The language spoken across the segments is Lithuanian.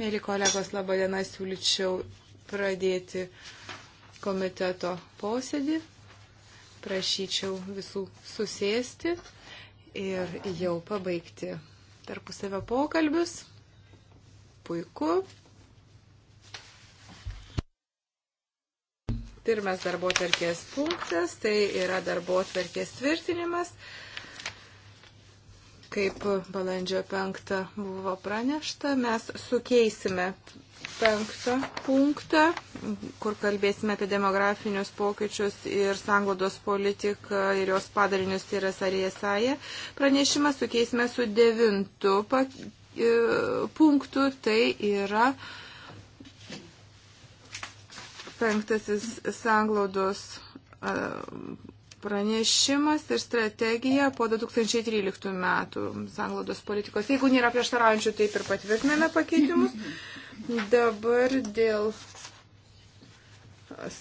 Mėly kolegos, laba diena, siūlyčiau pradėti komiteto posėdį. Prašyčiau visų susėsti ir jau pabaigti tarpusavio pokalbius. Puiku. Pirmas darbo tvarkės punktas tai yra darbo tvarkės tvirtinimas. Kaip balandžio penktą buvo pranešta, mes sukeisime penktą punktą, kur kalbėsime apie demografinius pokyčius ir sanglodos politiką ir jos padarinius tai yra Sariesaje. Pranešimą sukeisime su devintu e, punktu, tai yra penktasis sanglaudos e, pranešimas ir strategija po 2013 metų sanglaudos politikos. Jeigu nėra prieštaraujančių, taip ir patvirtiname pakeitimus. Dabar dėl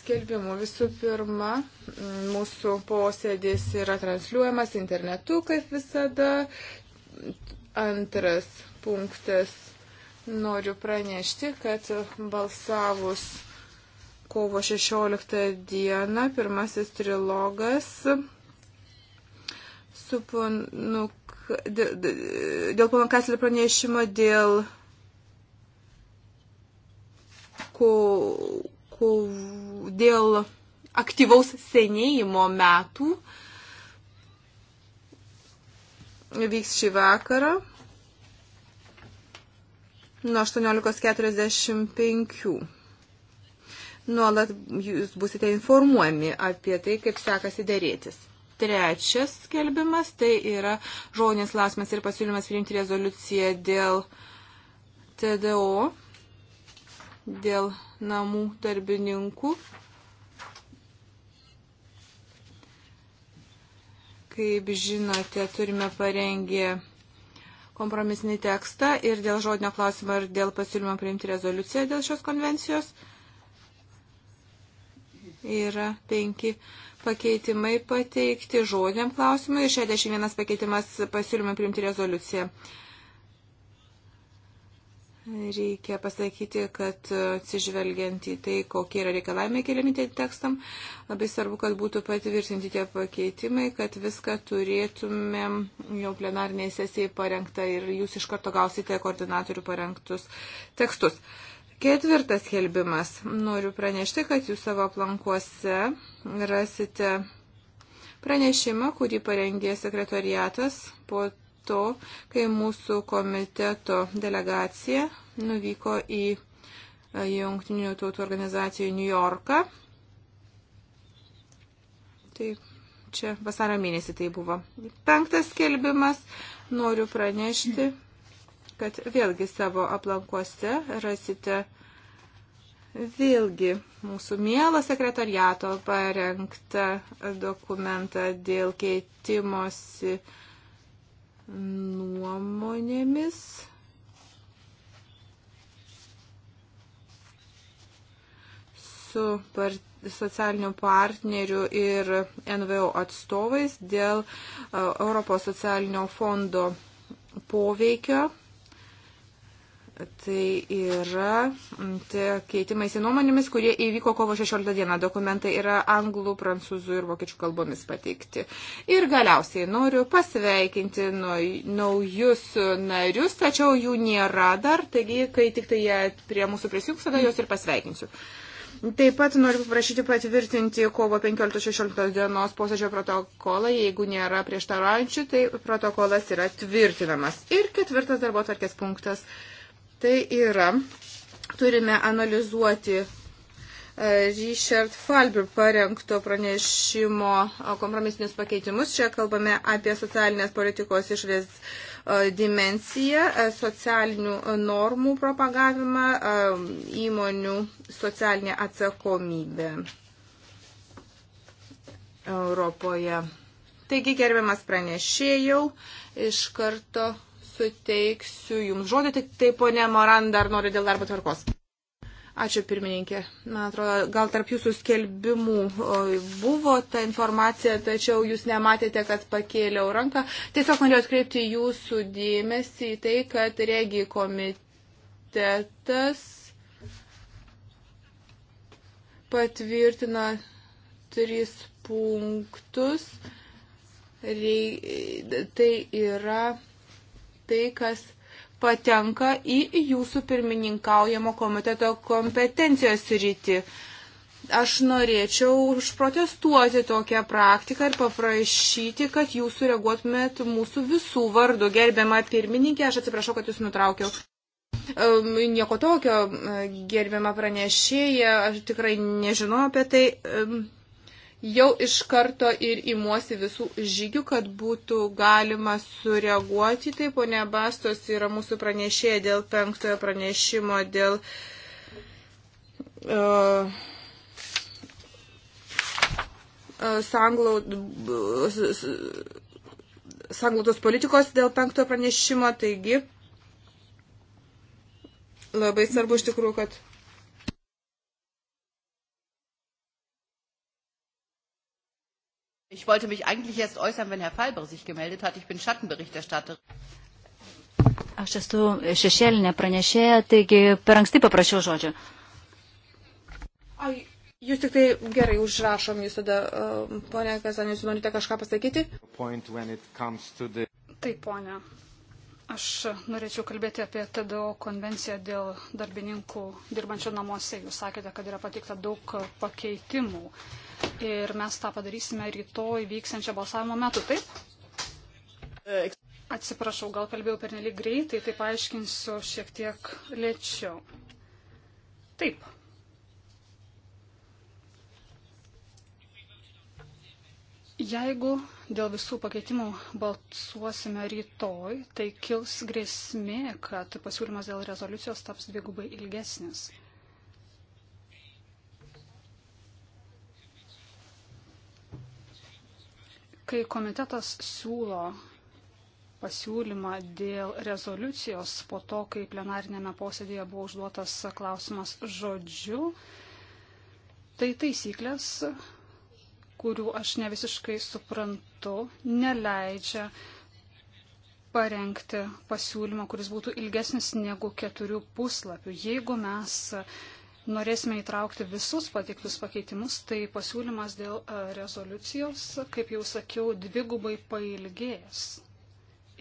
skelbimų visų pirma, mūsų posėdis yra transliuojamas internetu, kaip visada. Antras punktas. Noriu pranešti, kad balsavus kovo 16 dieną, pirmasis trilogas su ponu, dėl pono Kaslio pranešimo dėl ko, ko, dėl aktyvaus senėjimo metų vyks šį vakarą nuo 18.45 nuolat jūs busite informuojami apie tai, kaip sekasi dėrėtis. Trečias skelbimas tai yra žodinės klausimas ir pasiūlymas priimti rezoliuciją dėl TDO, dėl namų darbininkų. Kaip žinote, turime parengę kompromisinį tekstą ir dėl žodinio klausimo ir dėl pasiūlymo priimti rezoliuciją dėl šios konvencijos yra penki pakeitimai pateikti žodiniam klausimui ir 61 pakeitimas pasiūlymai priimti rezoliuciją. Reikia pasakyti, kad atsižvelgiant į tai, kokie yra reikalavimai keliami tie tekstam, labai svarbu, kad būtų patvirtinti tie pakeitimai, kad viską turėtumėm jau plenarniai sesijai parengta ir jūs iš karto gausite koordinatorių parengtus tekstus. Uh, Ketvirtas helbimas. Noriu pranešti, kad jūs savo aplankuose rasite pranešimą, kurį parengė sekretoriatas po to, kai mūsų komiteto delegacija nuvyko į e, Jungtinių tautų organizacijų New Yorką. Tai čia vasaro mėnesį tai buvo. Penktas skelbimas. Noriu pranešti. Mm kad vėlgi savo aplankuose rasite vėlgi mūsų mielo sekretariato parengtą dokumentą dėl keitimosi nuomonėmis. su part, socialinių partnerių ir NVO atstovais dėl e, Europos socialinio fondo poveikio Tai yra tai keitimais į nuomonėmis, kurie įvyko kovo 16 dieną. Dokumentai yra anglų, prancūzų ir vokiečių kalbomis pateikti. Ir galiausiai noriu pasveikinti naujus narius, tačiau jų nėra dar, taigi kai tik tai jie prie mūsų prisijungs, tada juos ir pasveikinsiu. Taip pat noriu paprašyti patvirtinti kovo 15-16 dienos posėdžio protokolą. Jeigu nėra prieštaraujančių, tai protokolas yra tvirtinamas. Ir ketvirtas darbo tvarkės punktas Tai yra, turime analizuoti e, Richard Falber parengto pranešimo e, kompromisinius pakeitimus. Čia kalbame apie socialinės politikos išrės e, dimensiją, socialinių normų propagavimą, įmonių socialinę atsakomybę Europoje. Taigi, gerbiamas pranešėjau, iš karto suteiksiu Jums žodį, tik taip, ponė Moran, dar noriu dėl darbo tvarkos. Ačiū pirmininkė. Man atrodo, gal tarp jūsų skelbimų buvo ta informacija, tačiau jūs nematėte, kad pakėliau ranką. Tiesiog norėjau atkreipti jūsų dėmesį į tai, kad regi komitetas patvirtina tris punktus. Rei, tai yra tai, kas patenka į jūsų pirmininkaujamo komiteto kompetencijos rytį. Aš norėčiau užprotestuoti tokią praktiką ir paprašyti, kad jūs sureaguotumėt mūsų visų vardu. Gerbiama pirmininkė, aš atsiprašau, kad jūs nutraukiau. Nieko tokio, gerbiama pranešėja, aš tikrai nežinau apie tai jau iš karto ir įmuosi visų žygių, kad būtų galima sureaguoti. Taip, ponė Bastos yra mūsų pranešėja dėl penktojo pranešimo, dėl. Uh, sanglaudos politikos dėl penktojo pranešimo, taigi labai svarbu iš tikrųjų, kad Ich wollte mich eigentlich erst äußern, wenn Herr Falber sich gemeldet hat. Ich bin Schattenberichterstatterin. Aš esu šešėlinė pranešėja, taigi per anksti paprašiau žodžio. Ai, jūs tik tai gerai užrašom, jūs tada, uh, ponė Kazan, jūs norite kažką pasakyti? The... Taip, ponė. Aš norėčiau kalbėti apie TDO konvenciją dėl darbininkų dirbančių namuose. Jūs sakėte, kad yra patikta daug pakeitimų. Ir mes tą padarysime rytoj vyksančio balsavimo metu, taip? Atsiprašau, gal kalbėjau pernelyg greitai, tai paaiškinsiu šiek tiek lėčiau. Taip. Jeigu dėl visų pakeitimų balsuosime rytoj, tai kils grėsmė, kad pasiūlymas dėl rezoliucijos taps dvigubai ilgesnis. Kai komitetas siūlo pasiūlymą dėl rezoliucijos po to, kai plenarinėme posėdėje buvo užduotas klausimas žodžiu, tai taisyklės kurių aš ne visiškai suprantu, neleidžia parengti pasiūlymą, kuris būtų ilgesnis negu keturių puslapių. Jeigu mes norėsime įtraukti visus pateiktus pakeitimus, tai pasiūlymas dėl e, rezoliucijos, kaip jau sakiau, dvigubai pailgės.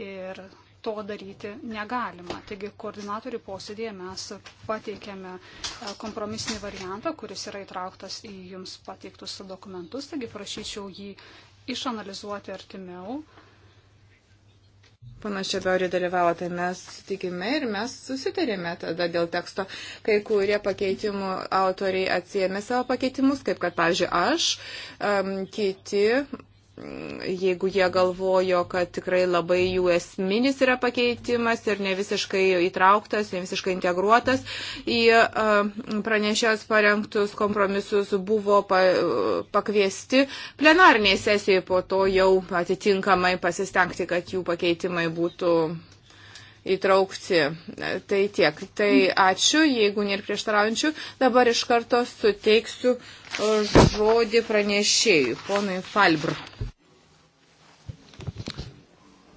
Ir to daryti negalima. Taigi koordinatorių posėdėje mes pateikėme e, kompromisinį variantą, kuris yra įtrauktas į jums pateiktus dokumentus, taigi prašyčiau jį išanalizuoti artimiau. Panašiai Beori dalyvavo, tai mes sutikime ir mes susitarėme tada dėl teksto. Kai kurie pakeitimų autoriai atsijėmė savo pakeitimus, kaip kad, pavyzdžiui, aš, um, kiti jeigu jie galvojo, kad tikrai labai jų esminis yra pakeitimas ir ne visiškai įtrauktas, ne visiškai integruotas į e, pranešęs parengtus kompromisus, buvo pakviesti plenarniai sesijai po to jau atitinkamai pasistengti, kad jų pakeitimai būtų įtraukti. Tai tiek. Tai ačiū, jeigu nėra prieštaraujančių. Dabar iš karto suteiksiu e, žodį pranešėjui, ponui Falbr.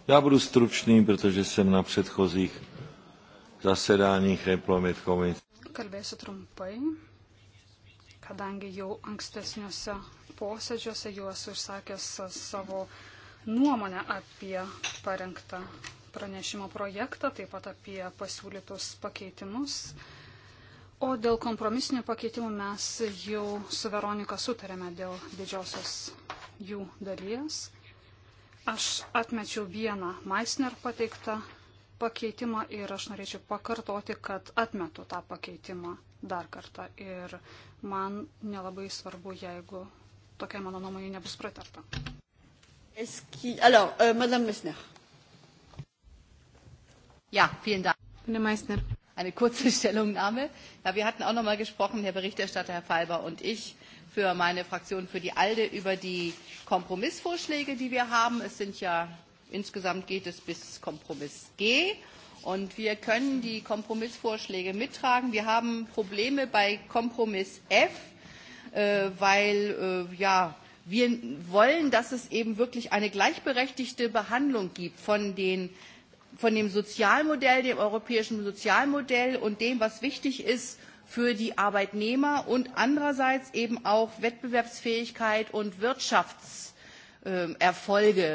Já budu stručný, protože jsem na předchozích zasedáních Employment Committee. Kalbėsiu trumpai, kadangi jau ankstesniuose posėdžiuose jau esu išsakęs savo nuomonę apie parengtą pranešimo projektą, taip pat apie pasiūlytus pakeitimus. O dėl kompromisinių pakeitimų mes jau su Veronika sutarėme dėl didžiosios jų dalies. Aš atmečiau vieną Maisner pateiktą pakeitimą ir aš norėčiau pakartoti, kad atmetu tą pakeitimą dar kartą. Ir man nelabai svarbu, jeigu tokia mano nuomonė nebus pritarta. Alors, euh, Madame Messner. Ja, vielen Dank. Herr Meissner. Eine kurze Stellungnahme. Ja, wir hatten auch noch mal gesprochen, Herr Berichterstatter, Herr Falber und ich, für meine Fraktion, für die ALDE, über die Kompromissvorschläge, die wir haben. Es sind ja, insgesamt geht es bis Kompromiss G. Und wir können die Kompromissvorschläge mittragen. Wir haben Probleme bei Kompromiss F, äh, weil, äh, ja, wir wollen, dass es eben wirklich eine gleichberechtigte Behandlung gibt von den äh, von dem Sozialmodell, dem europäischen Sozialmodell und dem, was wichtig ist für die Arbeitnehmer und andererseits eben auch Wettbewerbsfähigkeit und Wirtschaftserfolge,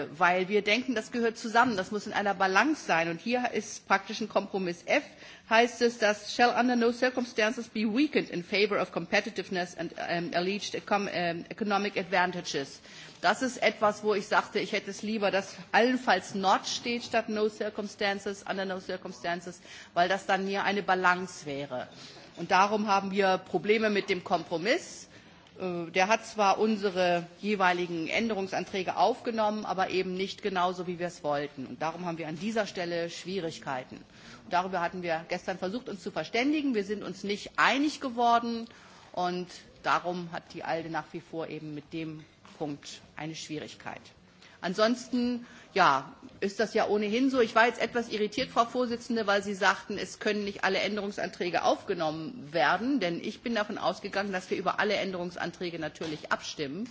ähm, weil wir denken, das gehört zusammen, das muss in einer Balance sein. Und hier ist praktisch ein Kompromiss F, heißt es, dass shall under no circumstances be weakened in favor of competitiveness and um, alleged um, economic advantages. Das ist etwas, wo ich sagte, ich hätte es lieber, dass allenfalls not steht statt no circumstances, under no circumstances, weil das dann hier eine Balance wäre. Und darum haben wir Probleme mit dem Kompromiss. Äh, der hat zwar unsere jeweiligen Änderungsanträge aufgenommen, aber eben nicht genauso, wie wir es wollten. Und darum haben wir an dieser Stelle Schwierigkeiten. Und darüber hatten wir gestern versucht, uns zu verständigen. Wir sind uns nicht einig geworden. Und darum hat die ALDE nach wie vor eben mit dem Punkt eine Schwierigkeit. Ansonsten ja, ist das ja ohnehin so. Ich war jetzt etwas irritiert, Frau Vorsitzende, weil Sie sagten, es können nicht alle Änderungsanträge aufgenommen werden, denn ich bin davon ausgegangen, dass wir über alle Änderungsanträge natürlich abstimmen,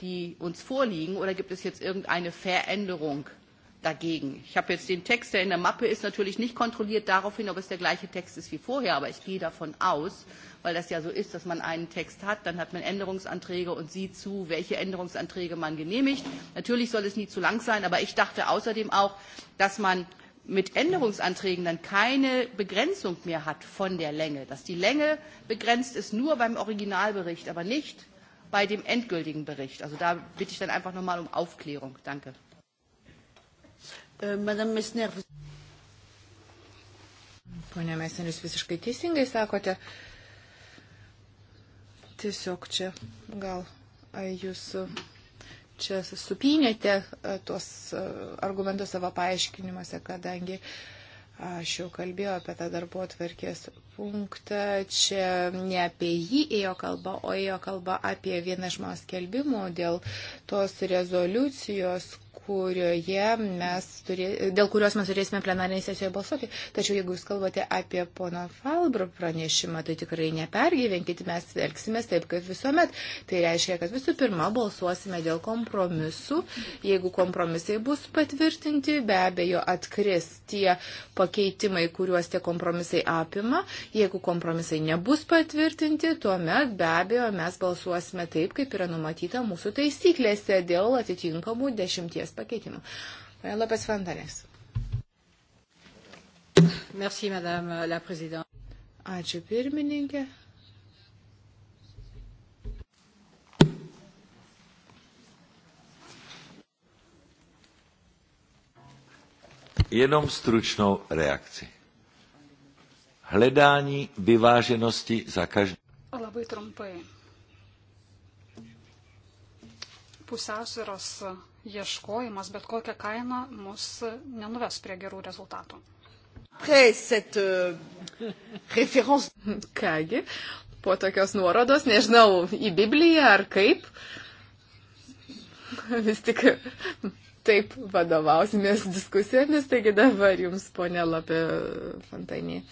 die uns vorliegen. Oder gibt es jetzt irgendeine Veränderung dagegen. Ich habe jetzt den Text, der in der Mappe ist, natürlich nicht kontrolliert daraufhin, ob es der gleiche Text ist wie vorher, aber ich gehe davon aus, weil das ja so ist, dass man einen Text hat, dann hat man Änderungsanträge und sieht zu, welche Änderungsanträge man genehmigt. Natürlich soll es nie zu lang sein, aber ich dachte außerdem auch, dass man mit Änderungsanträgen dann keine Begrenzung mehr hat von der Länge, dass die Länge begrenzt ist nur beim Originalbericht, aber nicht bei dem endgültigen Bericht. Also da bitte ich dann einfach nochmal um Aufklärung. Danke. E, Madame Mesner. Pone Mesner, jūs visiškai teisingai sakote. Tiesiog čia gal jūs čia supinėte tuos argumentus savo paaiškinimuose, kadangi aš jau kalbėjau apie tą darbo atverkės punktą, čia ne apie jį ėjo kalba, o ėjo kalba apie vieną iš mano skelbimų dėl tos rezoliucijos, kurioje mes turė, dėl kurios mes turėsime plenarinėje sesijoje balsuoti. Tačiau jeigu jūs kalbate apie pono Falbro pranešimą, tai tikrai nepergyvenkite, mes elgsimės taip kaip visuomet. Tai reiškia, kad visų pirma balsuosime dėl kompromisų. Jeigu kompromisai bus patvirtinti, be abejo atkris tie pakeitimai, kuriuos tie kompromisai apima. Jeigu kompromisai nebus patvirtinti, tuomet be abejo mes balsuosime taip, kaip yra numatyta mūsų taisyklėse dėl atitinkamų dešimties pakeitimų. Lopes Fantanės. Merci, madame la présidente. Ačiū pirmininkė. Jenom stručnou reakci hledání vyváženosti za každý. Labai trumpai. Pusiausvėros ieškojimas bet kokią kainą mus nenuves prie gerų rezultatų. Euh, Kągi, po tokios nuorodos, nežinau, į Bibliją ar kaip, vis tik taip vadovausimės diskusijomis, taigi dabar jums, ponė Lapė Fontainė.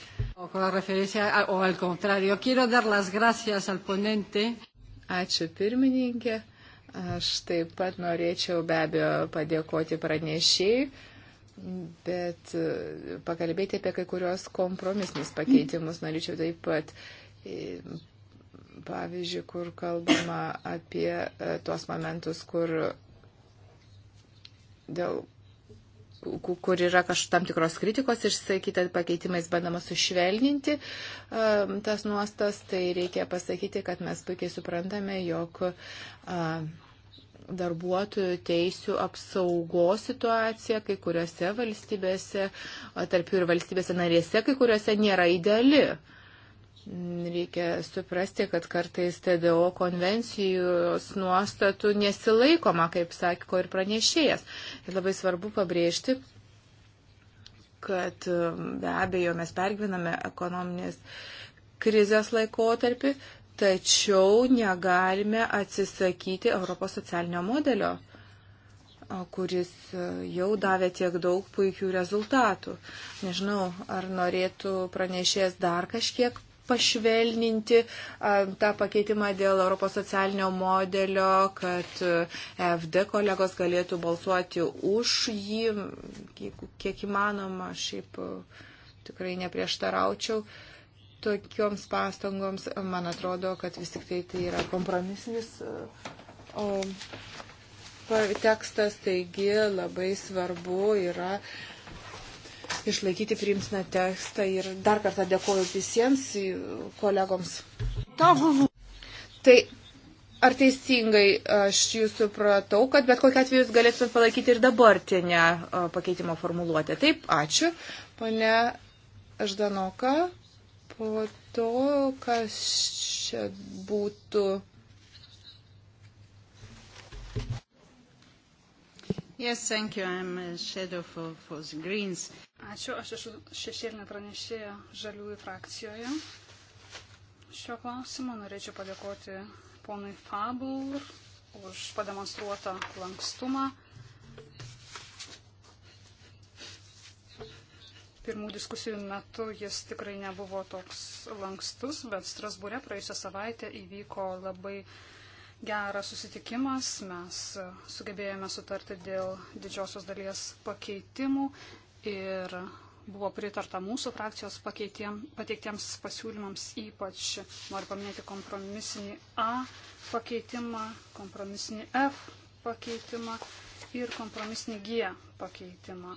O con la referencia, o al contrario, quiero dar las gracias al ponente. Ačiū pirmininkė. Aš taip pat norėčiau be abejo padėkoti pranešėjai, bet e, pakalbėti apie kai kurios kompromisinius pakeitimus norėčiau taip pat e, pavyzdžiui, kur kalbama apie e, tuos momentus, kur dėl kur yra kažkam tikros kritikos išsakyta pakeitimais bandama sušvelninti um, tas nuostas, tai reikia pasakyti, kad mes puikiai suprantame, jog darbuotojų teisių apsaugos situacija kai kuriuose valstybėse, tarp jų ir valstybėse narėse, kai kuriuose nėra ideali. Uh, Reikia suprasti, kad kartais TDO konvencijos nuostatų nesilaikoma, kaip sako ir pranešėjas. Ir labai svarbu pabrėžti, kad um, be abejo mes pergyvename ekonominės krizės laikotarpį, tačiau negalime atsisakyti Europos socialinio modelio, kuris jau davė tiek daug puikių rezultatų. Nežinau, ar norėtų pranešės dar kažkiek pašvelninti tą pakeitimą dėl Europos socialinio modelio, kad e, FD kolegos galėtų balsuoti už jį, kiek įmanoma, šiaip e, tikrai neprieštaraučiau tokioms pastangoms. Man atrodo, kad vis tik tai tai yra kompromisinis. E, o, tekstas, taigi labai svarbu yra uh, išlaikyti priimtiną tekstą ir dar kartą dėkoju visiems kolegoms. Tai ar teisingai aš jūs supratau, kad bet kokia atveju jūs galėtumėt palaikyti ir dabartinę pakeitimo formuluotę? Taip, ačiū. Pane Ždanoka, po to, kas čia būtų. Yes, thank you. I'm a shadow for, for the Greens. Ačiū, aš esu šešėlinė pranešėja žaliųjų frakcijoje. Šiuo klausimu norėčiau padėkoti ponui Fabul už pademonstruotą lankstumą. Pirmų diskusijų metu jis tikrai nebuvo toks lankstus, bet Strasbūre praėjusią savaitę įvyko labai geras susitikimas. Mes sugebėjome sutarti dėl didžiosios dalies pakeitimų ir buvo pritarta mūsų frakcijos pateiktiems pasiūlymams, ypač noriu paminėti kompromisinį A pakeitimą, kompromisinį F pakeitimą ir kompromisinį G pakeitimą.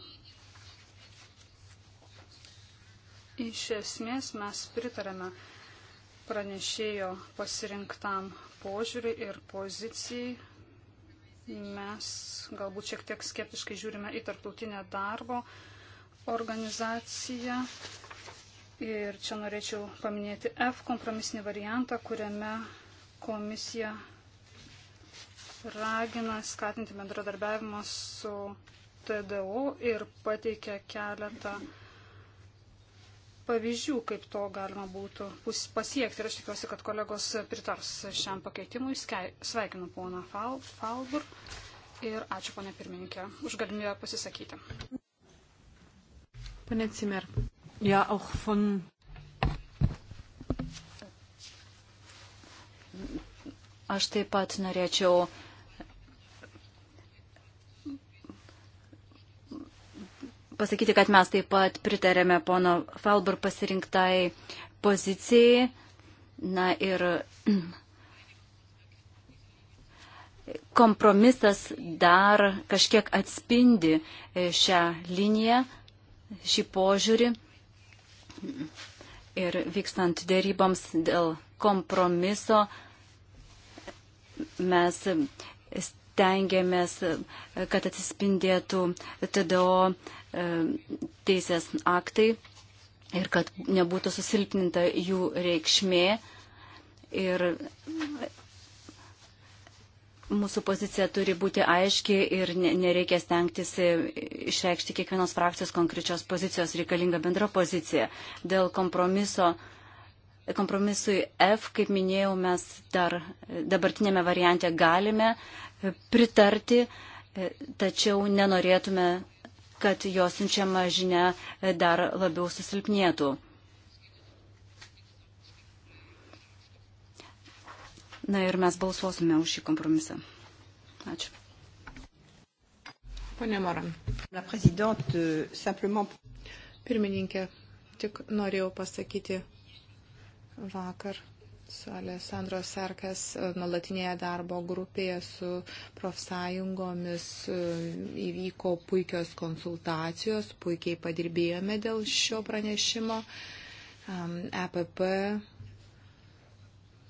Iš esmės mes pritarėme pranešėjo pasirinktam požiūriui ir pozicijai. Mes galbūt šiek tiek skeptiškai žiūrime į tarptautinę darbo organizacija. Ir čia norėčiau paminėti F kompromisinį variantą, kuriame komisija ragina skatinti bendradarbiavimą su TDO ir pateikia keletą pavyzdžių, kaip to galima būtų pasiekti. Ir aš tikiuosi, kad kolegos pritars šiam pakeitimui. Sveikinu poną Falbur ir ačiū ponę pirmininkę už galimybę pasisakyti. Pane Cimer. Ja, auch von. Aš taip pat norėčiau pasakyti, kad mes taip pat pritarėme pono Falbur pasirinktai pozicijai. Na ir kompromisas dar kažkiek atspindi šią liniją šį požiūrį ir vykstant dėryboms dėl kompromiso mes stengiamės, kad atsispindėtų TDO e, teisės aktai ir kad nebūtų susilpninta jų reikšmė. Ir Mūsų pozicija turi būti aiški ir nereikia stengtis e, išreikšti kiekvienos frakcijos konkrečios pozicijos reikalinga bendra pozicija. Dėl kompromiso, kompromisui F, kaip minėjau, mes dar dabartinėme variante galime pritarti, e, tačiau nenorėtume, kad jos siunčiama žinia dar labiau susilpnėtų. Na ir mes balsuosime už šį kompromisą. Ačiū. Pone Moran. Euh, Pirmininkė, tik norėjau pasakyti vakar su Alessandro Serkas e, nuolatinėje darbo grupėje su profsąjungomis e, įvyko puikios konsultacijos, puikiai padirbėjome dėl šio pranešimo. EPP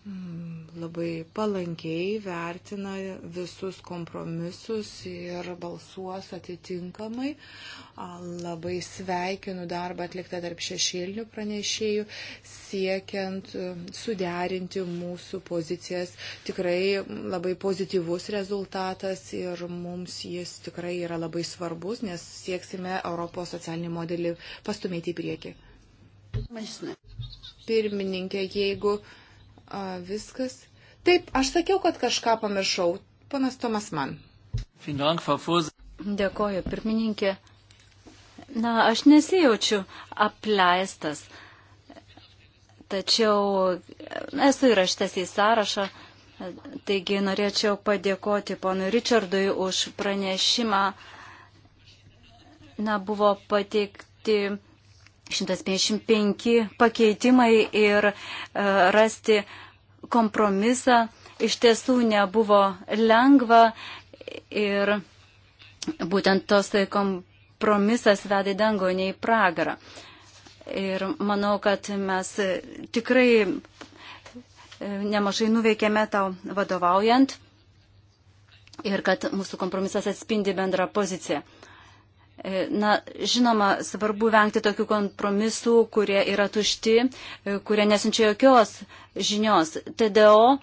Mm, labai palankiai vertina visus kompromisus ir balsuos atitinkamai. Labai sveikinu darbą atliktą tarp šešėlinių pranešėjų, siekiant e, suderinti mūsų pozicijas. Tikrai labai pozityvus rezultatas ir mums jis tikrai yra labai svarbus, nes sieksime Europos socialinį modelį pastumėti į priekį. Pirmininkė, jeigu A, viskas. Taip, aš sakiau, kad kažką pamiršau. Panas Tomas man. Dėkoju, pirmininkė. Na, aš nesijaučiu apleistas. Tačiau esu įraštas į sąrašą. Taigi norėčiau padėkoti ponui Richardui už pranešimą. Na, buvo pateikti 155 pakeitimai ir e, rasti kompromisą iš tiesų nebuvo lengva ir būtent tos kompromisas vedė dango nei pragarą. Ir manau, kad mes tikrai e, nemažai nuveikėme tau vadovaujant ir kad mūsų kompromisas atspindi bendrą poziciją. E, na, žinoma, svarbu vengti tokių kompromisų, kurie yra tušti, e, kurie nesinčia jokios žinios. TDO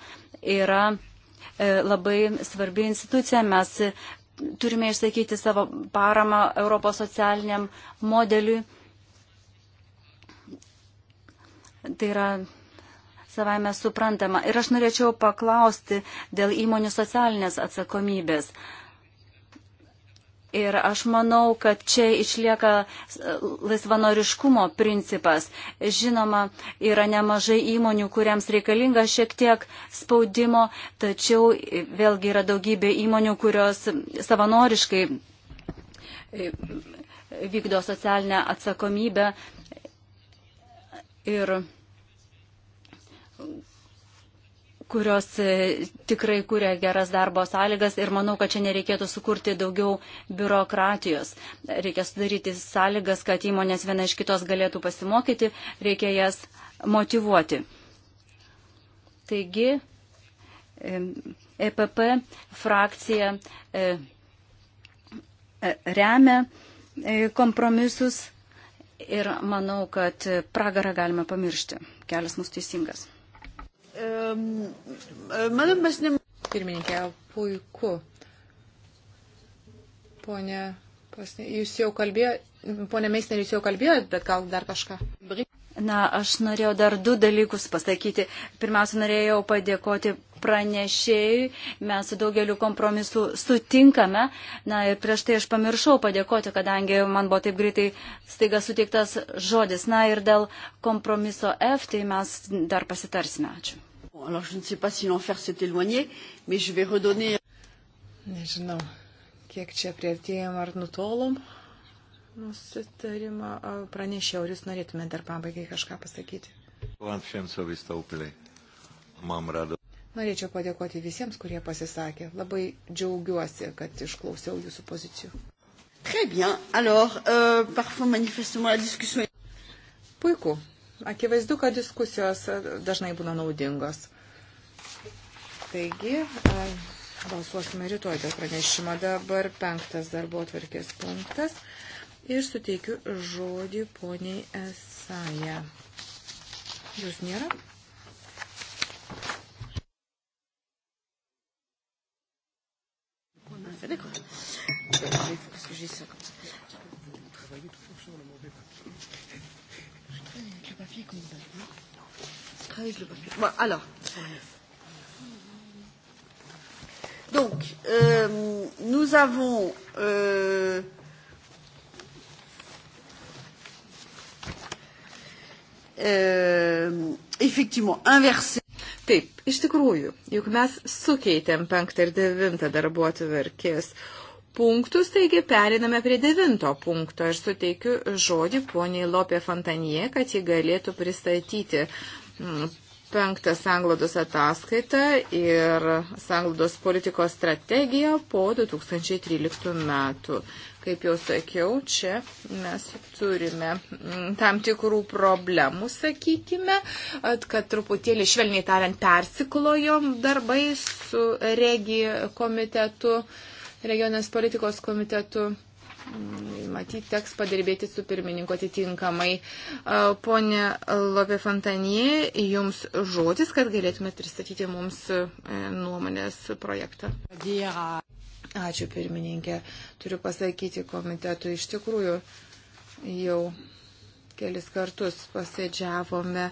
yra e, labai svarbi institucija. Mes turime išsakyti savo paramą Europos socialiniam modeliui. Tai yra savaime suprantama. Ir aš norėčiau paklausti dėl įmonių socialinės atsakomybės. Uh, Ir aš manau, kad čia išlieka e, laisvanoriškumo principas. Žinoma, yra nemažai įmonių, kuriems reikalinga šiek tiek spaudimo, tačiau vėlgi yra daugybė įmonių, kurios savanoriškai e, vykdo socialinę atsakomybę. Ir kurios e, tikrai kūrė geras darbo sąlygas ir manau, kad čia nereikėtų sukurti daugiau biurokratijos. Reikia sudaryti sąlygas, kad įmonės viena iš kitos galėtų pasimokyti, reikia jas motivuoti. Taigi, EPP e frakcija e, remia kompromisus ir manau, kad pragarą galime pamiršti. Kelias mūsų teisingas. Manau, mes ne. Pirmininkė, puiku. Pone, pasne, jūs jau kalbėjote, pone Meisner, jūs jau kalbėjote, bet gal dar kažką. Na, aš norėjau dar du dalykus pasakyti. Pirmiausia, norėjau padėkoti pranešėjui. Mes su daugeliu kompromisu sutinkame. Na ir prieš tai aš pamiršau padėkoti, kadangi man buvo taip greitai staiga suteiktas žodis. Na ir dėl kompromiso F, tai mes dar pasitarsime. Ačiū. Alors, je ne sais pas si l'enfer s'est éloigné, mais je vais redonner. Nežinau, kiek čia prieartėjom ar nutolom nusitarimą pranešiau, ar jūs norėtumėte dar pabaigai kažką pasakyti? Lant všem, co vystoupili. Mám rado. Norėčiau padėkoti visiems, kurie pasisakė. Labai džiaugiuosi, kad išklausiau jūsų pozicijų. Très bien. Alors, euh, parfois, manifestement, la discussion. Puiku. Akivaizdu, kad diskusijos euh, dažnai būna naudingos. Taigi, euh, balsuosime rytoj dėl pranešimo. Dabar penktas darbo atvarkės punktas. Ir suteikiu žodį poniai Esaja. Jūs nėra? On a fait d'accord. Il faut parce que j'ai ça comme ça. Vous travaillez toujours sur le mauvais papier. Je travaille avec le papier comme ça. Je travaille avec le papier. Bon, alors. Donc, euh, nous avons. Euh, euh, effectivement inversé Taip, iš tikrųjų, juk mes sukeitėm penktą ir devintą darbuotojų verkės punktus, taigi periname prie devinto punkto. Aš suteikiu žodį poniai Lopė Fontanie, kad ji galėtų pristatyti mm, penktą sanglodos ataskaitą ir sanglodos politikos strategiją po 2013 metų. Kaip jau sakiau, čia mes turime mm, tam tikrų problemų, sakykime, kad truputėlį švelniai tariant persiklojom darbai su regi komitetu, regionės politikos komitetu. Matyt, teks padirbėti su pirmininku atitinkamai. Pone Lopė Fontanie, jums žodis, kad galėtumėte pristatyti mums e, nuomonės projektą. Ačiū pirmininkė. Turiu pasakyti komitetui, iš tikrųjų jau kelis kartus pasėdžiavome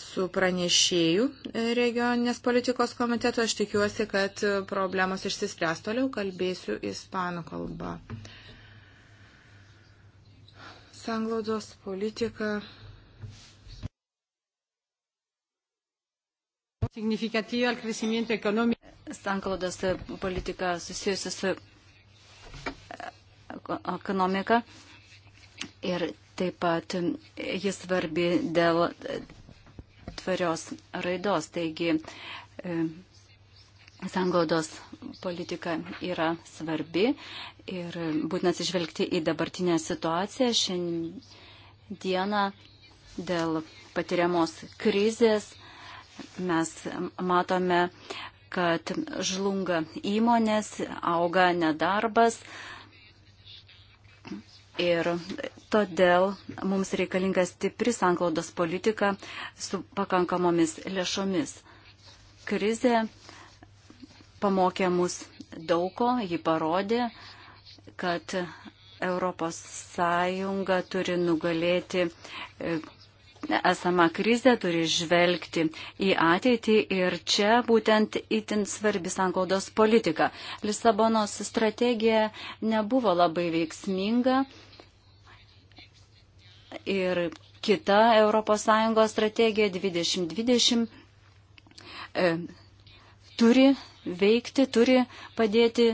su pranešėjų e, regioninės politikos komitetu. Aš tikiuosi, kad problemos išsispręs toliau, kalbėsiu ispanų kalbą. Uh, sanglaudos politika significativa al crecimiento económico. Sanklaudos politika susijusi su e, ekonomika ir taip pat jis svarbi dėl tvarios raidos. Taigi e, sanglaudos politika yra svarbi Ir būtina atsižvelgti į dabartinę situaciją šiandieną dėl patiriamos krizės. Mes matome, kad žlunga įmonės, auga nedarbas. Ir todėl mums reikalinga stipri sanklaudos politika su pakankamomis lėšomis. Krizė pamokė mus daugo, ji parodė, kad Europos Sąjunga turi nugalėti e, esamą krizę, turi žvelgti į ateitį ir čia būtent itin svarbi sankaudos politika. Lisabonos strategija nebuvo labai veiksminga ir kita ES strategija 2020 e, turi veikti, turi padėti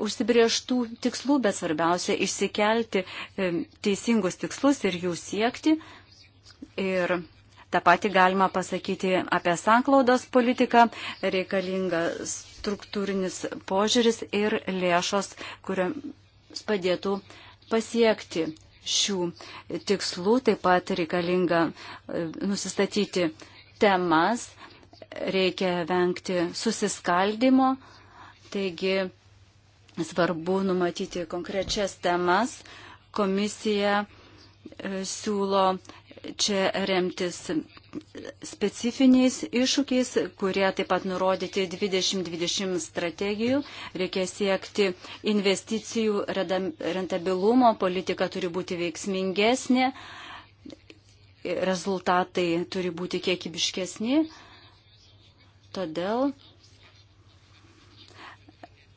užsibrieštų tikslų, bet svarbiausia išsikelti e, teisingus tikslus ir jų siekti. Ir tą patį galima pasakyti apie sanklaudos politiką, reikalinga struktūrinis požiūris ir lėšos, kuriams padėtų pasiekti šių tikslų. Taip pat reikalinga e, nusistatyti temas, reikia vengti susiskaldimo. Taigi, svarbu numatyti konkrečias temas. Komisija e, siūlo čia remtis specifiniais iššūkiais, kurie taip pat nurodyti 2020 strategijų. Reikia siekti investicijų rentabilumo, politika turi būti veiksmingesnė, rezultatai turi būti kiekybiškesni. Todėl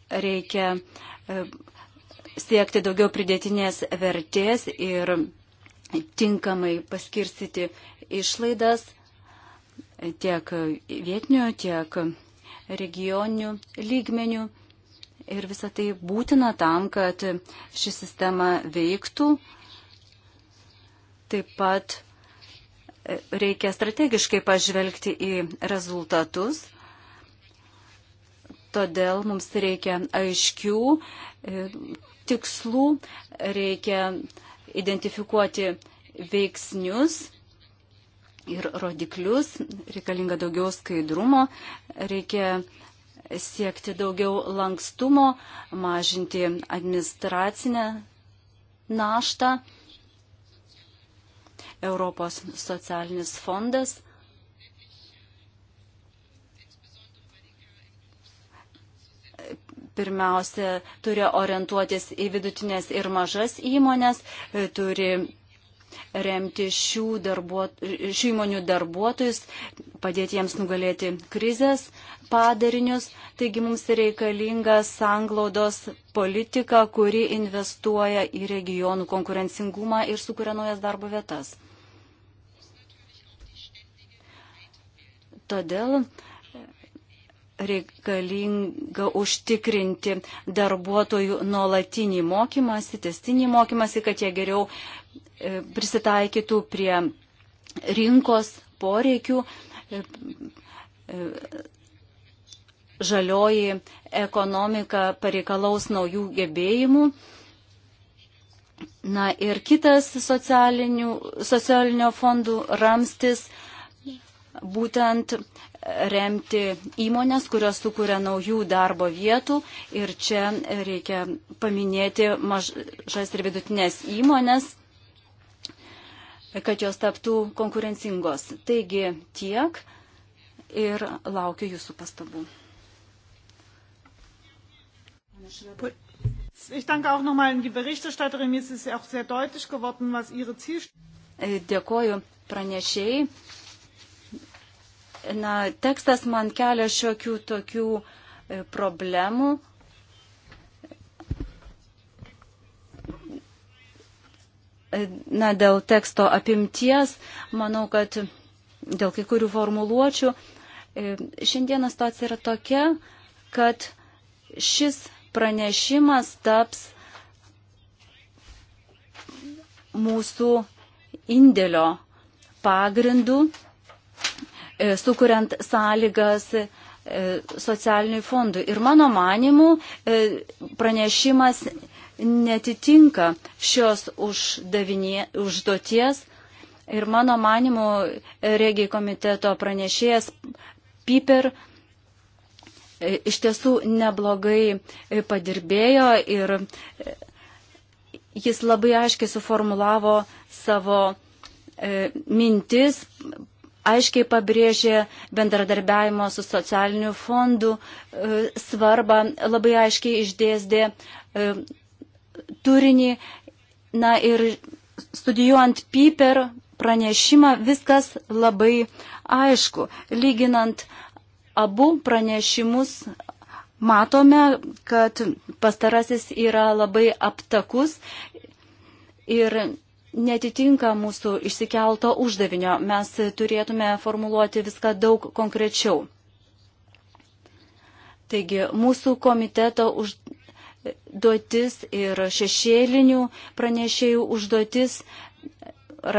reikia e, siekti daugiau pridėtinės vertės ir tinkamai paskirstyti išlaidas tiek vietinių, tiek regioninių lygmenių. Ir visa tai būtina tam, kad ši sistema veiktų. Taip pat e, reikia strategiškai pažvelgti į rezultatus Todėl mums reikia aiškių e, tikslų, reikia identifikuoti veiksnius ir rodiklius, reikalinga daugiau skaidrumo, reikia siekti daugiau lankstumo, mažinti administracinę naštą. Europos socialinis fondas pirmiausia turi orientuotis į vidutinės ir mažas įmonės, e, turi remti šių, darbuot, šių įmonių darbuotojus, padėti jiems nugalėti krizės padarinius. Taigi mums reikalinga sanglaudos politika, kuri investuoja į regionų konkurencingumą ir sukuria naujas darbo vietas. Todėl reikalinga užtikrinti darbuotojų nuolatinį mokymąsi, testinį mokymąsi, kad jie geriau e, prisitaikytų prie rinkos poreikių. E, e, žalioji ekonomika pareikalaus naujų gebėjimų. Na ir kitas socialinio fondų ramstis būtent remti įmonės, kurios sukuria naujų darbo vietų. Ir čia reikia paminėti mažas ir vidutinės įmonės, kad jos taptų konkurencingos. Taigi tiek ir laukiu jūsų pastabų. Ich danke auch nochmal an die Berichterstatterin. Mir ist es ja auch sehr deutlich geworden, was ihre Zielstellung ist. Dėkoju pranešėjai na, tekstas man kelia šiokių tokių e, problemų. E, na, dėl teksto apimties, manau, kad dėl kai kurių formuluočių. E, šiandieną situacija yra tokia, kad šis pranešimas taps mūsų indėlio pagrindu E, sukuriant sąlygas e, socialiniui fondui. Ir mano manimu, e, pranešimas netitinka šios uždavinė, užduoties. Ir mano manimu, regijai komiteto pranešėjas Piper iš tiesų neblogai padirbėjo ir jis labai aiškiai suformulavo savo mintis, aiškiai pabrėžė bendradarbiavimo su socialiniu fondu e, svarbą, labai aiškiai išdėsdė e, turinį. Na ir studijuojant Piper pranešimą viskas labai aišku. Lyginant abu pranešimus matome, kad pastarasis yra labai aptakus ir netitinka mūsų išsikelto uždavinio. Mes turėtume formuluoti viską daug konkrečiau. Taigi, mūsų komiteto užduotis ir šešėlinių pranešėjų užduotis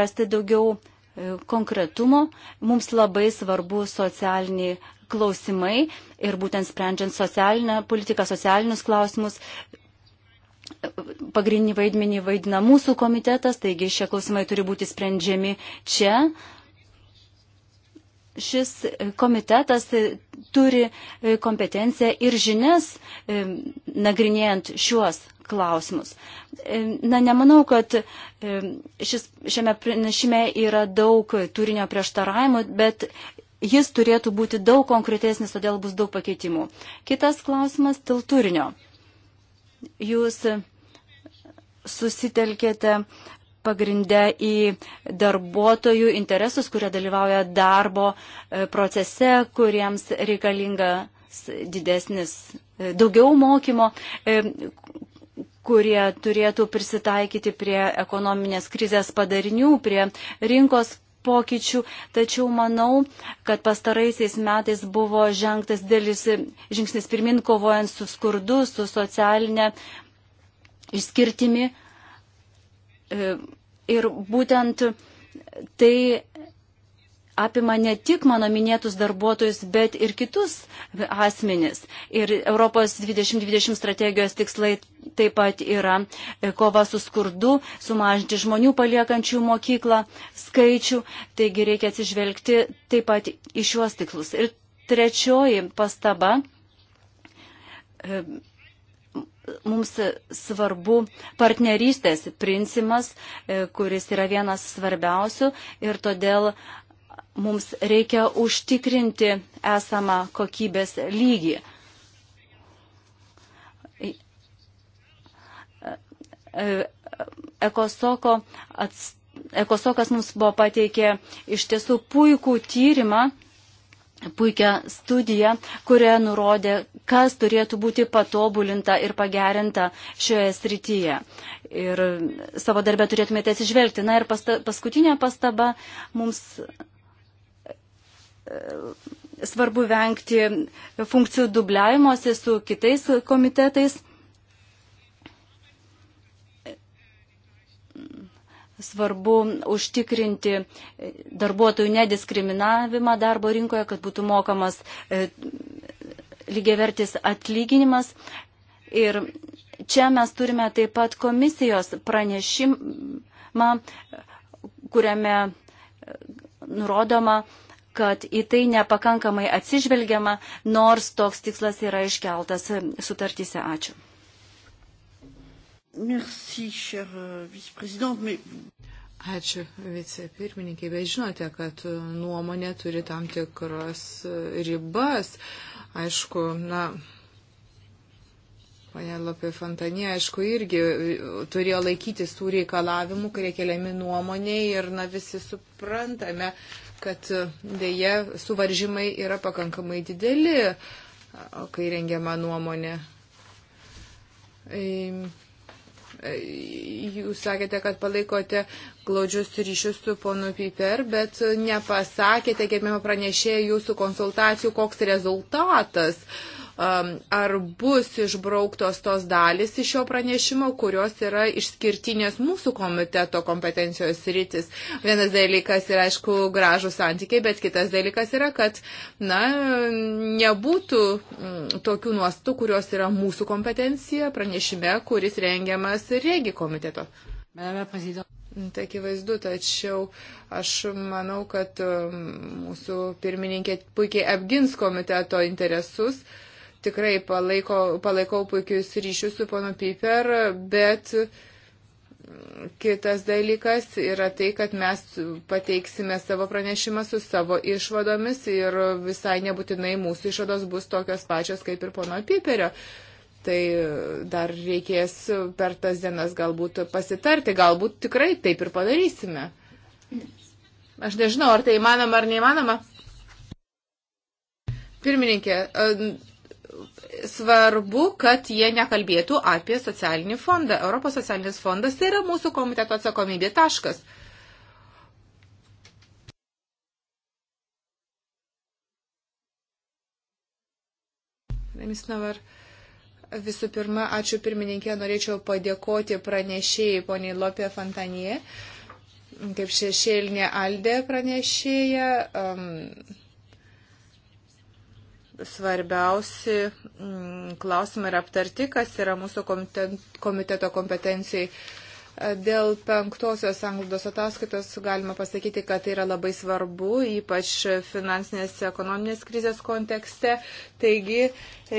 rasti daugiau e, konkretumo. Mums labai svarbu socialiniai klausimai ir būtent sprendžiant socialinę politiką, socialinius klausimus, pagrindinį vaidmenį vaidina mūsų komitetas, taigi šie klausimai turi būti sprendžiami čia. Šis komitetas turi kompetenciją ir žinias nagrinėjant šiuos klausimus. Na, nemanau, kad šis, šiame pranešime yra daug turinio prieštaravimų, bet jis turėtų būti daug konkretesnis, todėl bus daug pakeitimų. Kitas klausimas dėl turinio jūs susitelkėte pagrindę į darbuotojų interesus, kurie dalyvauja darbo e, procese, kuriems reikalingas didesnis e, daugiau mokymo, e, kurie turėtų prisitaikyti prie ekonominės krizės padarinių, prie rinkos pokyčių, tačiau manau, kad pastaraisiais metais buvo žengtas dėlis žingsnis pirmin kovojant su skurdu, su socialinė išskirtimi. E, ir būtent tai apima ne tik mano minėtus darbuotojus, bet ir kitus asmenis. Ir Europos 2020 strategijos tikslai taip pat yra e, kova su skurdu, sumažinti žmonių paliekančių mokyklą skaičių, taigi reikia atsižvelgti taip pat į šiuos tikslus. Ir trečioji pastaba e, mums svarbu partnerystės principas, e, kuris yra vienas svarbiausių ir todėl mums reikia užtikrinti esamą kokybės lygį. Ekosoko atstovai Ekosokas mums buvo pateikė iš tiesų puikų tyrimą, puikią studiją, kurioje nurodė, kas turėtų būti patobulinta ir pagerinta šioje srityje. Ir savo darbę turėtumėte atsižvelgti. Na ir pasta, paskutinė pastaba mums svarbu vengti funkcijų dubliavimuose su kitais komitetais. Svarbu užtikrinti darbuotojų nediskriminavimą darbo rinkoje, kad būtų mokamas e, lygiavertis atlyginimas. Ir čia mes turime taip pat komisijos pranešimą, kuriame e, nurodoma, kad į tai nepakankamai atsižvelgiama, nors toks tikslas yra iškeltas sutartyse. Ačiū. Merci, cher euh, vice-présidente. Mais... Ačiū vicepirmininkai, bet žinote, kad nuomonė turi tam tikras e, ribas. Aišku, na, Pane Lopė Fontanė, aišku, irgi e, turėjo laikytis tų reikalavimų, kurie keliami nuomonė ir, na, visi suprantame, kad dėje suvaržymai yra pakankamai dideli, kai rengiama nuomonė. Jūs sakėte, kad palaikote glaudžius ryšius su ponu Piper, bet nepasakėte, gerbėme pranešėjai, jūsų konsultacijų, koks rezultatas. Uh, ar bus išbrauktos tos dalis iš šio pranešimo, kurios yra išskirtinės mūsų komiteto kompetencijos rytis. Vienas dalykas yra, aišku, gražų santykiai, bet kitas dalykas yra, kad na, nebūtų mm, tokių nuostų, kurios yra mūsų kompetencija pranešime, kuris rengiamas regi komiteto. Madame la Présidente. Tai akivaizdu, tačiau aš manau, kad mm, mūsų pirmininkė puikiai apgins komiteto interesus. Uh, tikrai palaiko, palaikau puikius ryšius su ponu Piper, bet kitas dalykas yra tai, kad mes pateiksime savo pranešimą su savo išvadomis ir visai nebūtinai mūsų išvados bus tokios pačios kaip ir pono Piperio tai dar reikės per tas dienas galbūt pasitarti, galbūt tikrai taip ir padarysime. Aš nežinau, ar tai įmanoma ar neįmanoma. Pirmininkė, svarbu, kad jie nekalbėtų apie socialinį fondą. Europos socialinis fondas tai yra mūsų komiteto atsakomybė taškas. Misnavar. Visų pirma, ačiū pirmininkė, norėčiau padėkoti pranešėjai poniai Lopė Fantanie, kaip šešėlinė Aldė pranešėja. Um, svarbiausi mm, klausimai yra aptarti, kas yra mūsų komiteto kompetencijai. Dėl penktosios anglodos ataskaitos galima pasakyti, kad tai yra labai svarbu, ypač finansinės ekonominės krizės kontekste. Taigi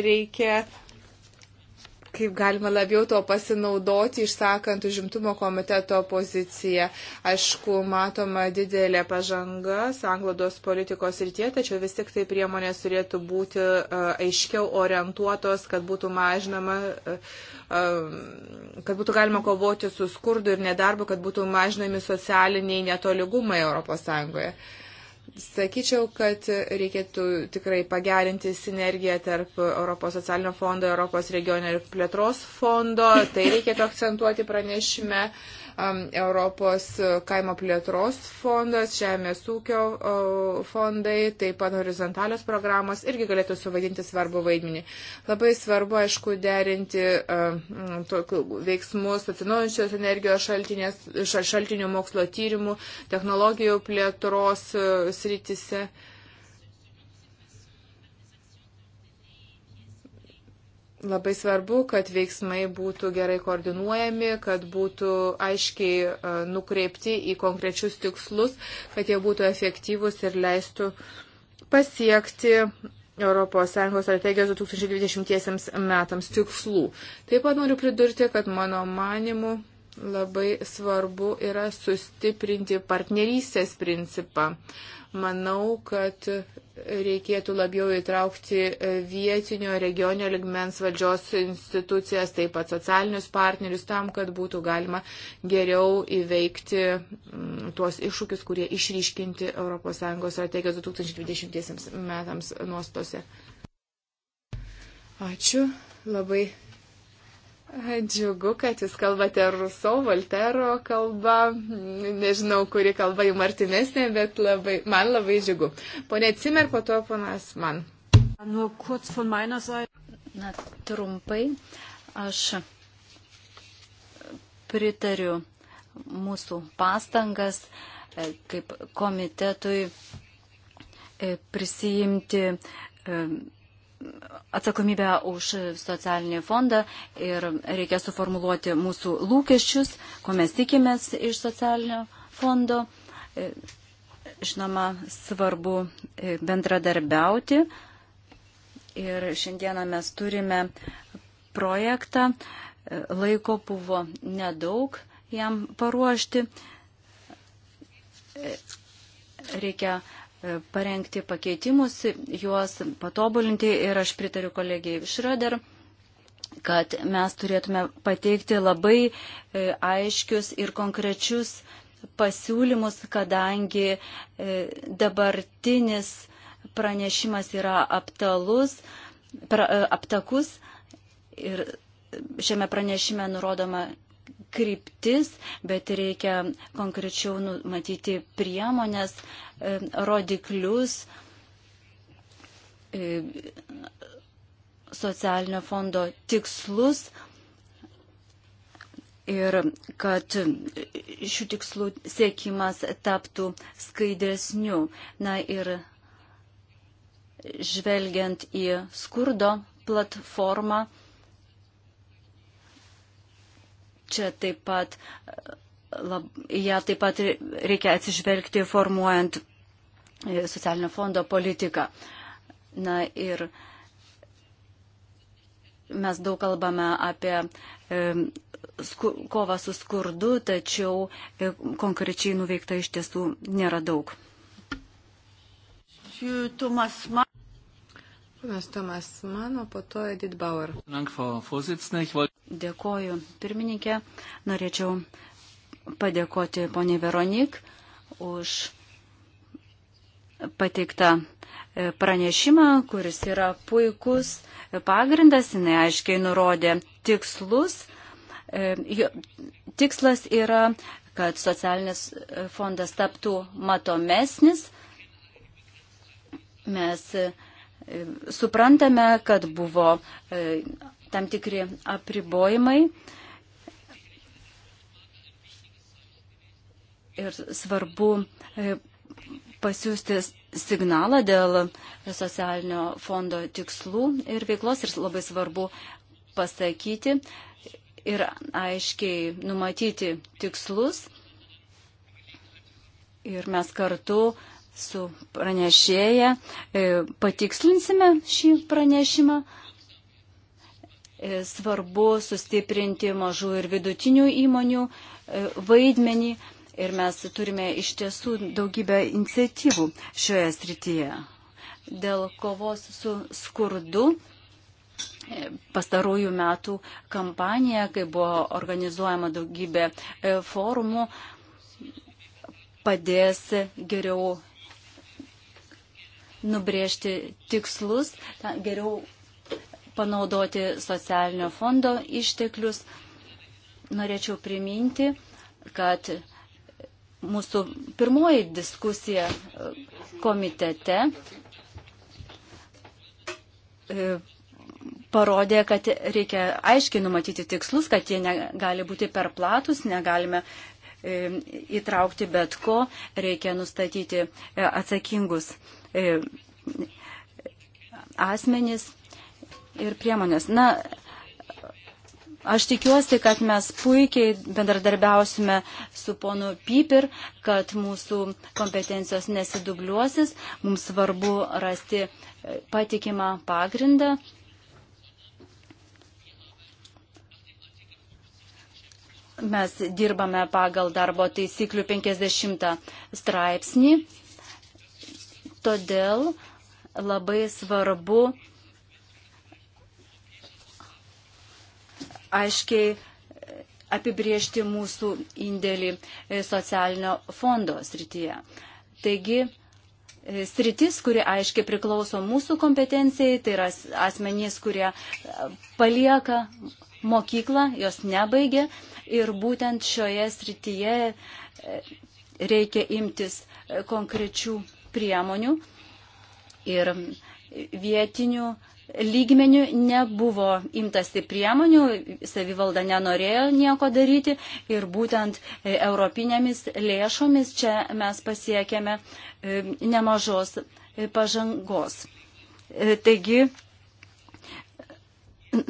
reikia kaip galima labiau to pasinaudoti, išsakant užimtumo komiteto poziciją. Aišku, matoma didelė pažanga sanglados politikos rytie, tačiau vis tik tai priemonės turėtų būti e, aiškiau orientuotos, kad būtų mažinama e, e, kad būtų galima kovoti su skurdu ir nedarbu, kad būtų mažinami socialiniai netoligumai ES. Sakyčiau, kad reikėtų tikrai pagerinti sinergiją tarp Europos socialinio fondo, Europos regionio ir plėtros fondo. Tai reikėtų akcentuoti pranešime. Uh, Europos kaimo plėtros fondas, žemės ūkio fondai, taip pat horizontalios programos irgi galėtų suvaidinti svarbu vaidmenį. Labai svarbu, aišku, derinti veiksmus atsinaujančios energijos šaltinių mokslo tyrimų, technologijų plėtros e, srityse. Uh, Labai svarbu, kad veiksmai būtų gerai koordinuojami, kad būtų aiškiai e, nukreipti į konkrečius tikslus, kad jie būtų efektyvūs ir leistų pasiekti ES strategijos 2020 metams tikslų. Taip pat noriu pridurti, kad mano manimu labai svarbu yra sustiprinti partnerystės principą. Uh, Manau, kad reikėtų labiau įtraukti vietinio regionio ligmens valdžios institucijas, taip pat socialinius partnerius, tam, kad būtų galima geriau įveikti mm, tuos iššūkius, kurie išryškinti ES strategijos 2020 metams nuostose. Ačiū labai Džiugu, kad jūs kalbate Ruso, Voltero kalba, nežinau, kuri kalba jums artimesnė, bet labai, man labai džiugu. Pone Cimer, po to ponas man. Na, trumpai, aš pritariu mūsų pastangas e, kaip komitetui e, prisijimti e, atsakomybę už socialinį fondą ir reikia suformuluoti mūsų lūkesčius, ko mes tikimės iš socialinio fondo. E, žinoma, svarbu e, bendradarbiauti ir šiandieną mes turime projektą. E, laiko buvo nedaug jam paruošti. Reikia parengti pakeitimus, juos patobulinti ir aš pritariu kolegijai Šrader kad mes turėtume pateikti labai e, aiškius ir konkrečius pasiūlymus, kadangi e, dabartinis pranešimas yra aptalus, pra, e, aptakus ir šiame pranešime nurodoma kryptis, bet reikia konkrečiau nu, matyti priemonės, e, rodiklius e, socialinio fondo tikslus ir kad šių tikslų siekimas taptų skaidresniu. Na ir žvelgiant į skurdo platformą, Čia taip pat, e, lab, ja taip pat reikia atsižvelgti formuojant e, socialinio fondo politiką. Na ir mes daug kalbame apie e, kovą su skurdu, tačiau konkrečiai nuveikta iš tiesų nėra daug. Tomas Mann. Ponas Tomas Mano, po to Edith Bauer. Dėkoju, pirmininkė. Norėčiau padėkoti poniai Veronik už pateiktą e, pranešimą, kuris yra puikus pagrindas. Jis aiškiai nurodė tikslus. E, tikslas yra, kad socialinis fondas taptų matomesnis. Mes e, Suprantame, kad buvo e, tam tikri apribojimai ir svarbu e, pasiūsti signalą dėl socialinio fondo tikslų ir veiklos ir labai svarbu pasakyti ir aiškiai numatyti tikslus. Ir mes kartu uh, su pranešėja, e, patikslinsime šį pranešimą. E, svarbu sustiprinti mažų ir vidutinių įmonių e, vaidmenį ir mes turime iš tiesų daugybę iniciatyvų šioje srityje. Dėl kovos su skurdu pastarųjų metų kampanija, kai buvo organizuojama daugybė forumų, padės geriau nubriežti tikslus, geriau panaudoti socialinio fondo išteklius. Norėčiau priminti, kad mūsų pirmoji diskusija e, komitete e, parodė, kad reikia aiškiai numatyti tikslus, kad jie negali būti per platus, negalime e, įtraukti bet ko, reikia nustatyti atsakingus E, asmenys ir priemonės. Na, Aš tikiuosi, kad mes puikiai bendradarbiausime su ponu Piper, kad mūsų kompetencijos nesidubliuosis. Mums svarbu rasti patikimą pagrindą. Mes dirbame pagal darbo taisyklių 50 straipsnį. Todėl labai svarbu aiškiai apibriežti mūsų indėlį socialinio fondo srityje. Taigi, sritis, kuri aiškiai priklauso mūsų kompetencijai, tai yra asmenys, kurie palieka mokyklą, jos nebaigia ir būtent šioje srityje reikia imtis konkrečių priemonių ir vietinių lygmenių nebuvo imtasi priemonių, savivalda nenorėjo nieko daryti ir būtent e, europinėmis lėšomis čia mes pasiekėme e, nemažos e, pažangos. Taigi,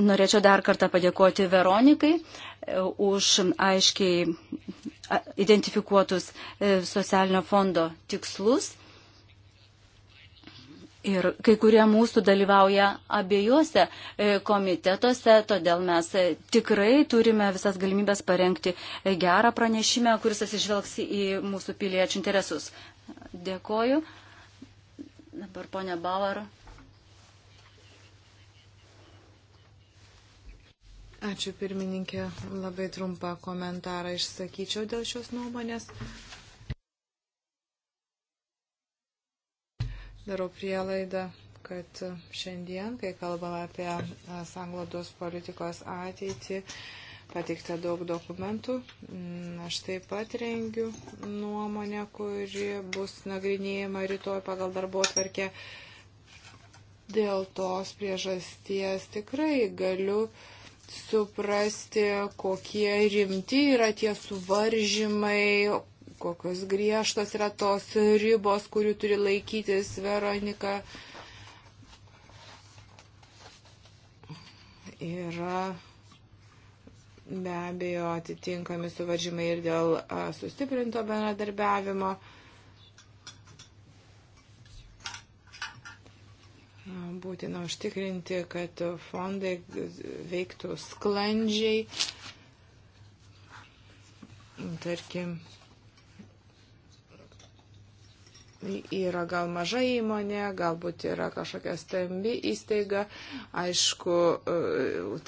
norėčiau dar kartą padėkoti Veronikai už aiškiai identifikuotus socialinio fondo tikslus Ir kai kurie mūsų dalyvauja abiejuose e, komitetuose, todėl mes e, tikrai turime visas galimybės parengti e, gerą pranešimą, kuris atsižvelgs į mūsų piliečių interesus. Dėkoju. Dabar ponia Bauer. Ačiū pirmininkė. Labai trumpą komentarą išsakyčiau dėl šios nuomonės. darau prielaidą, kad šiandien, kai kalbame apie sanglodos politikos ateitį, pateikta daug dokumentų. Mm, aš taip pat rengiu nuomonę, kuri bus nagrinėjama rytoj pagal darbo atverkę. Dėl tos priežasties tikrai galiu suprasti, kokie rimti yra tie suvaržymai, kokios griežtos yra tos ribos, kurių turi laikytis Veronika. Yra be abejo atitinkami suvaržymai ir dėl sustiprinto bendradarbiavimo. Būtina užtikrinti, kad fondai veiktų sklandžiai. Tarkim, yra gal maža įmonė, galbūt yra kažkokia stambi įstaiga. Aišku, e,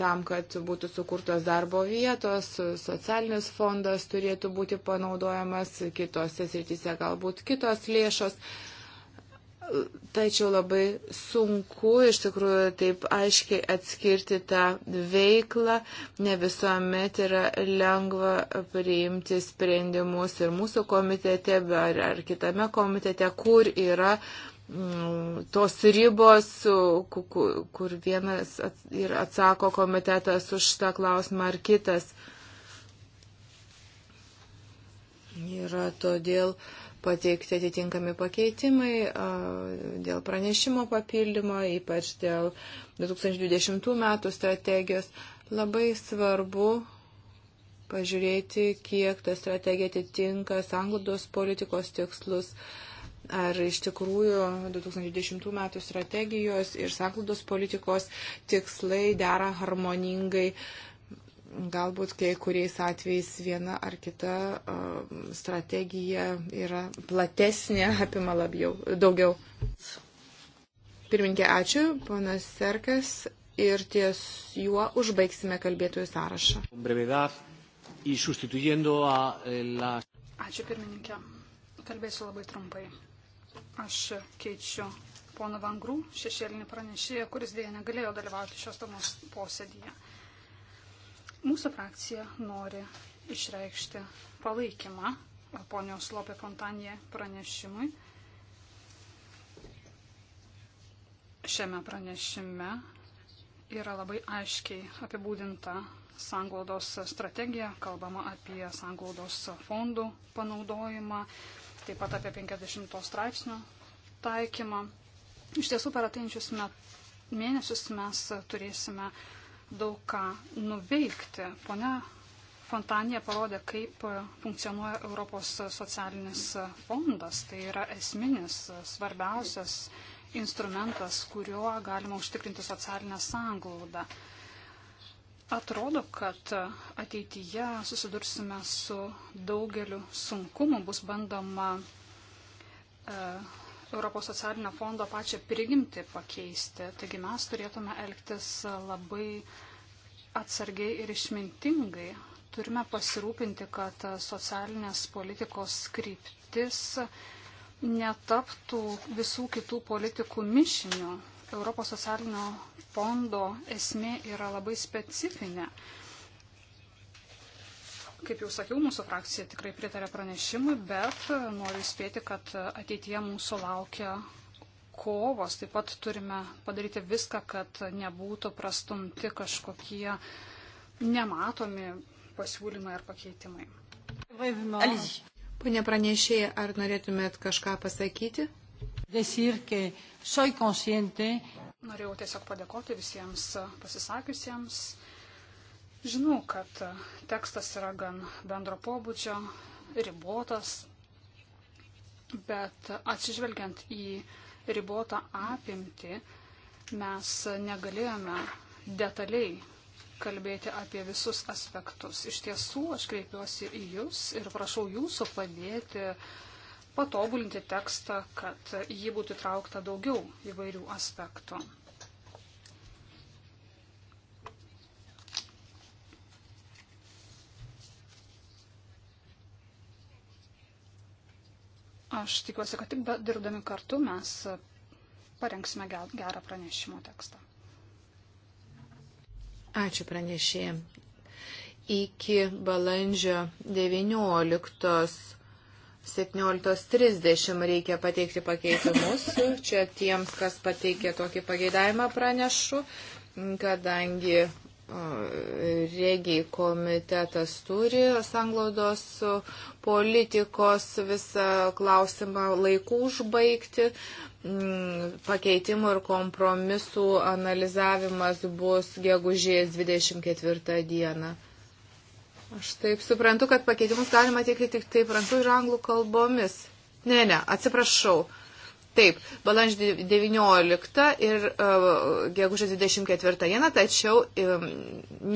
tam, kad būtų sukurtos darbo vietos, socialinis fondas turėtų būti panaudojamas, kitose srityse galbūt kitos lėšos. Tačiau labai sunku iš tikrųjų taip aiškiai atskirti tą veiklą, ne visuomet yra lengva priimti sprendimus ir mūsų komitete ar, ar kitame komitete, kur yra mm, tos ribos, kur, kur vienas ir atsako komitetas už tą klausimą ar kitas. Yra todėl uh, pateikti atitinkami pakeitimai dėl pranešimo papildymo, ypač dėl 2020 metų strategijos. Labai svarbu pažiūrėti, kiek ta strategija atitinka sanglaudos politikos tikslus ar iš tikrųjų 2010 metų strategijos ir saklaudos politikos tikslai dera harmoningai galbūt kai kuriais atvejais viena ar kita strategija yra platesnė, apima labiau, daugiau. Pirminkė, ačiū, ponas Serkas, ir ties juo užbaigsime kalbėtojų sąrašą. Eh, ačiū, pirmininkė. Kalbėsiu labai trumpai. Aš keičiu poną Vangrų, šešėlinį pranešėją, kuris dėja negalėjo dalyvauti šios tamos posėdyje. Mūsų frakcija nori išreikšti palaikymą ponios Lopė Fontanė pranešimui. Šiame pranešime yra labai aiškiai apibūdinta sanglaudos strategija, kalbama apie sanglaudos fondų panaudojimą, taip pat apie 50 straipsnių taikymą. Iš tiesų per ateinčius mėnesius mes turėsime uh, daug ką nuveikti. Pone Fontanija parodė, kaip funkcionuoja Europos socialinis fondas. Tai yra esminis, svarbiausias instrumentas, kuriuo galima užtikrinti socialinę sąnglaudą. Atrodo, kad ateityje susidursime su daugeliu sunkumu, bus bandoma e, Europos socialinio fondo pačią prigimti pakeisti. Taigi mes turėtume elgtis labai atsargiai ir išmintingai. Turime pasirūpinti, kad socialinės politikos kryptis netaptų visų kitų politikų mišiniu. Europos socialinio fondo esmė yra labai specifinė. Kaip jau sakiau, mūsų frakcija tikrai pritarė pranešimui, bet noriu įspėti, kad ateityje mūsų laukia kovos. Taip pat turime padaryti viską, kad nebūtų prastumti kažkokie nematomi pasiūlymai ar pakeitimai. Pane pranešėjai, ar norėtumėt kažką pasakyti? Norėjau tiesiog padėkoti visiems pasisakiusiems. Žinau, kad tekstas yra gan bendro pobūdžio, ribotas, bet atsižvelgiant į ribotą apimtį, mes negalėjome detaliai kalbėti apie visus aspektus. Iš tiesų, aš kreipiuosi į Jūs ir prašau Jūsų padėti patobulinti tekstą, kad jį būtų traukta daugiau įvairių aspektų. Aš tikiuosi, kad tik dirbdami kartu mes e, parengsime gerą pranešimo tekstą. Ačiū pranešėjai. Iki balandžio 19. 17.30 reikia pateikti pakeitimus. Čia tiems, kas pateikė tokį pageidavimą, pranešu, kadangi Regiai komitetas turi sanglaudos politikos visą klausimą laikų užbaigti. Mm, pakeitimų ir kompromisų analizavimas bus gegužės 24 dieną. Aš taip suprantu, kad pakeitimus galima teikti tik tai prancūzų ir anglų kalbomis. Ne, ne, atsiprašau. Taip, balandžio 19 ir uh, gegužės 24 dieną, tačiau um,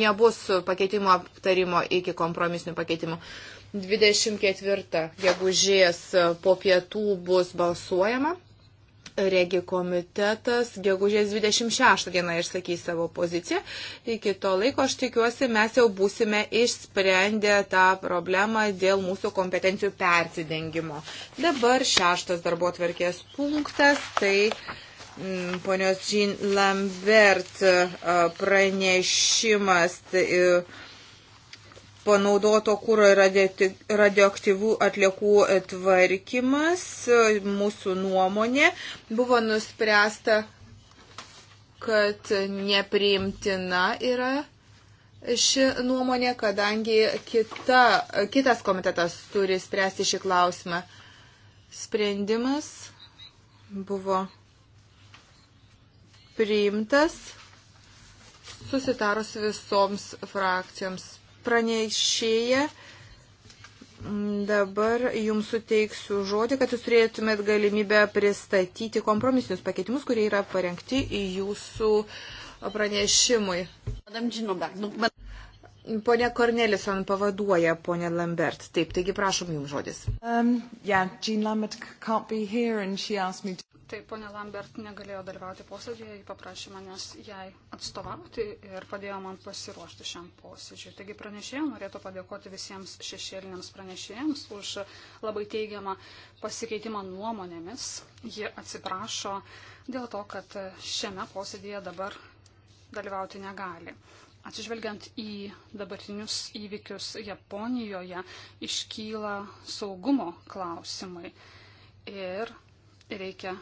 nebus pakeitimo aptarimo iki kompromisinių pakeitimų. 24 gegužės e, po pietų bus balsuojama Regi komitetas gegužės 26 dieną išsakys savo poziciją. Iki to laiko aš tikiuosi, mes jau būsime išsprendę tą problemą dėl mūsų kompetencijų persidengimo. Dabar šeštas darbo tvarkės punktas, tai m, mm, ponios Jean Lambert pranešimas. Tai, panaudoto kūro ir radioaktyvų atliekų e, tvarkymas, e, mūsų nuomonė, buvo nuspręsta, kad nepriimtina yra ši nuomonė, kadangi kita, kitas komitetas turi spręsti šį klausimą. Sprendimas buvo priimtas susitarus visoms frakcijoms pranešėja. Dabar jums suteiksiu žodį, kad jūs turėtumėt galimybę pristatyti kompromisinius pakeitimus, kurie yra parengti jūsų pranešimui. Pone Kornelison pavaduoja ponė Lambert. Taip, taigi prašom jums žodis. Um, yeah, to... Taip, ponė Lambert negalėjo dalyvauti posėdėje, ji paprašė manęs jai atstovauti ir padėjo man pasiruošti šiam posėdžiui. Taigi pranešėjom norėtų padėkoti visiems šešėliniams pranešėjams už labai teigiamą pasikeitimą nuomonėmis. Ji atsiprašo dėl to, kad šiame posėdėje dabar dalyvauti negali. Atsižvelgiant į dabartinius įvykius Japonijoje, iškyla saugumo klausimai. Ir reikia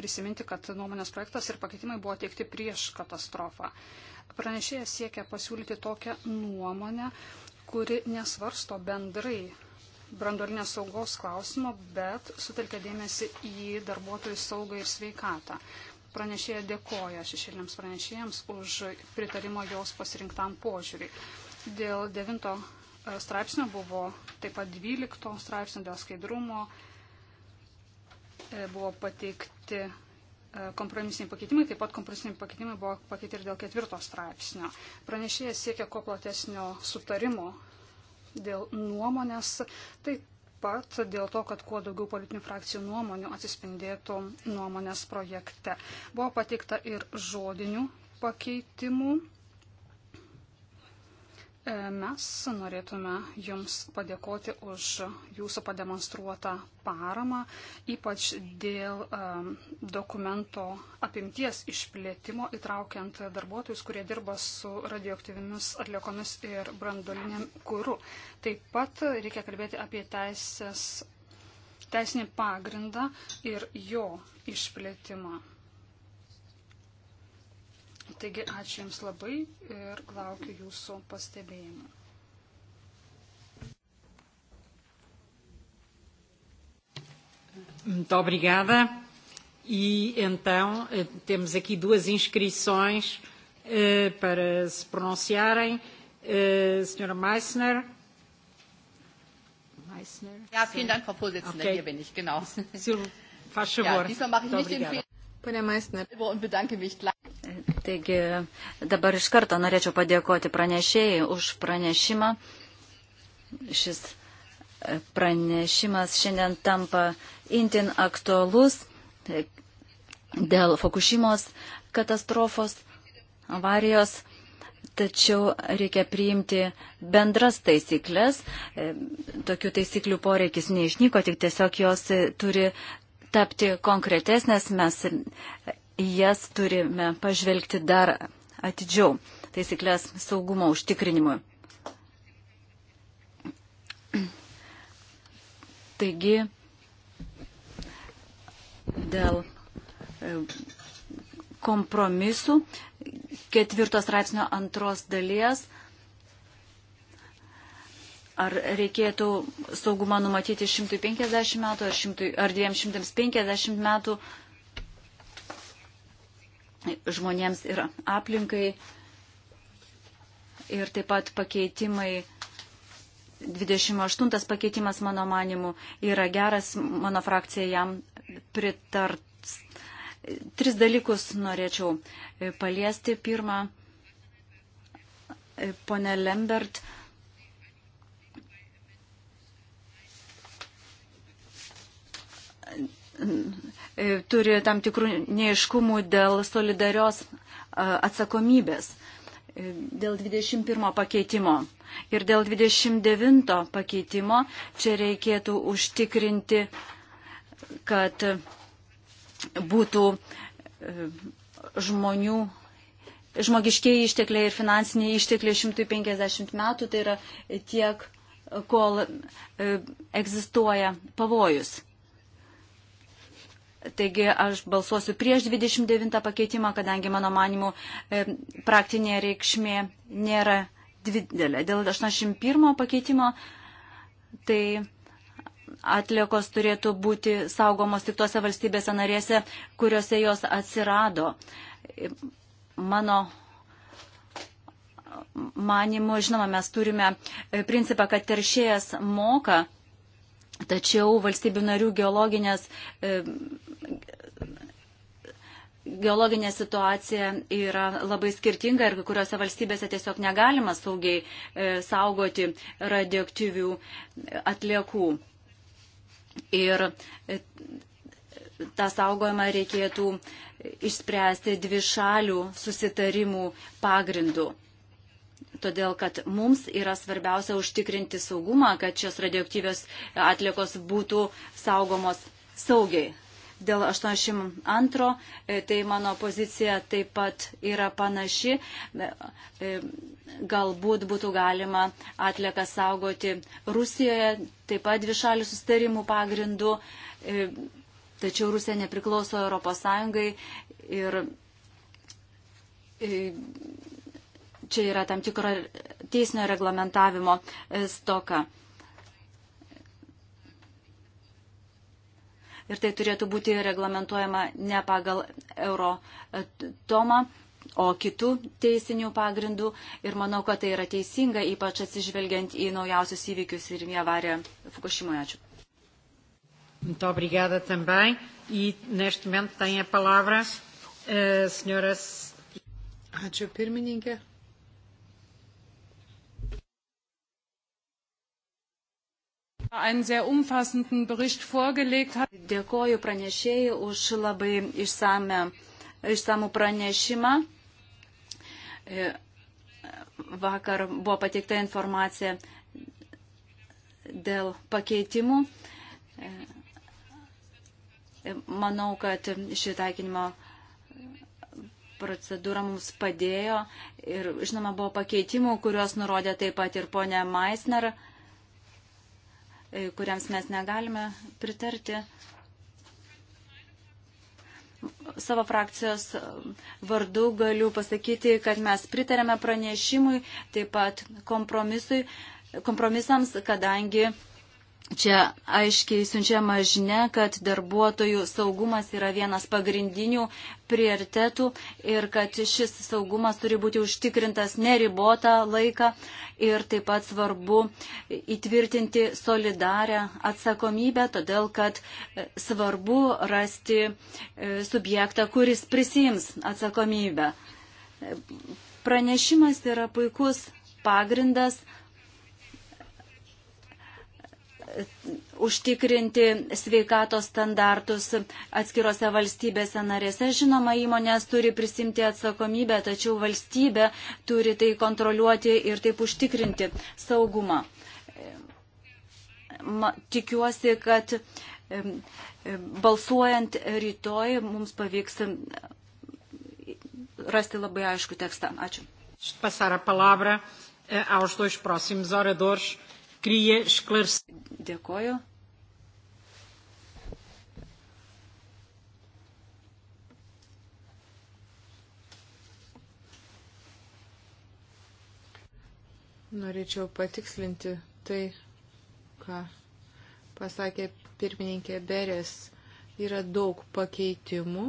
prisiminti, kad nuomonės projektas ir pakeitimai buvo teikti prieš katastrofą. Pranešėjas siekia pasiūlyti tokią nuomonę, kuri nesvarsto bendrai brandolinės saugos klausimo, bet sutelkia dėmesį į darbuotojų saugą ir sveikatą pranešėja dėkoja šešėliams pranešėjams už pritarimo jos pasirinktam požiūrį. Dėl 9 e, straipsnio buvo taip pat 12 straipsnio dėl skaidrumo e, buvo pateikti e, kompromisiniai pakeitimai, taip pat kompromisiniai pakeitimai buvo pakeiti ir dėl ketvirto straipsnio. Pranešėjas siekia kuo platesnio sutarimo dėl nuomonės, tai pat dėl to, kad kuo daugiau politinių frakcijų nuomonių atsispindėtų nuomonės projekte. Buvo pateikta ir žodinių pakeitimų Mes norėtume Jums padėkoti už Jūsų pademonstruotą paramą, ypač dėl dokumento apimties išplėtimo, įtraukiant darbuotojus, kurie dirba su radioaktyvimis atliekomis ir brandoliniam kūru. Taip pat reikia kalbėti apie teisės, teisinį pagrindą ir jo išplėtimą. Taigi ačiū Jums labai ir laukiu Jūsų pastebėjimų. Muito obrigada. E então eh, temos aqui duas inscrições eh, para se pronunciarem. Eh, Senhora Meissner. Meissner? Ja, vielen Dank, Frau Vorsitzende. Okay. Hier bin ich, genau. Faz favor. Ja, diesmal mache ich Muito nicht obrigada. den Fehler. Pane Meissner. Und bedanke mich gleich. Taigi dabar iš karto norėčiau padėkoti pranešėjai už pranešimą. Šis e, pranešimas šiandien tampa intin aktualus dėl Fukushimos katastrofos, avarijos, tačiau reikia priimti bendras taisyklės. E, tokių taisyklių poreikis neišnyko, tik tiesiog jos turi tapti konkretesnės. Mes į jas turime pažvelgti dar atidžiau taisyklės saugumo užtikrinimui. Taigi, dėl e, kompromisų ketvirtos straipsnio antros dalies ar reikėtų saugumą numatyti 150 metų ar, 100, ar 250 metų, žmonėms ir aplinkai. Ir taip pat pakeitimai, 28 pakeitimas mano manimu yra geras, mano frakcija jam pritarts. Tris dalykus norėčiau e, paliesti. Pirma, e, ponė Lembert. E, turi tam tikrų neiškumų dėl solidarios e, atsakomybės, e, dėl 21 pakeitimo. Ir dėl 29 pakeitimo čia reikėtų užtikrinti, kad būtų žmonių žmogiškiai ištekliai ir finansiniai ištekliai 150 metų, tai yra tiek, kol egzistuoja pavojus. Taigi aš balsuosiu prieš 29 pakeitimą, kadangi mano manimu e, praktinė reikšmė nėra didelė. Dėl 81 pakeitimo tai atliekos turėtų būti saugomos tik tose valstybėse narėse, kuriuose jos atsirado. Mano manimu, žinoma, mes turime e, principą, kad teršėjas moka, tačiau valstybių narių geologinės e, geologinė situacija yra labai skirtinga ir kai kuriuose valstybėse tiesiog negalima saugiai e, saugoti radioaktyvių atliekų. Ir e, tą saugojimą reikėtų išspręsti dvi šalių susitarimų pagrindų. Todėl, kad mums yra svarbiausia užtikrinti saugumą, kad šios radioaktyvios atliekos būtų saugomos saugiai dėl 82, e, tai mano pozicija taip pat yra panaši. E, e, galbūt būtų galima atlieka saugoti Rusijoje, taip pat dvišalių sustarimų pagrindų, tačiau Rusija nepriklauso Europos Sąjungai ir čia yra tam tikro teisinio reglamentavimo stoka. ir tai turėtų būti reglamentojama ne pagal euro tomą, o kitų teisinių pagrindų. Ir manau, kad tai yra teisinga, ypač atsižvelgiant į naujausius įvykius ir į avariją Fukushimoje. Ačiū. Muito obrigada também. E neste momento tem a palavra a eh, senhora. Ačiū pirmininkė. Dėkoju pranešėjai už labai išsame, išsamų pranešimą. E, vakar buvo pateikta informacija dėl pakeitimų. E, manau, kad šitaikinimo procedūra mums padėjo ir, žinoma, buvo pakeitimų, kuriuos nurodė taip pat ir ponė Maisner. E, kuriems mes negalime pritarti. Savo frakcijos vardu galiu pasakyti, kad mes pritarėme pranešimui, taip pat kompromisui, kompromisams, kadangi Čia aiškiai siunčiama žinia, kad darbuotojų saugumas yra vienas pagrindinių prioritetų ir kad šis saugumas turi būti užtikrintas neribotą laiką ir taip pat svarbu įtvirtinti solidarę atsakomybę, todėl kad svarbu rasti e, subjektą, kuris prisims atsakomybę. Pranešimas yra puikus pagrindas užtikrinti sveikatos standartus atskirose valstybėse narėse. Žinoma, įmonės turi prisimti atsakomybę, tačiau valstybė turi tai kontroliuoti ir taip užtikrinti saugumą. Ma, tikiuosi, kad balsuojant rytoj mums pavyks rasti labai aišku tekstą. Ačiū. Passar a palavra eh, aos dois próximos oradores kryje šklars. Dėkoju. Norėčiau patikslinti tai, ką pasakė pirmininkė Berės. Yra daug pakeitimų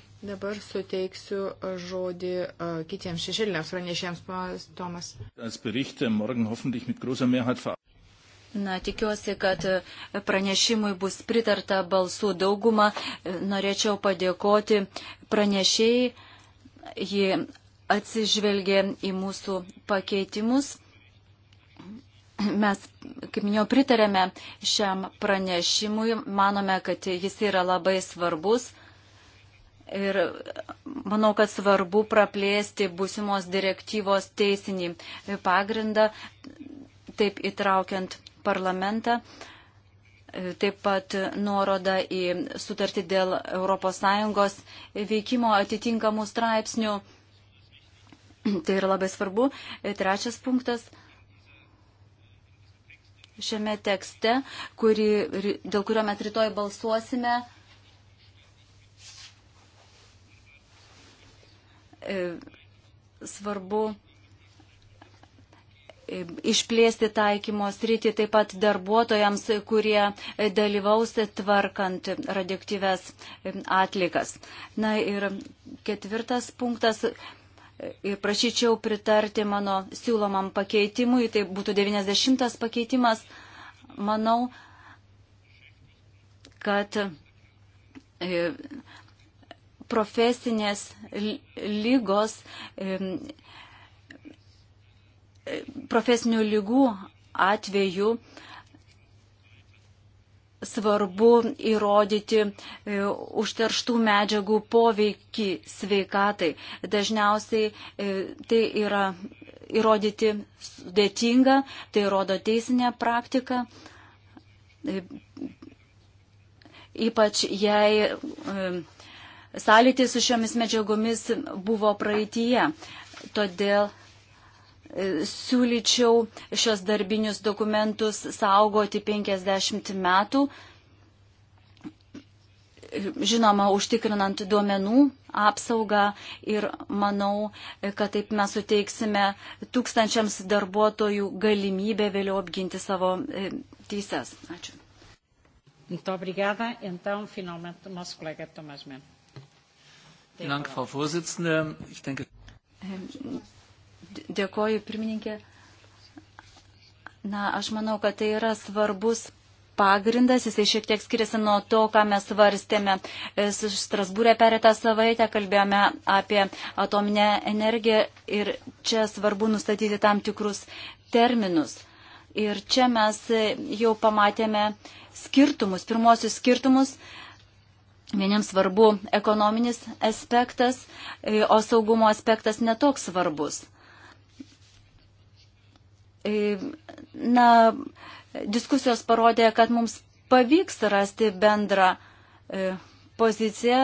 Dabar suteiksiu žodį uh, kitiems šešėliniams pranešėjams, Tomas. Na, tikiuosi, kad e, pranešimui bus pritarta balsų dauguma. E, norėčiau padėkoti pranešėjai. Ji atsižvelgė į mūsų pakeitimus. Mes, kaip minėjau, pritarėme šiam pranešimui, manome, kad jis yra labai svarbus Ir manau, kad svarbu praplėsti būsimos direktyvos teisinį pagrindą, taip įtraukiant parlamentą. Taip pat nuoroda į sutartį dėl ES veikimo atitinkamų straipsnių. Tai yra labai svarbu. Trečias punktas šiame tekste, kuri, dėl kurio mes rytoj balsuosime, E, svarbu e, išplėsti taikymo sritį taip pat darbuotojams, kurie dalyvaus tvarkant radioaktyves atlikas. Na ir ketvirtas punktas. Ir prašyčiau pritarti mano siūlomam pakeitimui, tai būtų 90 pakeitimas. Manau, kad e, profesinės lygos, profesinių lygų atveju svarbu įrodyti e, užterštų medžiagų poveikį sveikatai. Dažniausiai e, tai yra įrodyti sudėtinga, tai rodo teisinė praktika e, ypač jei sąlytis su šiomis medžiagomis buvo praeitie. Todėl e, siūlyčiau šios darbinius dokumentus saugoti 50 metų, žinoma, užtikrinant duomenų apsaugą ir manau, kad taip mes suteiksime tūkstančiams darbuotojų galimybę vėliau apginti savo e, teises. Ačiū. Muito obrigada. Então, finalmente, o nosso colega Tomás Mendes. Dank, Frau Vorsitzende. Ich denke... Dėkoju, pirmininkė. Na, aš manau, kad tai yra svarbus pagrindas, jisai šiek tiek skiriasi nuo to, ką mes svarstėme. E, Strasbūrė perėtą savaitę kalbėjome apie atominę energiją ir čia svarbu nustatyti tam tikrus terminus. Ir čia mes jau pamatėme skirtumus, pirmosius skirtumus Vieniems svarbu ekonominis aspektas, e, o saugumo aspektas netoks svarbus. E, na, diskusijos parodė, kad mums pavyks rasti bendrą e, poziciją,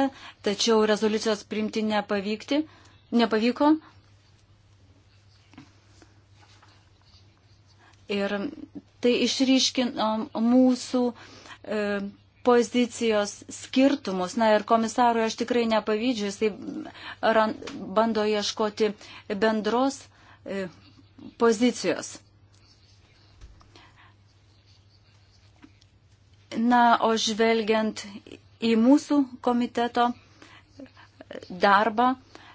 tačiau rezoliucijos priimti nepavykti, nepavyko. Ir tai išryškino mūsų pozicijos skirtumus. Na ir komisarui aš tikrai nepavydžiu, jisai bando ieškoti bendros e, pozicijos. Na, o žvelgiant į mūsų komiteto darbą,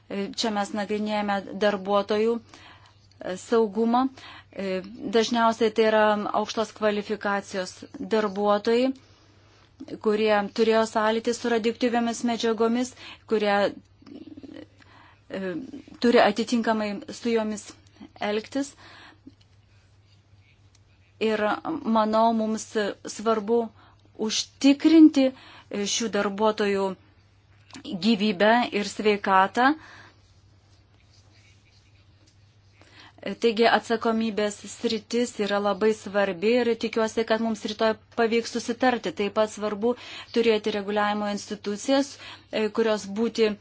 e, čia mes nagrinėjame darbuotojų e, saugumą. Dažniausiai tai yra aukštos kvalifikacijos darbuotojai kurie turėjo sąlytį su radioaktyviamis medžiagomis, kurie e, turi atitinkamai su jomis elgtis. Ir manau, mums svarbu užtikrinti šių darbuotojų gyvybę ir sveikatą, uh, Taigi atsakomybės sritis yra labai svarbi ir tikiuosi, kad mums rytoj pavyks susitarti. Taip pat svarbu turėti reguliavimo institucijas, e, kurios, būti,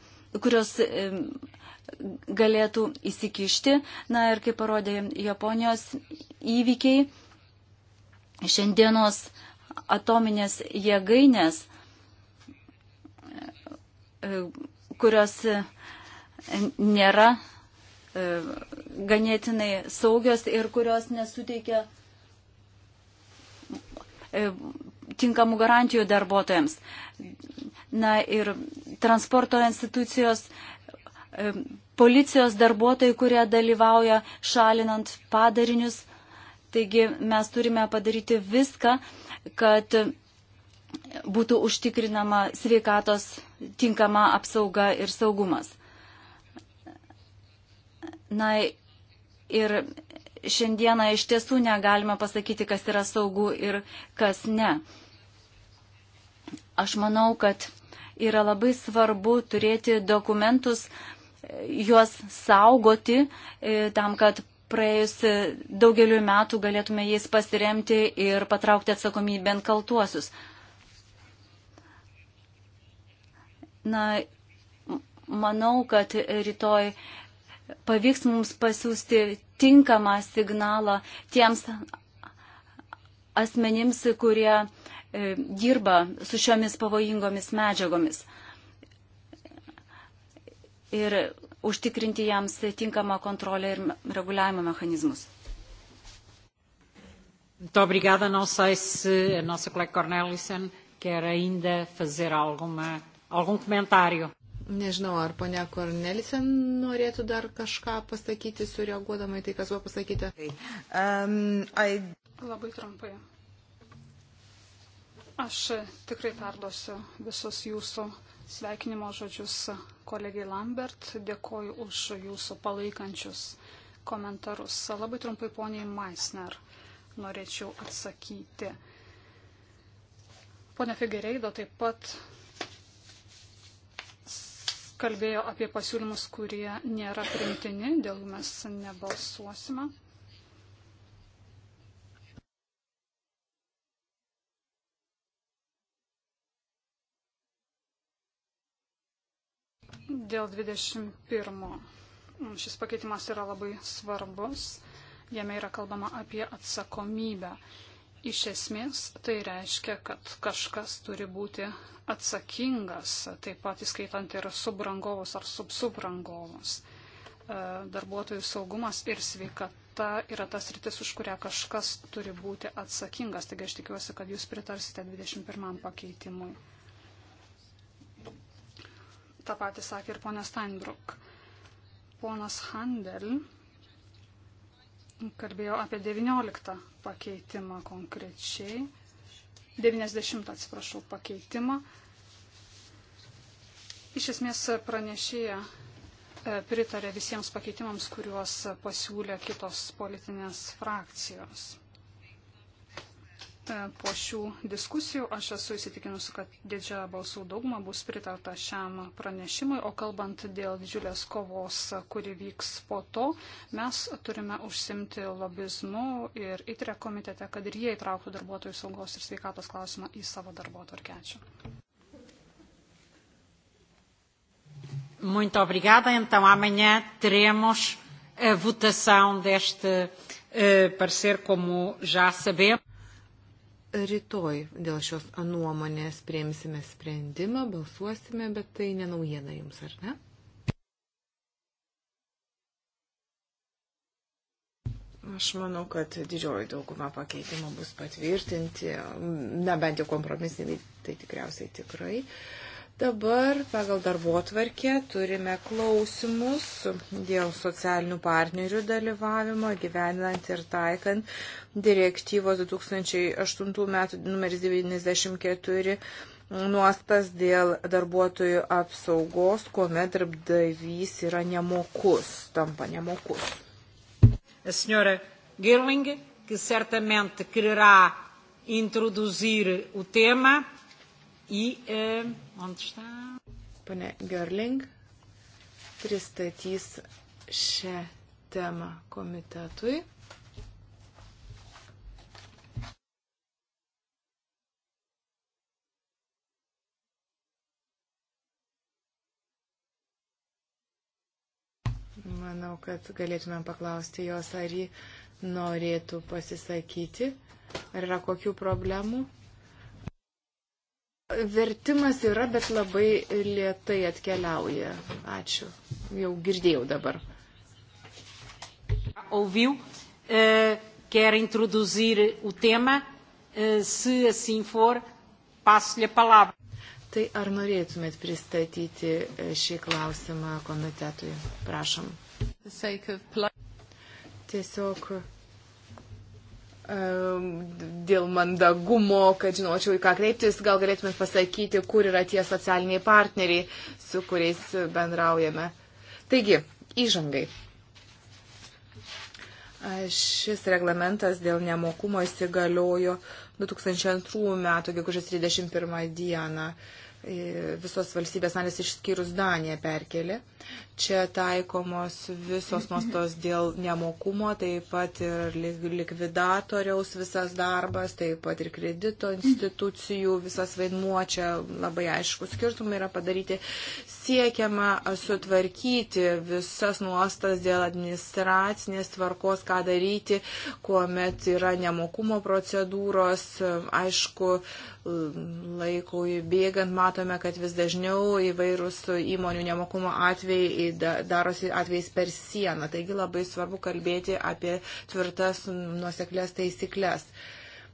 kurios e, galėtų įsikišti. Na ir kaip parodė Japonijos įvykiai, šiandienos atominės jėgainės, e, kurios nėra E, ganėtinai saugios ir kurios nesuteikia e, tinkamų garantijų darbuotojams. Na ir transporto institucijos, e, policijos darbuotojai, kurie dalyvauja šalinant padarinius. Taigi mes turime padaryti viską, kad būtų užtikrinama sveikatos tinkama apsauga ir saugumas. Na ir šiandieną iš tiesų negalime pasakyti, kas yra saugu ir kas ne. Aš manau, kad yra labai svarbu turėti dokumentus, juos saugoti e, tam, kad praėjus daugeliu metų galėtume jais pasiremti ir patraukti atsakomybę kaltuosius. Na, manau, kad rytoj pavyks mums pasiūsti tinkamą signalą tiems asmenims, kurie e, dirba su šiomis pavojingomis medžiagomis ir užtikrinti jiems tinkamą kontrolę ir reguliavimo mechanizmus. Muito obrigada. Não sei se a nossa colega Cornelissen quer ainda fazer alguma, algum comentário. Nežinau, ar ponia Kornelisen norėtų dar kažką pasakyti, sureaguodama į tai, kas buvo pasakyti. Um, I... Labai trumpai. Aš tikrai perduosiu visus jūsų sveikinimo žodžius kolegiai Lambert. Dėkoju už jūsų palaikančius komentarus. Labai trumpai poniai Meisner norėčiau atsakyti. Pone Figereido taip pat kalbėjo apie pasiūlymus, kurie nėra primtini, dėl jų mes nebalsuosime. Dėl 21. Šis pakeitimas yra labai svarbus. Jame yra kalbama apie atsakomybę. Iš esmės tai reiškia, kad kažkas turi būti atsakingas, taip pat įskaitant ir subrangovus ar subsubrangovus. E, darbuotojų saugumas ir sveikata yra tas rytis, už kurią kažkas turi būti atsakingas. Taigi aš tikiuosi, kad jūs pritarsite 21 pakeitimui. Ta pati sakė ir ponas Steinbrück. Ponas Handel kalbėjo apie 19 pakeitimą konkrečiai. 90, atsiprašau, pakeitimą. Iš esmės pranešėja e, pritarė visiems pakeitimams, kuriuos pasiūlė kitos politinės frakcijos. E, po šių diskusijų aš esu įsitikinusi, kad didžia balsų dauguma bus pritarta šiam pranešimui, o kalbant dėl didžiulės kovos, kuri vyks po to, mes turime užsimti lobizmu ir įtrė komitete, kad ir jie įtrauktų darbuotojų saugos ir sveikatos klausimą į savo darbo tvarkečią. Muito obrigada. Então, amanhã teremos a votação deste uh, parecer, como já sabemos rytoj dėl šios nuomonės priimsime sprendimą, balsuosime, bet tai nenaujiena jums, ar ne? Aš manau, kad didžioji dauguma pakeitimų bus patvirtinti, na bent jau kompromisiniai, tai tikriausiai tikrai. Uh, Dabar pagal darbo tvarkę turime klausimus dėl socialinių partnerių dalyvavimo, gyvenant ir taikant direktyvos 2008 metų numeris 94 nuostas dėl darbuotojų apsaugos, kuomet darbdavys yra nemokus, tampa nemokus. Senhora Gerling, que certamente quererá introduzir o tema. I, e, Monštą. Pane Gerling pristatys šią temą komitetui. Manau, kad galėtumėm paklausti jos, ar ji norėtų pasisakyti, ar yra kokių problemų. Vertimas yra, bet labai lietai atkeliauja. Ačiū. Jau girdėjau dabar. Ouviu, eh, quer introduzir o tema, eh, se assim for, passo-lhe a palavra. Tai ar norėtumėt pristatyti eh, šį klausimą komitetui? Prašom. Tiesiog Ehm, dėl mandagumo, kad žinočiau, į ką kreiptis, gal galėtumėt pasakyti, kur yra tie socialiniai partneriai, su kuriais bendraujame. Taigi, įžangai. Šis reglamentas dėl nemokumo įsigaliojo 2002 metų gegužės 31 dieną. E, visos valstybės narės išskyrus Daniją perkelė. Čia taikomos visos nuostos dėl nemokumo, taip pat ir likvidatoriaus visas darbas, taip pat ir kredito institucijų visas vaidmuo. Čia labai aiškus skirtumai yra padaryti. Siekiama sutvarkyti visas nuostas dėl administracinės tvarkos, ką daryti, kuomet yra nemokumo procedūros. Aišku, laikui bėgant matome, kad vis dažniau įvairūs įmonių nemokumo atvejai kai darosi atvejais per sieną. Taigi labai svarbu kalbėti apie tvirtas nuoseklės taisyklės.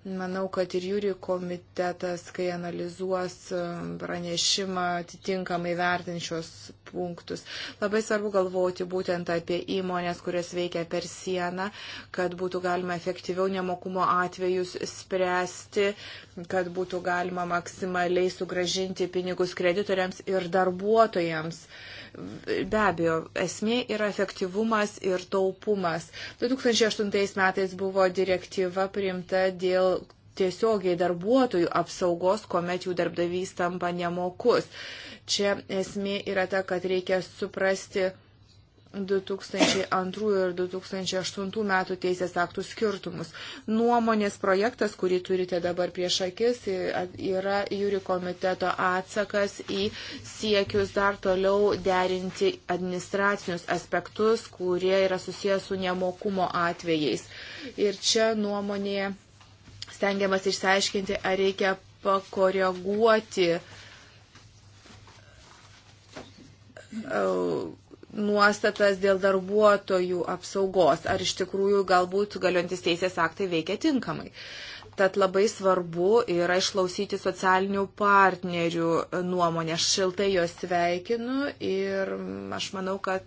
Manau, kad ir jūrių komitetas, kai analizuos um, pranešimą, atitinkamai vertinčios punktus. Labai svarbu galvoti būtent apie įmonės, kurias veikia per sieną, kad būtų galima efektyviau nemokumo atvejus spręsti, kad būtų galima maksimaliai sugražinti pinigus kreditoriams ir darbuotojams. Uh, Be abejo, esmė yra efektyvumas ir taupumas. 2008 metais buvo direktyva priimta dėl tiesiogiai darbuotojų apsaugos, kuomet jų darbdavys tampa nemokus. Čia esmė yra ta, kad reikia suprasti, 2002 ir 2008 metų teisės aktų skirtumus. Nuomonės projektas, kurį turite dabar prieš akis, yra jūri komiteto atsakas į siekius dar toliau derinti administracinius aspektus, kurie yra susijęs su nemokumo atvejais. Ir čia nuomonėje stengiamas išsiaiškinti, ar reikia pakoreguoti. Uh, nuostatas dėl darbuotojų apsaugos, ar iš tikrųjų galbūt galiojantis teisės aktai veikia tinkamai. Tad labai svarbu yra išklausyti socialinių partnerių nuomonę. Aš šiltai juos sveikinu ir aš manau, kad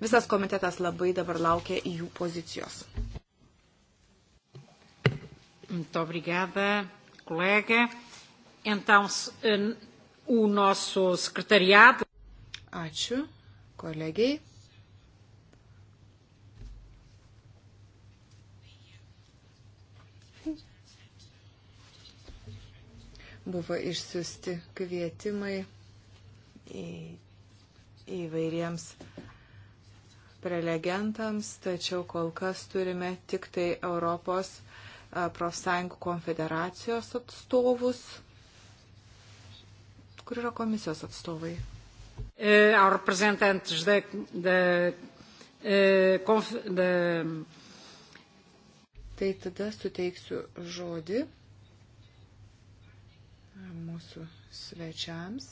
visas komitetas labai dabar laukia jų pozicijos. Muito obrigada, colega. Então, eh, o nosso secretariado. Ačiū kolegiai. Buvo išsiusti kvietimai į, įvairiems prelegentams, tačiau kol kas turime tik tai Europos profsąjungų konfederacijos atstovus, kur yra komisijos atstovai. Uh, eh, aos representantes da, da, uh, eh, konf, da... Tai tada suteiksiu žodį mūsų svečiams,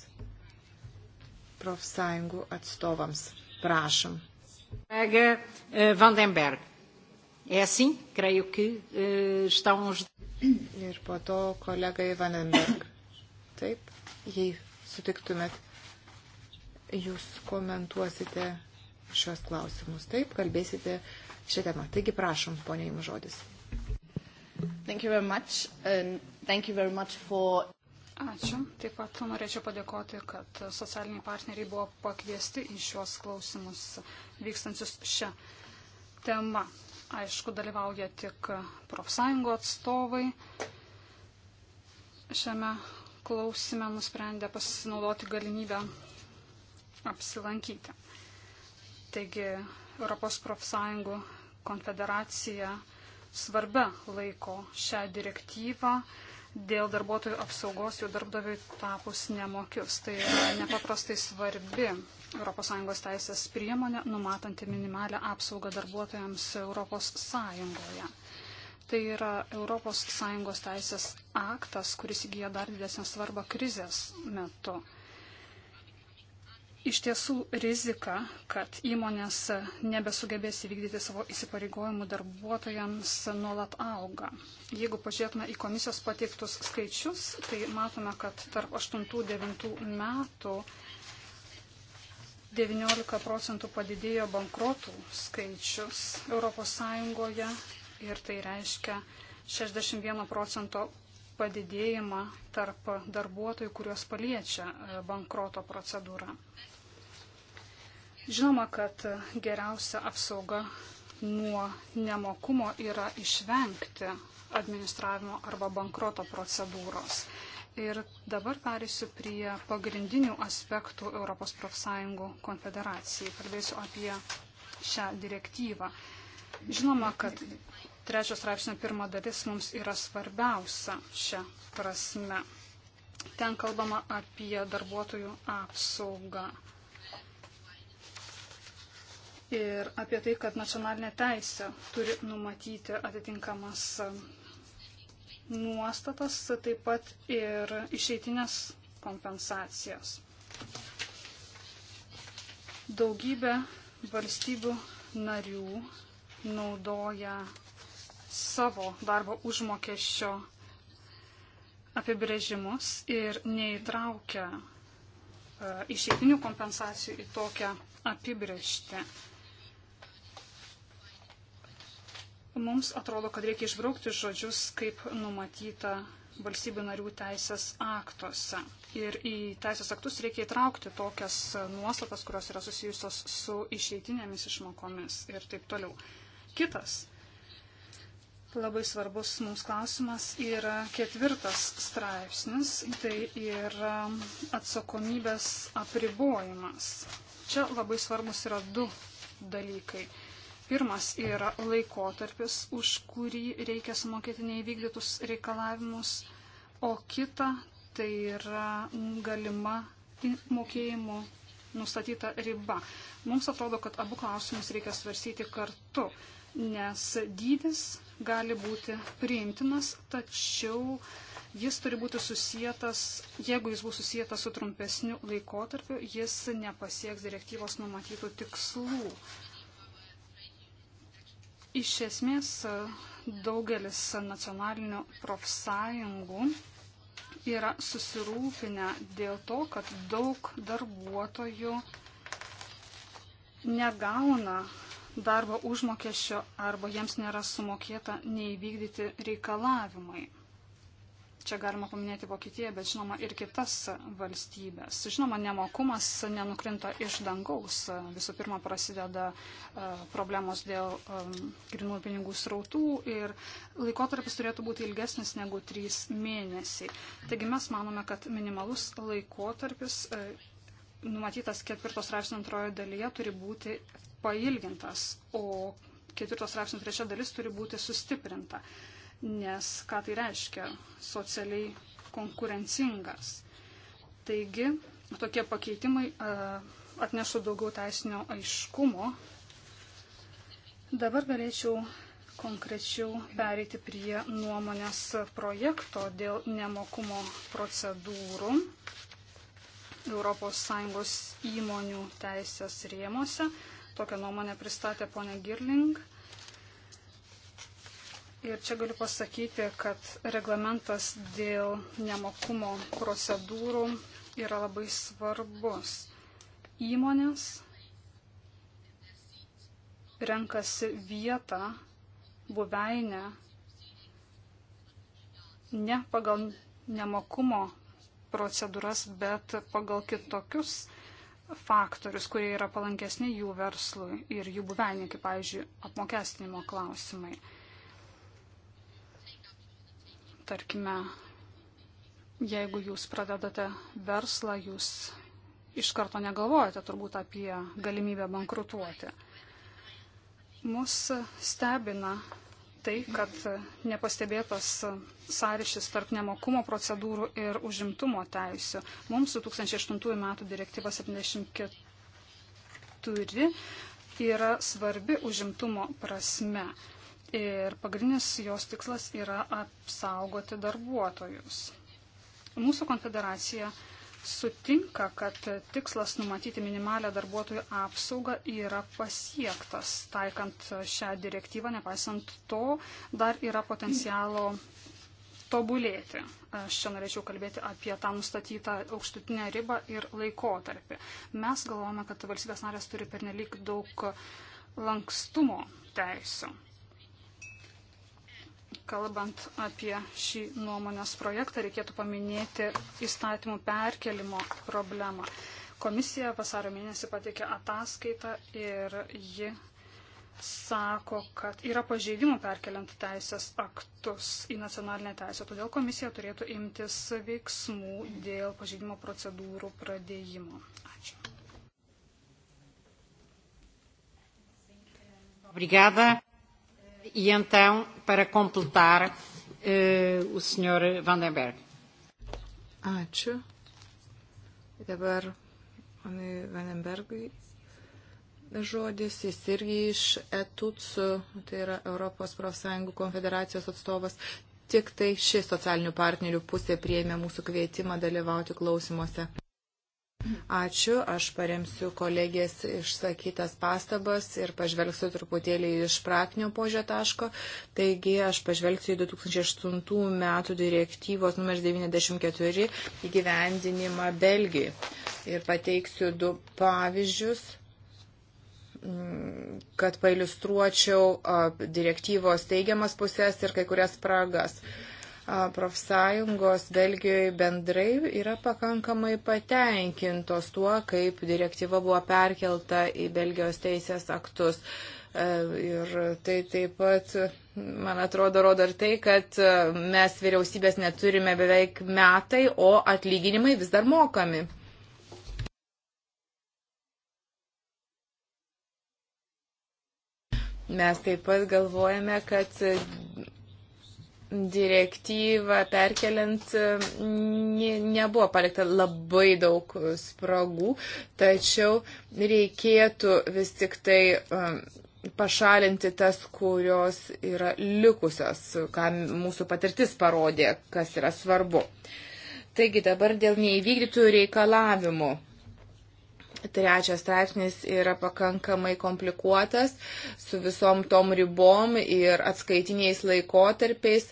profsąjungų atstovams. Prašom. Colega eh, Vandenberg. É assim? Creio que uh, estão os. Ir po to kolega Vandenberg. Taip, jei sutiktumėt jūs komentuosite šios klausimus. Taip, kalbėsite šią temą. Taigi prašom, ponia, jums žodis. For... Ačiū. Taip pat norėčiau padėkoti, kad socialiniai partneriai buvo pakviesti į šiuos klausimus vykstančius šią temą. Aišku, dalyvauja tik profsąjungo atstovai. Šiame klausime nusprendė pasinaudoti galimybę apsilankyti. Taigi Europos profsąjungų konfederacija svarbia laiko šią direktyvą dėl darbuotojų apsaugos jų darbdaviui tapus nemokius. Tai yra nepaprastai svarbi ES teisės priemonė, numatanti minimalę apsaugą darbuotojams ES. Tai yra ES teisės aktas, kuris įgyja dar didesnę svarbą krizės metu iš tiesų rizika, kad įmonės nebesugebės įvykdyti savo įsipareigojimų darbuotojams nuolat auga. Jeigu pažiūrėtume į komisijos pateiktus skaičius, tai matome, kad tarp 8-9 metų 19 procentų padidėjo bankrotų skaičius ES ir tai reiškia 61 procento padidėjimą tarp darbuotojų, kuriuos paliečia e, bankroto procedūra. Žinoma, kad geriausia apsauga nuo nemokumo yra išvengti administravimo arba bankroto procedūros. Ir dabar perėsiu prie pagrindinių aspektų Europos profsąjungų konfederacijai. Kalbėsiu apie šią direktyvą. Žinoma, kad trečios straipsnio pirma dalis mums yra svarbiausia šią prasme. Ten kalbama apie darbuotojų apsaugą ir apie tai, kad nacionalinė teisė turi numatyti atitinkamas e, nuostatas, taip pat ir išeitinės kompensacijas. Daugybė valstybių narių naudoja savo darbo užmokesčio apibrėžimus ir neįtraukia e, išeitinių kompensacijų į tokią apibrėžtį. Mums atrodo, kad reikia išbraukti žodžius, kaip numatyta valstybių narių teisės aktuose. Ir į teisės aktus reikia įtraukti tokias nuostatas, kurios yra susijusios su išeitinėmis išmokomis ir taip toliau. Kitas labai svarbus mums klausimas yra ketvirtas straipsnis, tai yra atsakomybės apribojimas. Čia labai svarbus yra du dalykai. Pirmas yra laikotarpis, už kurį reikia sumokėti neįvykdytus reikalavimus, o kita tai yra galima mokėjimų nustatyta riba. Mums atrodo, kad abu klausimus reikia svarsyti kartu, nes dydis gali būti priimtinas, tačiau jis turi būti susijęs, jeigu jis bus susijęs su trumpesniu laikotarpiu, jis nepasieks direktyvos numatytų tikslų. Iš esmės daugelis nacionalinių profsąjungų yra susirūpinę dėl to, kad daug darbuotojų negauna darbo užmokesčio arba jiems nėra sumokėta neįvykdyti reikalavimai. Čia galima paminėti Vokietiją, bet žinoma ir kitas valstybės. Žinoma, nemokumas nenukrinta iš dangaus. Visų pirma, prasideda e, problemos dėl e, grinųjų pinigų srautų ir laikotarpis turėtų būti ilgesnis negu trys mėnesiai. Taigi mes manome, kad minimalus laikotarpis e, numatytas ketvirtos straipsnio antrojo dalyje turi būti pailgintas, o ketvirtos straipsnio trečia dalis turi būti sustiprinta nes ką tai reiškia socialiai konkurencingas. Taigi, tokie pakeitimai e, atnešų daugiau teisinio aiškumo. Dabar galėčiau konkrečiau pereiti prie nuomonės projekto dėl nemokumo procedūrų ES įmonių teisės rėmose. Tokią nuomonę pristatė ponė Girling. Ir čia galiu pasakyti, kad reglamentas dėl nemokumo procedūrų yra labai svarbus. Įmonės renkasi vietą, buveinę ne pagal nemokumo procedūras, bet pagal kitokius faktorius, kurie yra palankesni jų verslui ir jų buveinė, kaip, pavyzdžiui, apmokestinimo klausimai. Tarkime, jeigu jūs pradedate verslą, jūs iš karto negalvojate turbūt apie galimybę bankrutuoti. Mus stebina tai, kad nepastebėtas sąryšis tarp nemokumo procedūrų ir užimtumo teisų. Mums 2008 m. direktyva 74 yra svarbi užimtumo prasme. Ir pagrindinis jos tikslas yra apsaugoti darbuotojus. Mūsų konfederacija sutinka, kad tikslas numatyti minimalę darbuotojų apsaugą yra pasiektas. Taikant šią direktyvą, nepaisant to, dar yra potencialo tobulėti. Aš čia norėčiau kalbėti apie tą nustatytą aukštutinę ribą ir laikotarpį. Mes galvojame, kad valstybės narės turi pernelyg daug lankstumo teisų kalbant apie šį nuomonės projektą, reikėtų paminėti įstatymų perkelimo problemą. Komisija vasario mėnesį pateikė ataskaitą ir ji sako, kad yra pažeidimų perkeliant teisės aktus į nacionalinę teisę, todėl komisija turėtų imtis veiksmų dėl pažeidimo procedūrų pradėjimo. Ačiū. Obrigada e então, para completar, uh, o Sr. Vandenberg. Ačiū. Dabar ponui Vandenbergui žodis, jis irgi iš ETUCU, tai yra Europos profsąjungų konfederacijos atstovas. Tik tai ši socialinių partnerių pusė prieėmė mūsų kvietimą dalyvauti klausimuose. Ačiū, aš paremsiu kolegės išsakytas pastabas ir pažvelgsiu truputėlį iš praktinio požio taško. Taigi, aš pažvelgsiu į 2008 metų direktyvos numeris 94 įgyvendinimą Belgijai ir pateiksiu du pavyzdžius mm, kad pailustruočiau direktyvos teigiamas pusės ir kai kurias spragas. Uh, profsąjungos Belgijoje bendrai yra pakankamai patenkintos tuo, kaip direktyva buvo perkelta į Belgijos teisės aktus. E, ir tai taip pat, man atrodo, rodo ir tai, kad e, mes vyriausybės neturime beveik metai, o atlyginimai vis dar mokami. Mes taip pat galvojame, kad direktyvą perkeliant ne, nebuvo palikta labai daug spragų, tačiau reikėtų vis tik tai um, pašalinti tas, kurios yra likusios, ką mūsų patirtis parodė, kas yra svarbu. Taigi dabar dėl neįvykdytų reikalavimų Trečias straipsnis yra pakankamai komplikuotas su visom tom ribom ir atskaitiniais laikotarpiais.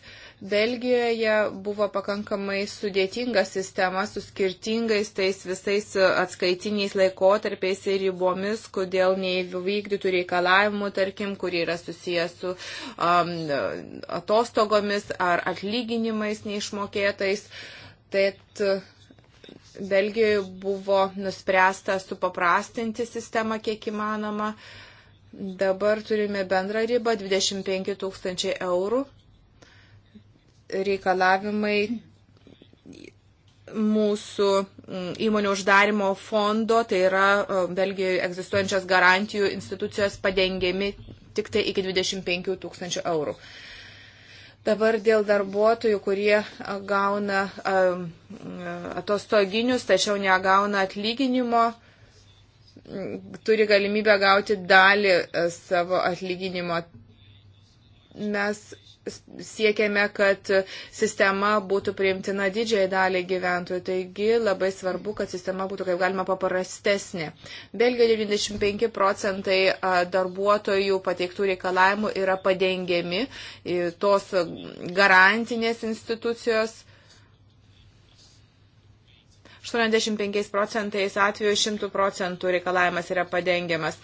Belgijoje buvo pakankamai sudėtinga sistema su skirtingais tais visais atskaitiniais laikotarpiais ir ribomis, kodėl neįvykdytų reikalavimų, tarkim, kurie yra susijęs su um, atostogomis ar atlyginimais neišmokėtais. Tai Belgijoje buvo nuspręsta supaprastinti sistemą kiek įmanoma. Dabar turime bendrą ribą 25 tūkstančiai eurų. Reikalavimai mūsų mm, įmonių uždarimo fondo, tai yra e, Belgijoje egzistuojančios garantijų institucijos padengiami tik tai iki 25 tūkstančių eurų. Dabar dėl darbuotojų, kurie gauna atostoginius, tačiau negauna atlyginimo, turi galimybę gauti dalį savo atlyginimo. Mes siekiame, kad sistema būtų priimtina didžiai daliai gyventojų. Taigi labai svarbu, kad sistema būtų kaip galima paprastesnė. Belgijoje 95 procentai darbuotojų pateiktų reikalavimų yra padengiami tos garantinės institucijos 85 procentais atveju 100 procentų reikalavimas yra padengiamas.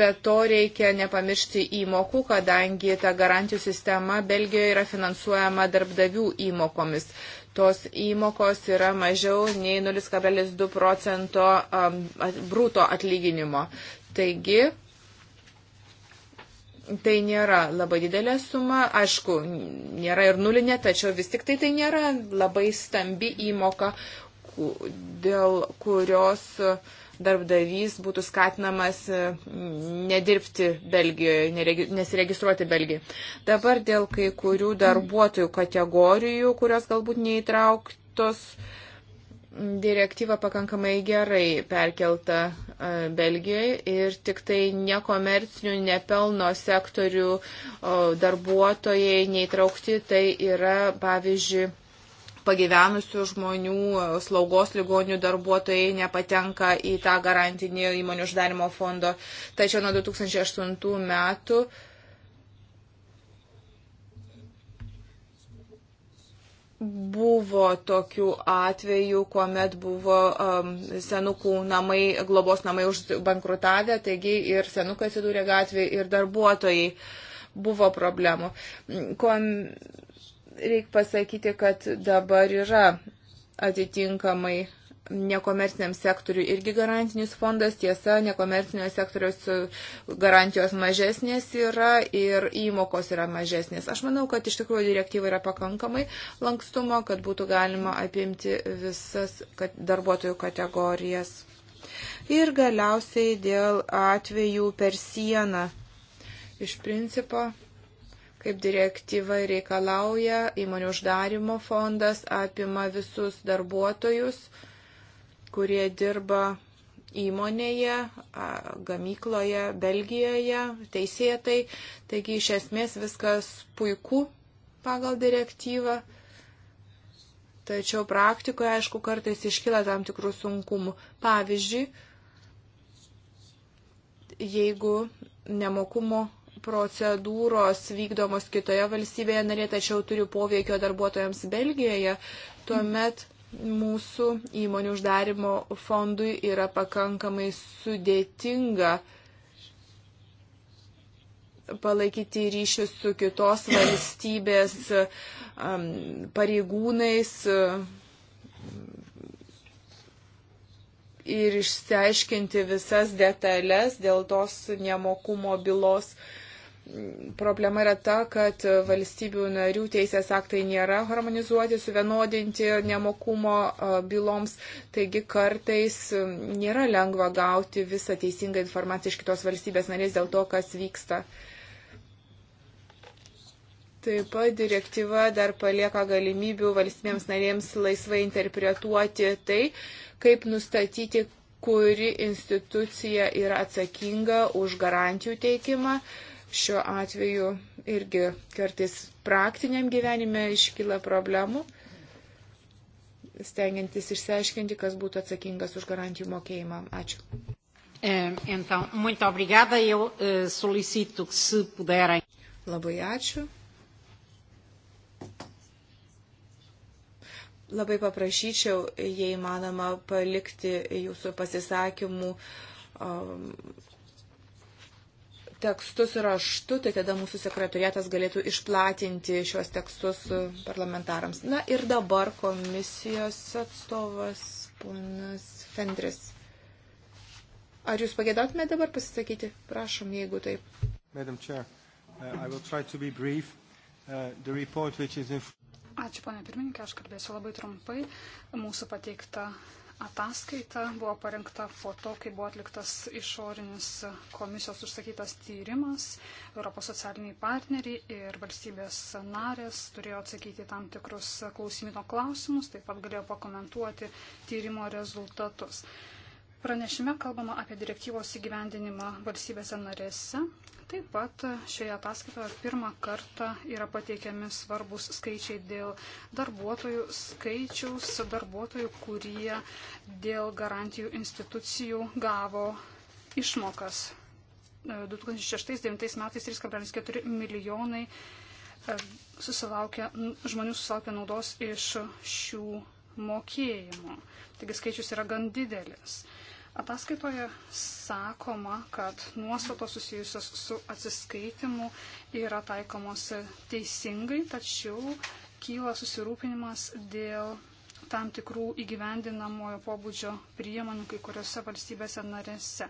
Bet to reikia nepamiršti įmokų, kadangi ta garantijų sistema Belgijoje yra finansuojama darbdavių įmokomis tos įmokos yra mažiau nei 0,2 procento brūto atlyginimo. Taigi, tai nėra labai didelė suma, aišku, nėra ir nulinė, tačiau vis tik tai tai nėra labai stambi įmoka, dėl kurios darbdavys būtų skatinamas e, nedirbti Belgijoje, nesiregistruoti Belgijoje. Dabar dėl kai kurių darbuotojų kategorijų, kurios galbūt neįtrauktos, direktyva pakankamai gerai perkelta e, Belgijoje ir tik tai nekomercinių nepelno sektorių darbuotojai neįtraukti, tai yra pavyzdžiui pagyvenusių žmonių, e, slaugos ligonių darbuotojai nepatenka į tą garantinį įmonių uždarimo fondo. Tačiau nuo 2008 metų buvo tokių atvejų, kuomet buvo um, senukų namai, globos namai užbankrutavę, taigi ir senukai atsidūrė gatvėje, ir darbuotojai buvo problemų. Kom reikia pasakyti, kad dabar yra atitinkamai nekomerciniam sektoriui irgi garantinis fondas, tiesa, nekomercinio sektoriaus garantijos mažesnės yra ir įmokos yra mažesnės. Aš manau, kad iš tikrųjų direktyva yra pakankamai lankstumo, kad būtų galima apimti visas darbuotojų kategorijas. Ir galiausiai dėl atvejų per sieną. Iš principo kaip direktyva reikalauja, įmonių uždarimo fondas apima visus darbuotojus, kurie dirba įmonėje, gamykloje, Belgijoje, teisėtai. Taigi iš esmės viskas puiku pagal direktyvą. Tačiau praktikoje, aišku, kartais iškyla tam tikrų sunkumų. Pavyzdžiui, jeigu nemokumo procedūros vykdomos kitoje valstybėje narė, tačiau turi poveikio darbuotojams Belgijoje, tuomet mūsų įmonių uždarimo fondui yra pakankamai sudėtinga palaikyti ryšius su kitos valstybės um, pareigūnais ir išsiaiškinti visas detalės dėl tos nemokumo bylos uh, problema yra ta, kad valstybių narių teisės aktai nėra harmonizuoti, suvienodinti nemokumo byloms, taigi kartais nėra lengva gauti visą teisingą informaciją iš kitos valstybės narės dėl to, kas vyksta. Taip pat direktyva dar palieka galimybių valstybėms narėms laisvai interpretuoti tai, kaip nustatyti, kuri institucija yra atsakinga už garantijų teikimą. Uh, šiuo atveju irgi kartais praktiniam gyvenime iškyla problemų, stengiantis išsiaiškinti, kas būtų atsakingas už garantijų mokėjimą. Ačiū. E, então, muito obrigada. Eu e, solicito que se puderem. Labai ačiū. Labai paprašyčiau, jei manoma, palikti jūsų pasisakymų um, tekstus raštu, tai tada mūsų sekretorietas galėtų išplatinti šios tekstus e, parlamentarams. Na ir dabar komisijos atstovas ponas Fendris. Ar jūs pagėdautumėte dabar pasisakyti? Prašom, jeigu taip. Madam Chair, uh, I will try to be brief. Uh, the report which is in... Ačiū, ponė pirmininkė, aš kalbėsiu labai trumpai. Mūsų pateikta Ataskaita buvo parengta po to, kai buvo atliktas išorinis komisijos užsakytas tyrimas. Europos socialiniai partneriai ir valstybės narės turėjo atsakyti tam tikrus klausimino klausimus, taip pat galėjo pakomentuoti tyrimo rezultatus. Pranešime kalbama apie direktyvos įgyvendinimą valstybėse narėse. Taip pat šioje ataskaitoje pirmą kartą yra pateikiami svarbus skaičiai dėl darbuotojų skaičiaus, darbuotojų, kurie dėl garantijų institucijų gavo išmokas. 2006-2009 e, metais 3,4 milijonai e, susilaukė, žmonių susilaukė naudos iš šių mokėjimų. Taigi skaičius yra gan didelis. Ataskaitoje sakoma, kad nuostatos susijusios su atsiskaitimu yra taikomos teisingai, tačiau kyla susirūpinimas dėl tam tikrų įgyvendinamojo pobūdžio priemonių kai kuriuose valstybėse narėse.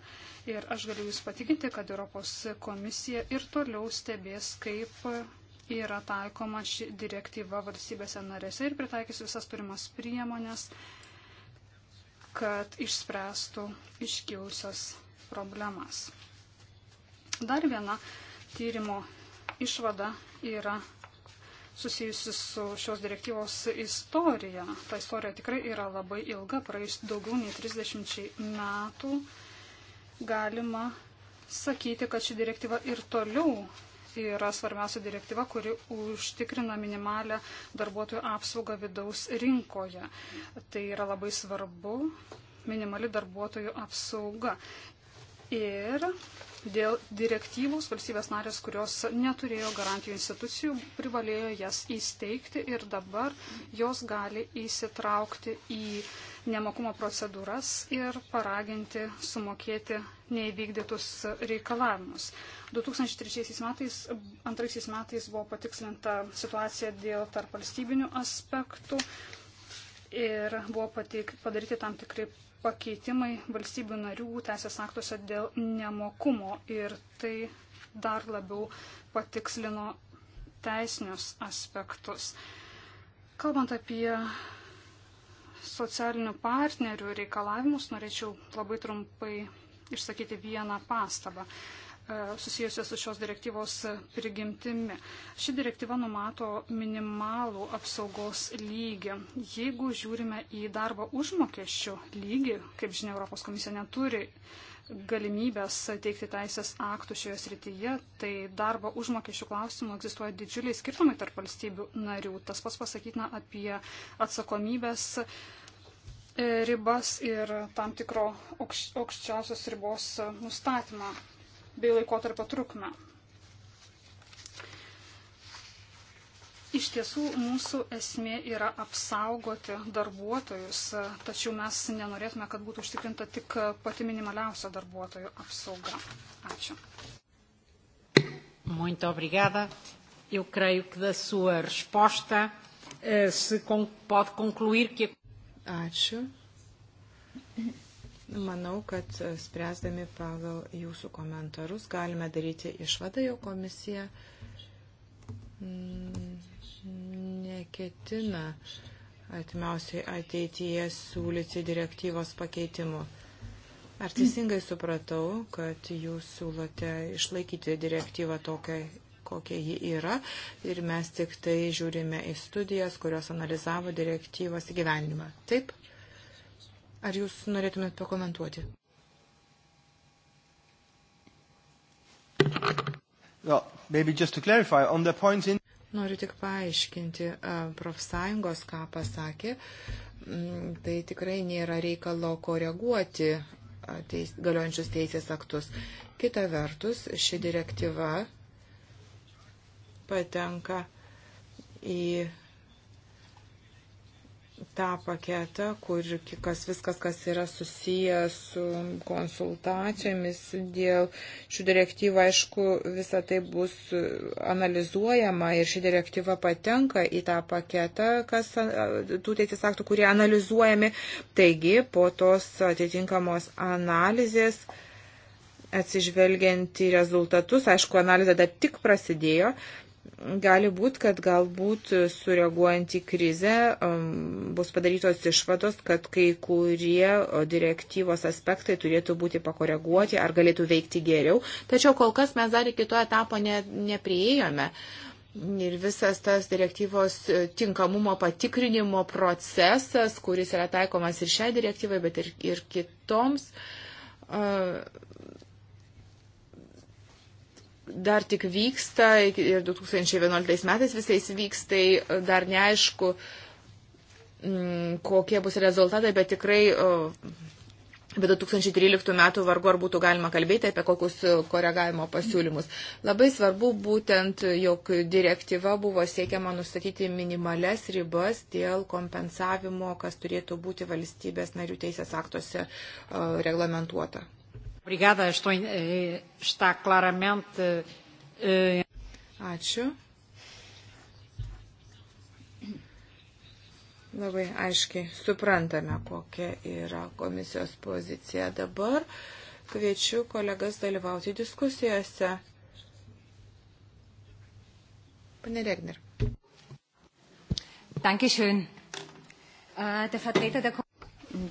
Ir aš galiu Jūs patikinti, kad Europos komisija ir toliau stebės, kaip yra taikoma ši direktyva valstybėse narėse ir pritaikys visas turimas priemonės kad išspręstų iškilusias problemas. Dar viena tyrimo išvada yra susijusi su šios direktyvos istorija. Ta istorija tikrai yra labai ilga, praėjus daugiau nei 30 metų galima sakyti, kad ši direktyva ir toliau Tai yra svarbiausia direktyva, kuri užtikrina minimalę darbuotojų apsaugą vidaus rinkoje. Tai yra labai svarbu minimali darbuotojų apsauga. Ir dėl direktyvos valstybės narės, kurios neturėjo garantijų institucijų, privalėjo jas įsteigti ir dabar jos gali įsitraukti į nemokumo procedūras ir paraginti sumokėti neįvykdytus reikalavimus. 2003 metais, antraisiais metais buvo patikslinta situacija dėl tarp valstybinių aspektų ir buvo pateik, padaryti tam tikri pakeitimai valstybių narių teisės aktuose dėl nemokumo ir tai dar labiau patikslino teisinius aspektus. Kalbant apie socialinių partnerių reikalavimus, norėčiau labai trumpai išsakyti vieną pastabą e, susijusios su šios direktyvos prigimtimi. Ši direktyva numato minimalų apsaugos lygį. Jeigu žiūrime į darbo užmokesčių lygį, kaip žinia, Europos komisija neturi uh, galimybės teikti teisės aktų šioje srityje, tai darbo užmokesčių klausimų egzistuoja didžiuliai skirtumai tarp valstybių narių. Tas pats pasakytina apie atsakomybės e, ribas ir tam tikro aukščiausios ribos nustatymą bei laikotarpio trukmę. Iš tiesų, mūsų esmė yra apsaugoti darbuotojus, tačiau mes nenorėtume, kad būtų užtikrinta tik pati minimaliausia darbuotojų apsauga. Ačiū. Muito obrigada. Eu creio que da sua resposta eh, se con pode concluir que. Ačiū. Manau, kad eh, spręsdami pagal jūsų komentarus galime daryti išvadą, jau komisija. Mm neketina atmiausiai ateityje siūlyti direktyvos pakeitimų. Ar teisingai supratau, kad jūs siūlote išlaikyti direktyvą tokią, kokia ji yra ir mes tik tai žiūrime į studijas, kurios analizavo direktyvos įgyvenimą. Taip? Ar jūs norėtumėt pakomentuoti? Well, maybe just to clarify on the point in Noriu tik paaiškinti, profsąjungos ką pasakė, mm, tai tikrai nėra reikalo koreguoti teis, galiojančius teisės aktus. Kita vertus, ši direktyva patenka į tą paketą, kur kas viskas, kas yra susijęs su konsultacijomis dėl šių direktyvų, aišku, visa tai bus analizuojama ir ši direktyva patenka į tą paketą, kas tų teisės aktų, kurie analizuojami. Taigi, po tos atitinkamos analizės atsižvelgiant į rezultatus, aišku, analizė dar tik prasidėjo, gali būti, kad galbūt sureaguojant į krizę um, bus padarytos išvados, kad kai kurie direktyvos aspektai turėtų būti pakoreguoti ar galėtų veikti geriau. Tačiau kol kas mes dar iki to etapo ne, neprieėjome. Ir visas tas direktyvos e, tinkamumo patikrinimo procesas, kuris yra taikomas ir šiai direktyvai, bet ir, ir kitoms. Uh, dar tik vyksta ir 2011 metais visais vyks, tai dar neaišku, mm, kokie bus rezultatai, bet tikrai Bet 2013 metų vargu ar būtų galima kalbėti apie kokius koregavimo pasiūlymus. Labai svarbu būtent, jog direktyva buvo siekiama nustatyti minimales ribas dėl kompensavimo, kas turėtų būti valstybės narių teisės aktuose reglamentuota. Obrigada, estou, eh, está claramente. Eh, Ačiū. Labai aiškiai suprantame, kokia yra komisijos pozicija dabar. Kviečiu kolegas dalyvauti diskusijose. Pane Regner. Dankeschön. Äh, der Vertreter der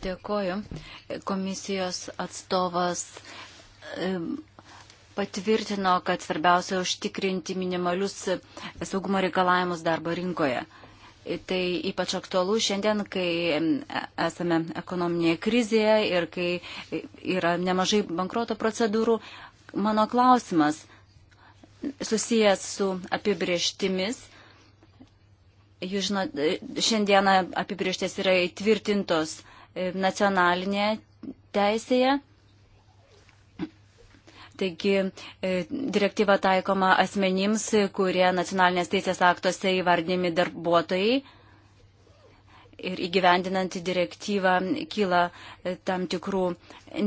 Dėkoju. Komisijos atstovas e, patvirtino, kad svarbiausia užtikrinti minimalius saugumo reikalavimus darbo rinkoje. E, tai ypač aktualu šiandien, kai e, esame ekonominėje krizėje ir kai yra nemažai bankruoto procedūrų. Mano klausimas susijęs su apibrieštimis. Jūs žinote, šiandieną apibriešties yra įtvirtintos nacionalinėje teisėje. Taigi e, direktyva taikoma asmenims, kurie nacionalinės teisės aktuose įvardinimi darbuotojai. Ir įgyvendinant direktyvą kyla e, tam tikrų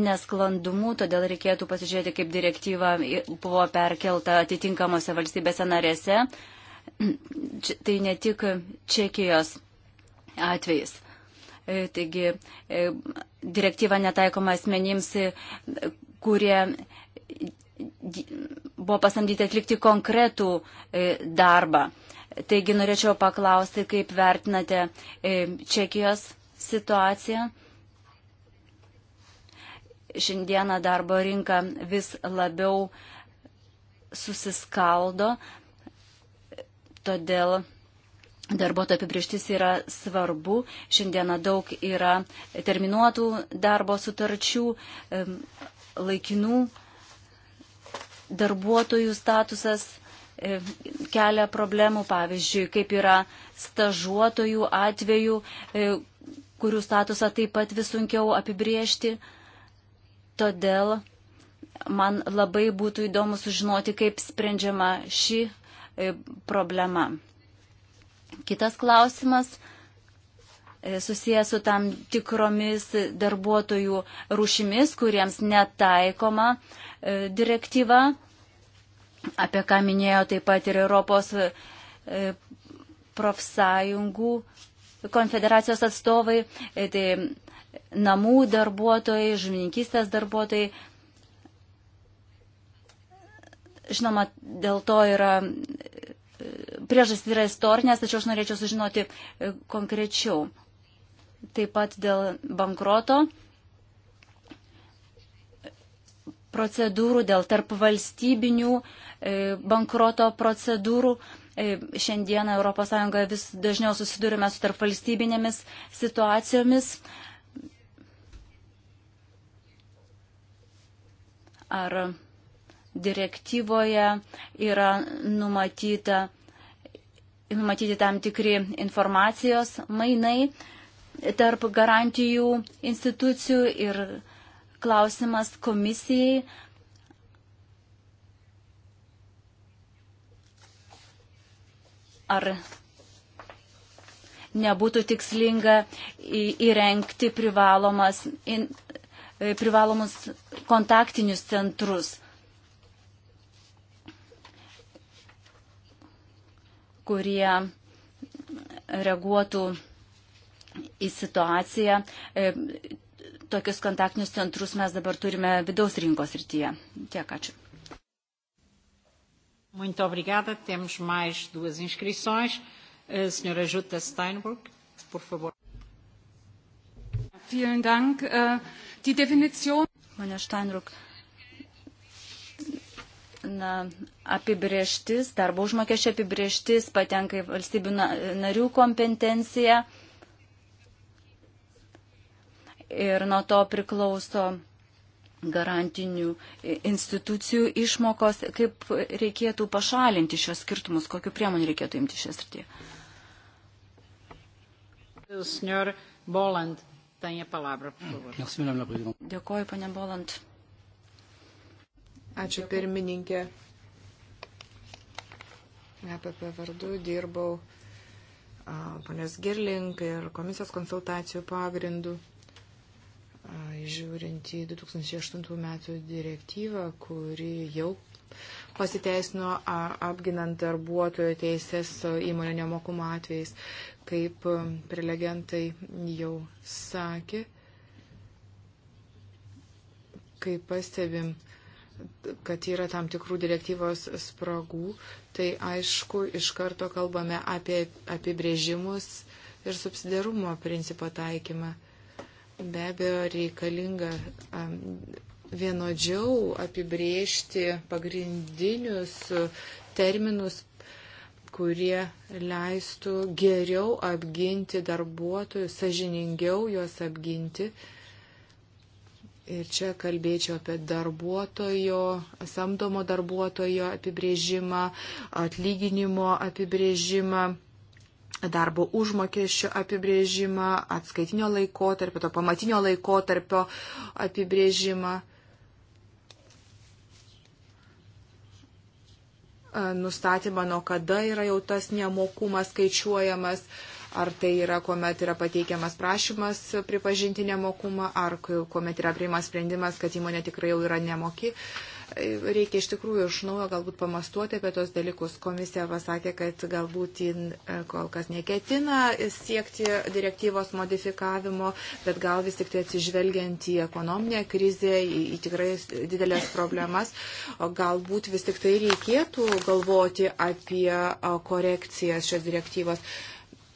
nesklandumų, todėl reikėtų pasižiūrėti, kaip direktyva buvo perkelta atitinkamose valstybėse narėse. Tai ne tik Čekijos atvejais. E, taigi e, direktyva netaikoma asmenims, e, kurie buvo pasamdyti atlikti konkretų darbą. Taigi norėčiau paklausti, kaip vertinate Čekijos situaciją. Šiandieną darbo rinka vis labiau susiskaldo, todėl Darbuotojų apibrieštis yra svarbu. Šiandieną daug yra terminuotų darbo sutarčių, laikinų darbuotojų statusas kelia problemų, pavyzdžiui, kaip yra stažuotojų atveju, e, kurių statusą taip pat vis sunkiau apibriežti. Todėl man labai būtų įdomu sužinoti, kaip sprendžiama ši e, problema. Kitas klausimas e, susijęs su tam tikromis darbuotojų rušimis, kuriems netaikoma e, direktyva, apie ką minėjo taip pat ir Europos e, profsąjungų konfederacijos atstovai, tai namų darbuotojai, žuvininkystės darbuotojai. Žinoma, dėl to yra priežastys yra istorinės, tačiau aš norėčiau sužinoti e, konkrečiau. Taip pat dėl bankroto procedūrų, dėl tarp valstybinių e, bankroto procedūrų. E, šiandieną ES vis dažniau susidurime su tarp valstybinėmis situacijomis. Ar direktyvoje yra numatyta, numatyti tam tikri informacijos mainai tarp garantijų institucijų ir klausimas komisijai. Ar nebūtų tikslinga įrengti privalomas, in, e, privalomus kontaktinius centrus. kurie reaguotų į situaciją. E, tokius kontaktinius centrus mes dabar turime vidaus rinkos rytyje. Tiek ačiū. Muito obrigada. Temos mais duas inscrições. A eh, senhora Jutta Steinberg, por favor. Vielen Dank. Äh, die Definition. Meine Steinruck na, apibrieštis, darbo užmokesčio apibrieštis patenka į valstybių narių kompetenciją ir nuo to priklauso garantinių institucijų išmokos, kaip reikėtų pašalinti šios skirtumus, kokiu priemonių reikėtų imti šią sritį. Dėkuoju, pane Boland. Ačiū pirmininkė. EPP vardu dirbau ponės Girlink ir komisijos konsultacijų pagrindų žiūrint į 2008 metų direktyvą, kuri jau pasiteisino apginant darbuotojų teisės įmonių nemokumo atvejais, kaip prelegentai jau sakė, kaip pastebim, kad yra tam tikrų direktyvos spragų, tai aišku, iš karto kalbame apie apibrėžimus ir subsidiarumo principo taikymą. Be abejo, reikalinga vienodžiau apibrėžti pagrindinius terminus, kurie leistų geriau apginti darbuotojus, sažiningiau juos apginti. Uh, Ir čia kalbėčiau apie darbuotojo, samdomo darbuotojo apibrėžimą, atlyginimo apibrėžimą darbo užmokesčio apibrėžimą, atskaitinio laikotarpio, to pamatinio laikotarpio apibrėžimą. Nustatymą, nuo kada yra jau tas nemokumas skaičiuojamas. Uh, Ar tai yra, kuomet yra pateikiamas prašymas pripažinti nemokumą, ar kuomet yra priimas sprendimas, kad įmonė tikrai jau yra nemoki. E, reikia iš tikrųjų iš naujo galbūt pamastuoti apie tos dalykus. Komisija pasakė, kad galbūt e, kol kas neketina siekti direktyvos modifikavimo, bet gal vis tik tai atsižvelgiant į ekonominę krizę, į, į tikrai didelės problemas, galbūt vis tik tai reikėtų galvoti apie korekcijas šios direktyvos.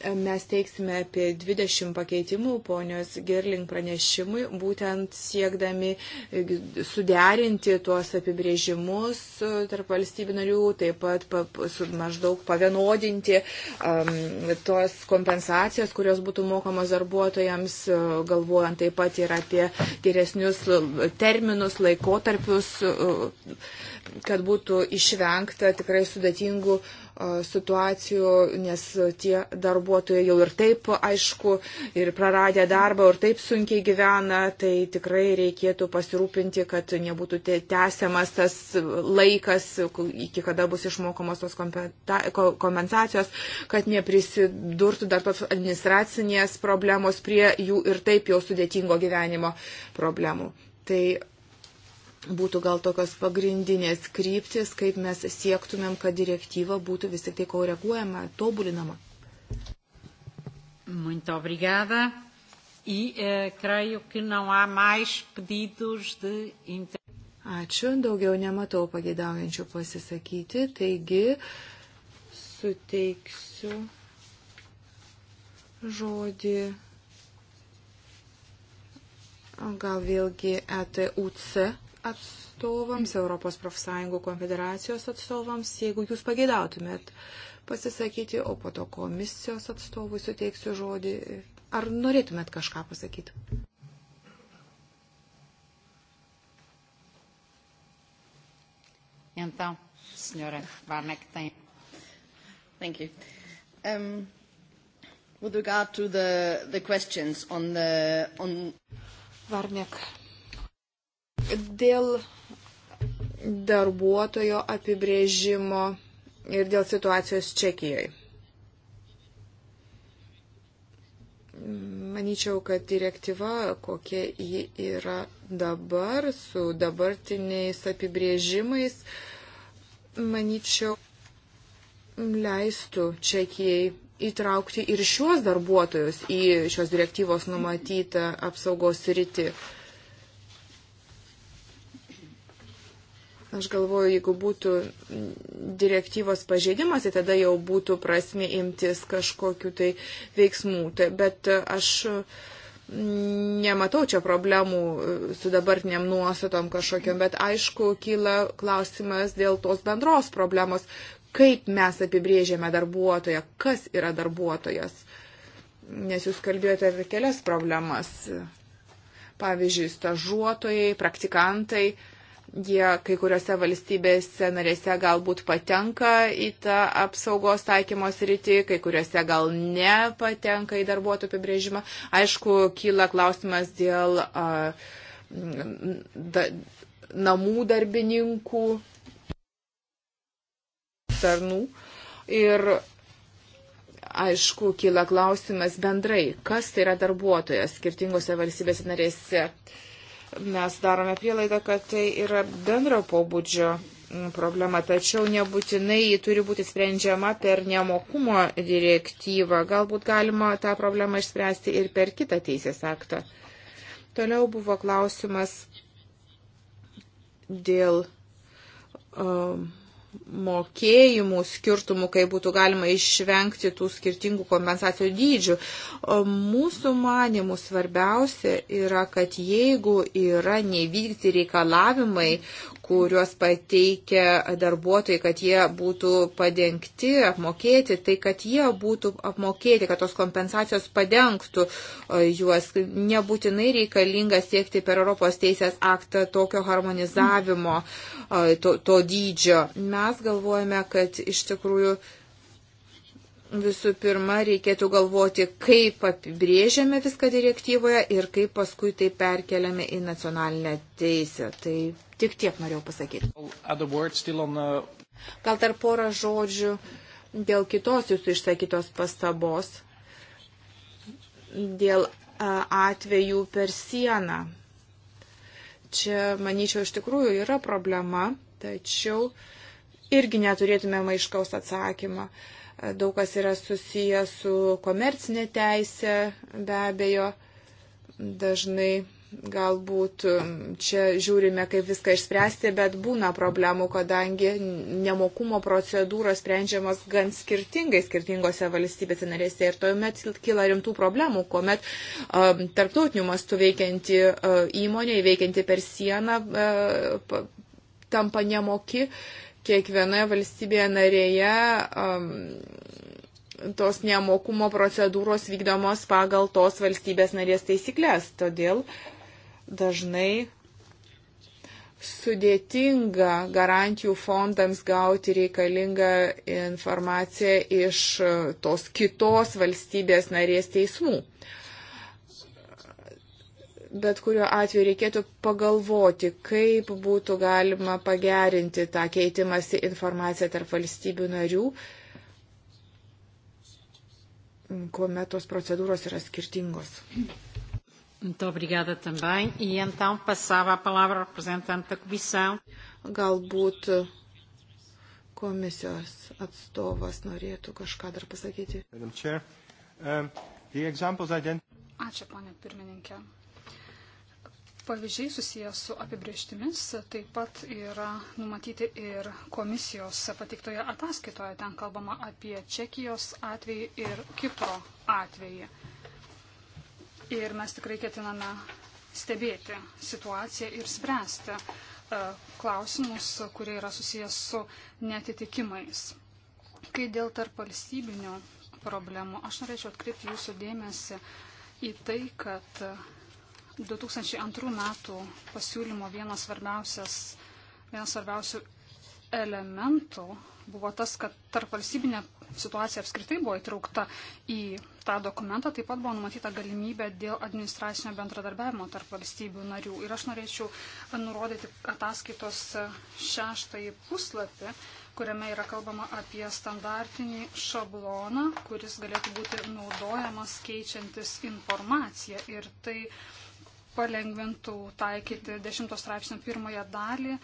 Mes teiksime apie 20 pakeitimų ponios Gerling pranešimui, būtent siekdami e, suderinti tuos apibrėžimus e, tarp valstybių narių, taip pat pa, su, maždaug pavienodinti um, tos kompensacijos, kurios būtų mokamos darbuotojams, e, galvojant taip pat ir apie geresnius terminus, laikotarpius, kad būtų išvengta tikrai sudėtingų uh, E, situacijų, nes tie darbuotojai jau ir taip, aišku, ir praradę darbą, ir taip sunkiai gyvena, tai tikrai reikėtų pasirūpinti, kad nebūtų tęsiamas tas laikas, iki kada bus išmokamos tos kompensacijos, kad neprisidurtų dar tos administracinės problemos prie jų ir taip jau sudėtingo gyvenimo problemų. Tai būtų gal tokios pagrindinės kryptis, kaip mes siektumėm, kad direktyva būtų vis tik tai koreguojama, tobulinama. Muito obrigada. E eh, creio que não há mais pedidos de intervenção. Ačiū, daugiau nematau pagėdaujančių pasisakyti, taigi suteiksiu žodį gal vėlgi ETUC atstovams, Europos profsąjungų konfederacijos atstovams, jeigu jūs pageidautumėt pasisakyti, o po to komisijos atstovui suteiksiu žodį. Ar norėtumėt kažką pasakyti? Então, senhora Varnek tem. Thank you. Um, with regard to the, the questions on the... On... Varnek, Dėl darbuotojo apibrėžimo ir dėl situacijos Čekijoje. Manyčiau, kad direktyva, kokia ji yra dabar, su dabartiniais apibrėžimais, manyčiau, leistų Čekijai įtraukti ir šios darbuotojus į šios direktyvos numatytą apsaugos rytį. Aš galvoju, jeigu būtų direktyvos pažeidimas, tai tada jau būtų prasme imtis kažkokiu tai veiksmų. Tai- bet aš nematau čia problemų su dabartiniam nuostatom kažkokiam, bet aišku, kyla klausimas dėl tos bendros problemos, kaip mes apibrėžėme darbuotoją, kas yra darbuotojas. Nes jūs kalbėjote apie kelias problemas. Pavyzdžiui, stažuotojai, praktikantai jie kai kuriuose valstybėse narėse galbūt patenka į tą apsaugos taikymo sritį, kai kuriuose gal nepatenka į darbuotojų apibrėžimą. Aišku, kyla klausimas dėl a, da, namų darbininkų tarnų. Ir aišku, kyla klausimas bendrai, kas tai yra darbuotojas skirtingose valstybėse narėse. Uh, mes darome prielaidą, kad tai yra bendro pobūdžio mm, problema, tačiau nebūtinai ji turi būti sprendžiama per nemokumo direktyvą. Galbūt galima tą problemą išspręsti ir per kitą teisės aktą. Toliau buvo klausimas dėl um, mokėjimų skirtumų, kai būtų galima išvengti tų skirtingų kompensacijų dydžių. Mūsų manimų svarbiausia yra, kad jeigu yra nevykti reikalavimai, kuriuos pateikia darbuotojai, kad jie būtų padengti, apmokėti, tai kad jie būtų apmokėti, kad tos kompensacijos padengtų e, juos. Nebūtinai reikalinga siekti per Europos teisės aktą tokio harmonizavimo, e, to, to dydžio. Mes galvojame, kad iš tikrųjų Visų pirma, reikėtų galvoti, kaip apibrėžiame viską direktyvoje ir kaip paskui tai perkeliame į nacionalinę teisę. Tai tik tiek norėjau pasakyti. Gal dar porą žodžių dėl kitos jūsų išsakytos pastabos, dėl atvejų per sieną. Čia, manyčiau, iš tikrųjų yra problema, tačiau irgi neturėtume maiškaus atsakymą. Uh, daug kas yra susijęs su komercinė teisė, be abejo, dažnai galbūt mm, čia žiūrime, kaip viską išspręsti, bet būna problemų, kadangi nemokumo procedūros sprendžiamas gan skirtingai skirtingose valstybėse narėse ir tuomet kyla rimtų problemų, kuomet um, tarptautiniu mastu veikianti uh, įmonė, veikianti per sieną, uh, tampa nemoki. Uh, kiekvienoje valstybėje narėje um, tos nemokumo procedūros vykdomos pagal tos valstybės narės taisyklės. Todėl dažnai sudėtinga garantijų fondams gauti reikalingą informaciją iš tos kitos valstybės narės teismų. Uh, bet kuriuo atveju reikėtų pagalvoti, kaip būtų galima pagerinti tą keitimąsi informaciją tarp valstybių narių, kuomet tos procedūros yra skirtingos. Muito obrigada também. E então passava a palavra ao representante da Comissão. Galbūt komisijos atstovas norėtų kažką dar pasakyti. Um, Ačiū, ponė pirmininkė. Pavyzdžiai susijęs su apibrieštimis taip pat yra numatyti ir komisijos patiktoje ataskaitoje. Ten kalbama apie Čekijos atvejį ir Kipro atvejį. Ir mes tikrai ketiname stebėti situaciją ir spręsti e, klausimus, kurie yra susijęs su netitikimais. Kai dėl tarp valstybinių problemų, aš norėčiau atkreipti jūsų dėmesį į tai, kad 2002 metų pasiūlymo vienas, vienas svarbiausių elementų buvo tas, kad tarp valstybinė situacija apskritai buvo įtraukta į tą dokumentą, taip pat buvo numatyta galimybė dėl administracinio bendradarbiavimo tarp valstybių narių. Ir aš norėčiau nurodyti ataskaitos šeštąjį puslapį, kuriame yra kalbama apie standartinį šabloną, kuris galėtų būti naudojamas keičiantis informaciją. Ir tai uh, palengvintų taikyti 10 straipsnio pirmąją dalį.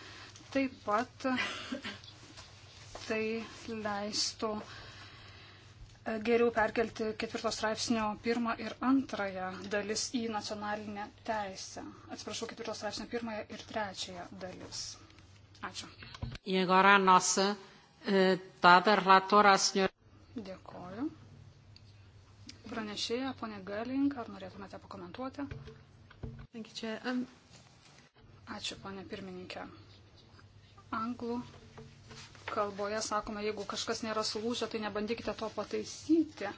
Taip pat tai leistų e, geriau perkelti ketvirto straipsnio pirmą ir antrąją dalis į nacionalinę teisę. Atsiprašau, ketvirto straipsnio pirmąją ir trečiąją dalis. Ačiū. E e, Dėkoju. Pranešėja, ponė Galing, ar norėtumėte pakomentuoti? Um, Ačiū, ponė pirmininkė. Anglų kalboje sakoma, jeigu kažkas nėra sulūžę, tai nebandykite to pataisyti.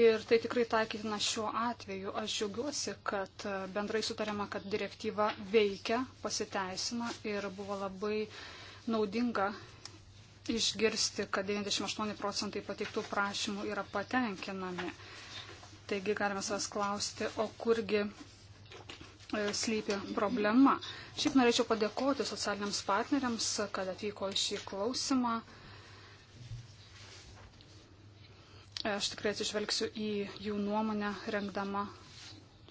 Ir tai tikrai taikytina šiuo atveju. Aš džiaugiuosi, kad e, bendrai sutarėma, kad direktyva veikia, pasiteisina ir buvo labai naudinga išgirsti, kad 98 procentai pateiktų prašymų yra patenkinami. Taigi galime savęs klausti, o kurgi E, slypi problema. Šiaip norėčiau padėkoti socialiniams partneriams, kad atvyko šį klausimą. E, aš tikrai atsižvelgsiu į jų nuomonę, rengdama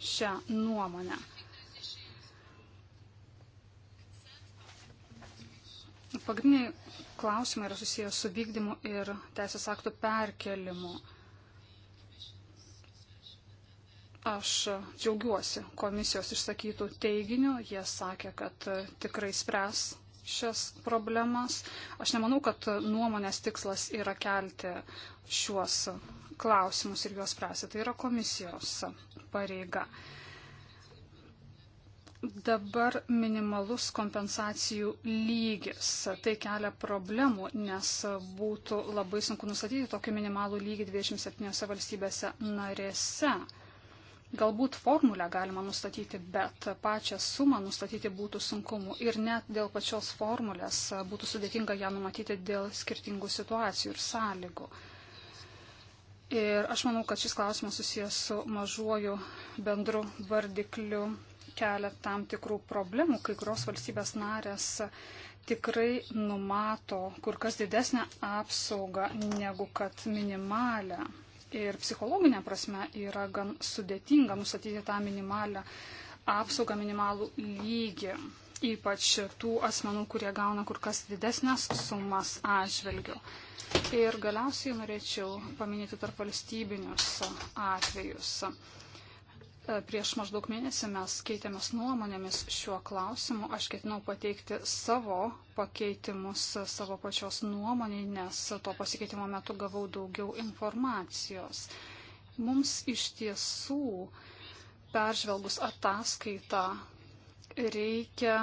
šią nuomonę. Pagrindiniai klausimai yra susijęs su vykdymu ir teisės aktų perkelimu. Aš džiaugiuosi komisijos išsakytų teiginių. Jie sakė, kad tikrai spręs šias problemas. Aš nemanau, kad nuomonės tikslas yra kelti šiuos klausimus ir juos spręsti. Tai yra komisijos pareiga. Dabar minimalus kompensacijų lygis. Tai kelia problemų, nes būtų labai sunku nustatyti tokį minimalų lygį 27 valstybėse narėse. Galbūt formulę galima nustatyti, bet pačią sumą nustatyti būtų sunkumu ir net dėl pačios formulės būtų sudėtinga ją numatyti dėl skirtingų situacijų ir sąlygų. Ir aš manau, kad šis klausimas susijęs su mažuoju bendru vardikliu kelia tam tikrų problemų. Kai kurios valstybės narės tikrai numato kur kas didesnę apsaugą negu kad minimalę ir psichologinė prasme yra gan sudėtinga nustatyti tą minimalę apsaugą, minimalų lygį, ypač tų asmenų, kurie gauna kur kas didesnės sumas atžvilgių. Ir galiausiai norėčiau paminėti tarp valstybinius atvejus. Prieš maždaug mėnesį mes keitėmės nuomonėmis šiuo klausimu. Aš ketinau pateikti savo pakeitimus savo pačios nuomonėje, nes to pasikeitimo metu gavau daugiau informacijos. Mums iš tiesų, peržvelgus ataskaitą, reikia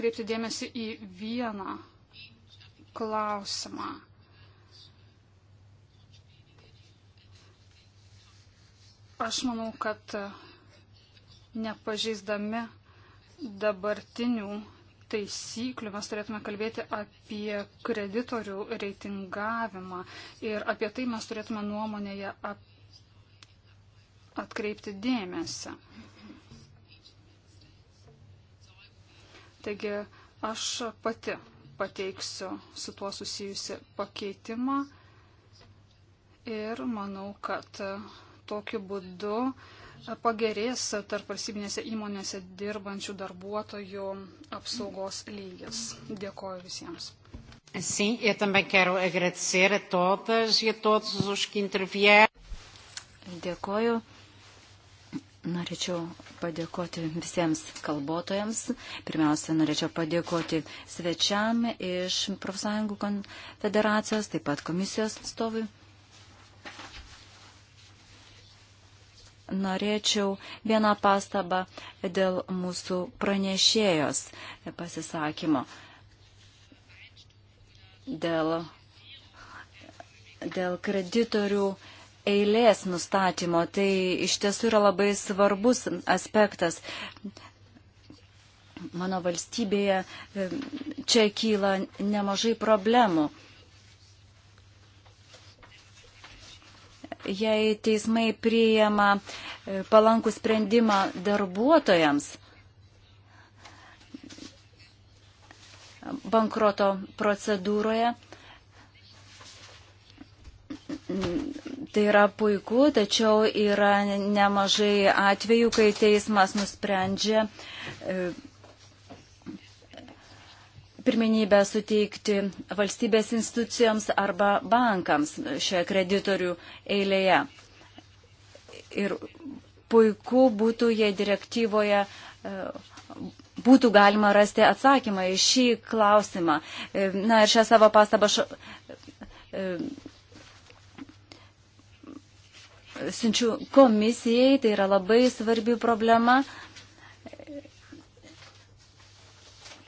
kreipti dėmesį į vieną klausimą. Aš manau, kad nepažeisdami dabartinių taisyklių mes turėtume kalbėti apie kreditorių reitingavimą ir apie tai mes turėtume nuomonėje ap... atkreipti dėmesį. Taigi aš pati pateiksiu su tuo susijusi pakeitimą ir manau, kad tokiu būdu pagerės tarp valstybinėse įmonėse dirbančių darbuotojų apsaugos lygis. Dėkoju visiems. Sim, eu também quero agradecer a todas e a todos os que intervieram. Dėkoju. Norėčiau padėkoti visiems kalbotojams. Pirmiausia, norėčiau padėkoti svečiam iš profsąjungų konfederacijos, taip pat komisijos atstovui. norėčiau vieną pastabą dėl mūsų pranešėjos pasisakymo. Dėl, dėl kreditorių eilės nustatymo. Tai iš tiesų yra labai svarbus aspektas. Mano valstybėje e, čia kyla nemažai problemų. jei teismai priima e, palankų sprendimą darbuotojams bankroto procedūroje. Tai yra puiku, tačiau yra nemažai atvejų, kai teismas nusprendžia e, pirmenybę suteikti valstybės institucijoms arba bankams šioje kreditorių eilėje. Ir puiku būtų, jei direktyvoje e, būtų galima rasti atsakymą į šį klausimą. E, na ir šią savo pastabą š... E, siunčiu komisijai, tai yra labai svarbi problema.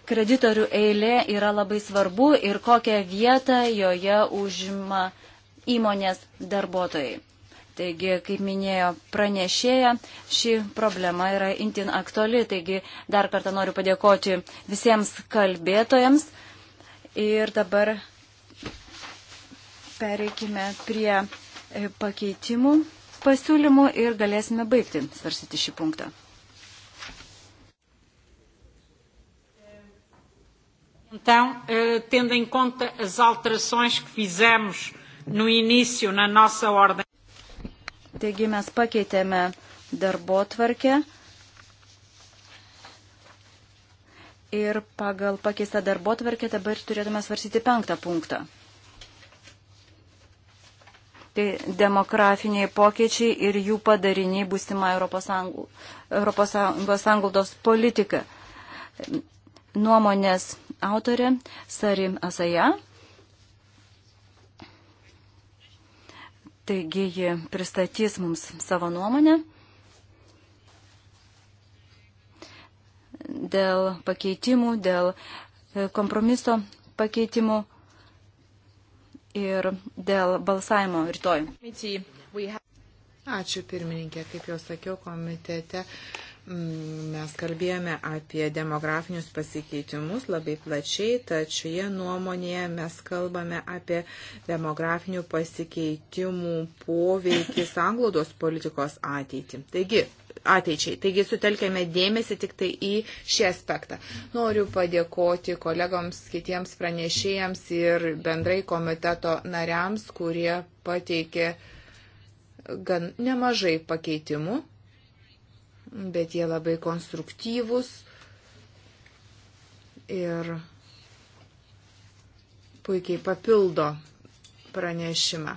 kreditorių eilė yra labai svarbu ir kokią vietą joje užima įmonės darbuotojai. Taigi, kaip minėjo pranešėja, ši problema yra intin aktuali, taigi dar kartą noriu padėkoti visiems kalbėtojams. Ir dabar pereikime prie e, pakeitimų pasiūlymų ir galėsime baigti svarsyti šį punktą. Então, eh, tendo em conta as alterações que fizemos no início na nossa ordem. Taigi mes pakeitėme darbo tvarkę ir pagal pakeistą darbo tvarkę dabar turėtume svarsyti penktą punktą. Tai demografiniai pokyčiai ir jų padariniai būsima Europos, Angl... Europos Sąjungos anglodos politika. Nuomonės autorė Sarim Asaja. Taigi ji pristatys mums savo nuomonę dėl pakeitimų, dėl e, kompromiso pakeitimų ir dėl balsavimo rytoj. Ačiū pirmininkė, kaip jau sakiau komitete. Uh, Mes kalbėjome apie demografinius pasikeitimus labai plačiai, tačiau jie nuomonėje mes kalbame apie demografinių pasikeitimų poveikį sanglaudos politikos ateitį. Taigi, ateičiai. Taigi sutelkėme dėmesį tik tai į šį aspektą. Noriu padėkoti kolegoms, kitiems pranešėjams ir bendrai komiteto nariams, kurie pateikė gan nemažai pakeitimų bet jie labai konstruktyvūs ir puikiai papildo pranešimą.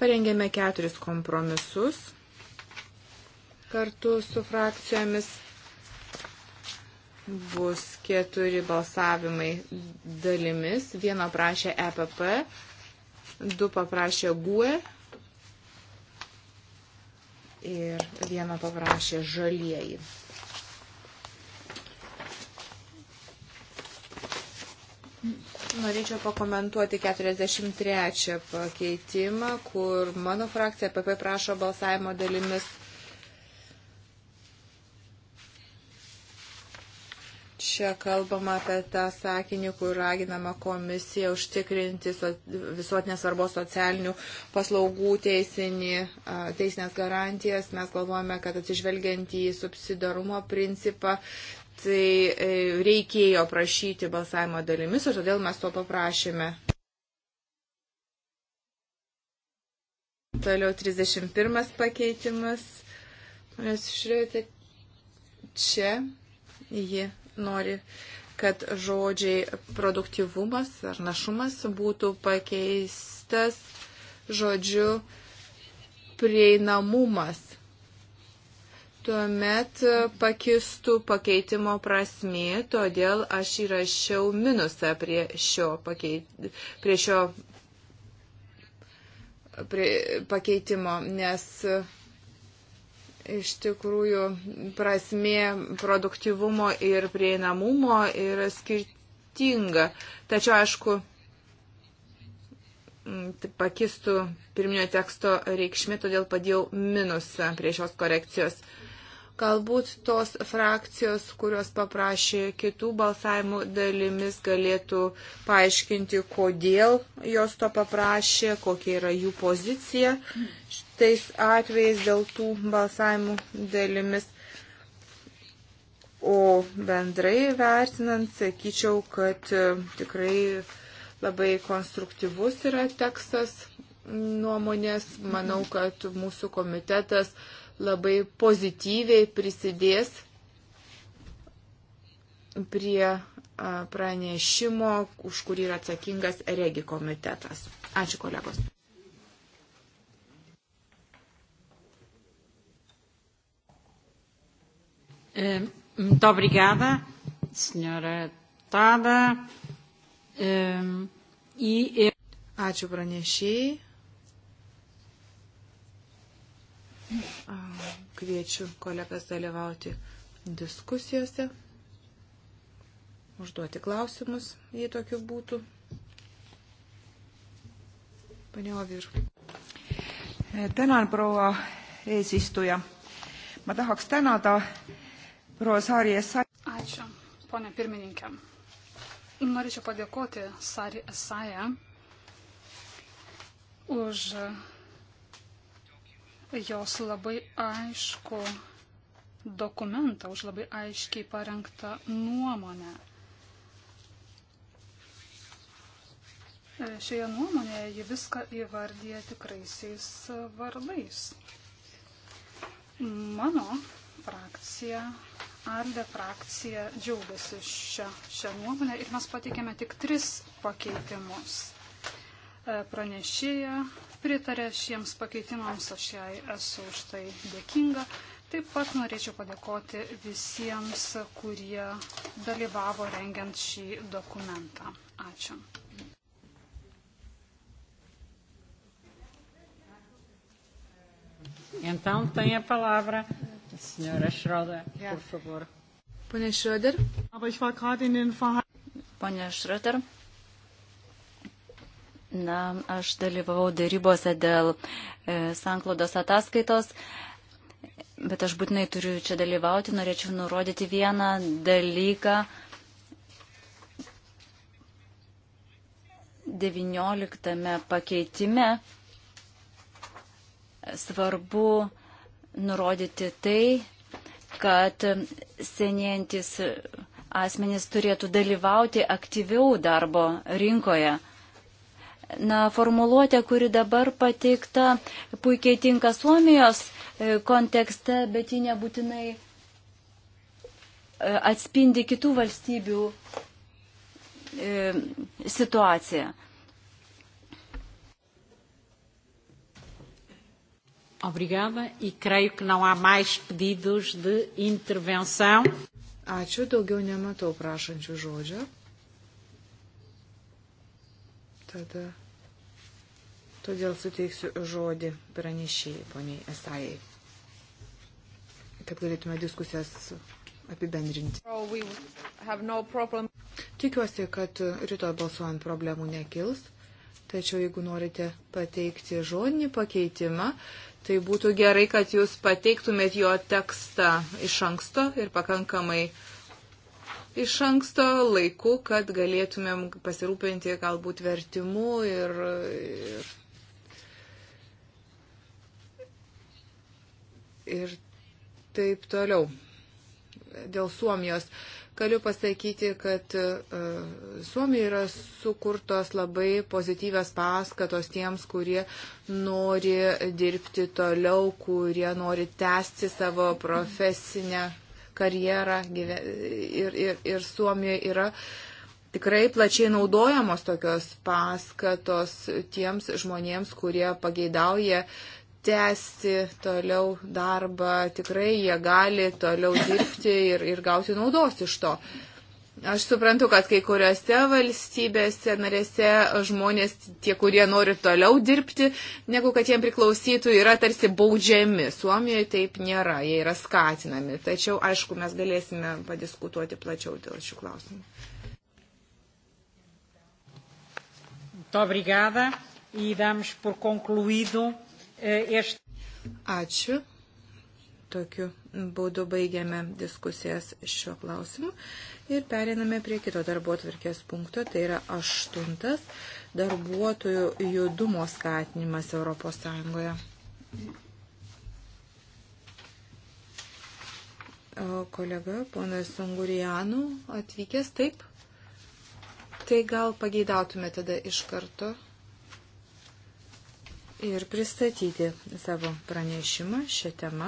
Parengėme keturis kompromisus kartu su frakcijomis. Bus keturi balsavimai dalimis. Vieną prašė EPP, du paprašė GUE ir vieną paprašė žalieji. Norėčiau pakomentuoti 43 pakeitimą, kur mano frakcija PP prašo balsavimo dalimis čia kalbama apie tą sakinį, kur raginama komisija užtikrinti so, visuotinės svarbos socialinių paslaugų teisinį, teisinės garantijas. Mes galvojame, kad atsižvelgiant į subsidarumo principą, tai e, reikėjo prašyti balsavimo dalimis ir todėl mes to paprašėme. Toliau 31 pakeitimas. Mes žiūrėjote čia ji nori, kad žodžiai produktyvumas ar našumas būtų pakeistas žodžiu prieinamumas. Tuomet pakistų pakeitimo prasmė, todėl aš įrašiau minusą prie šio, pakeit, prie šio prie pakeitimo, nes iš tikrųjų prasmė produktivumo ir prieinamumo yra skirtinga. Tačiau, aišku, pakistų pirminio teksto reikšmė, todėl padėjau minusą prie šios korekcijos. Galbūt tos frakcijos, kurios paprašė kitų balsavimų dalimis, galėtų paaiškinti, kodėl jos to paprašė, kokia yra jų pozicija tais atvejais dėl tų balsavimų dalimis. O bendrai vertinant, sakyčiau, kad e, tikrai labai konstruktyvus yra tekstas nuomonės. Manau, kad mūsų komitetas labai pozityviai prisidės prie pranešimo, už kurį yra atsakingas regi komitetas. Ačiū kolegos. Eh, muito obrigada, senhora deputada. Eh, e Ačiū pranešėjai. Kviečiu kolegas dalyvauti diskusijose, užduoti klausimus, jei tokių būtų. Pane Ovir. Tänan, proua eesistuja. Ma tahaks tänada Ačiū, ponė pirmininkė. Norėčiau padėkoti Sari Esaja už jos labai aišku dokumentą, už labai aiškiai parengtą nuomonę. Šioje nuomonėje ji viską įvardyja tikraisiais vardais. Mano frakcija ALDE frakcija džiaugiasi šią, šią nuomonę ir mes pateikėme tik tris pakeitimus. E, pranešėja pritarė šiems pakeitimams, aš jai esu už tai dėkinga. Taip pat norėčiau padėkoti visiems, kurie dalyvavo rengiant šį dokumentą. Ačiū. Então tem a palavra Senora Šroda, yeah. por favor. Pane Šroder. Pane Šroder. Na, aš dalyvavau dėrybose dėl e, sanklodos ataskaitos, bet aš būtinai turiu čia dalyvauti. Norėčiau nurodyti vieną dalyką. 19 pakeitime svarbu nurodyti tai, kad senėjantis asmenys turėtų dalyvauti aktyviau darbo rinkoje. Na, formuluotė, kuri dabar pateikta, puikiai tinka Suomijos e, kontekste, bet ji nebūtinai e, atspindi kitų valstybių e, situaciją. Obrigada e creio que não há mais pedidos de intervenção. Ačiū, daugiau nematau prašančių žodžio. Tada. Todėl suteiksiu žodį pranešėjai, poniai Esajai, kad galėtume diskusijas apibendrinti. Oh, no Tikiuosi, kad rytoj balsuojant problemų nekils, tačiau jeigu norite pateikti žodinį pakeitimą, uh, Tai būtų gerai, kad jūs pateiktumėt jo tekstą iš anksto ir pakankamai iš anksto laiku, kad galėtumėm pasirūpinti galbūt vertimu ir, ir, ir taip toliau. Dėl Suomijos galiu pasakyti, kad e, Suomijoje yra sukurtos labai pozityvios paskatos tiems, kurie nori dirbti toliau, kurie nori tęsti savo profesinę karjerą. Ir, ir, ir Suomijoje yra tikrai plačiai naudojamos tokios paskatos tiems žmonėms, kurie pageidauja tęsti toliau darbą, tikrai jie gali toliau dirbti ir, ir gauti naudos iš to. Aš suprantu, kad kai kuriuose valstybėse narėse žmonės, tie, kurie nori toliau dirbti, negu kad jiem priklausytų, yra tarsi baudžiami. Suomijoje taip nėra, jie yra skatinami. Tačiau, aišku, mes galėsime padiskutuoti plačiau dėl šių klausimų. Obrigada. E damos por concluído E, Ačiū. Tokiu būdu baigiame diskusijas šiuo klausimu ir periname prie kito darbo atvirkės punkto, tai yra aštuntas darbuotojų judumo skatinimas Europos Sąjungoje. Kolega, ponas Sungurijanų, atvykęs taip? Tai gal pageidautume tada iš karto ir pristatyti savo pranešimą šią temą.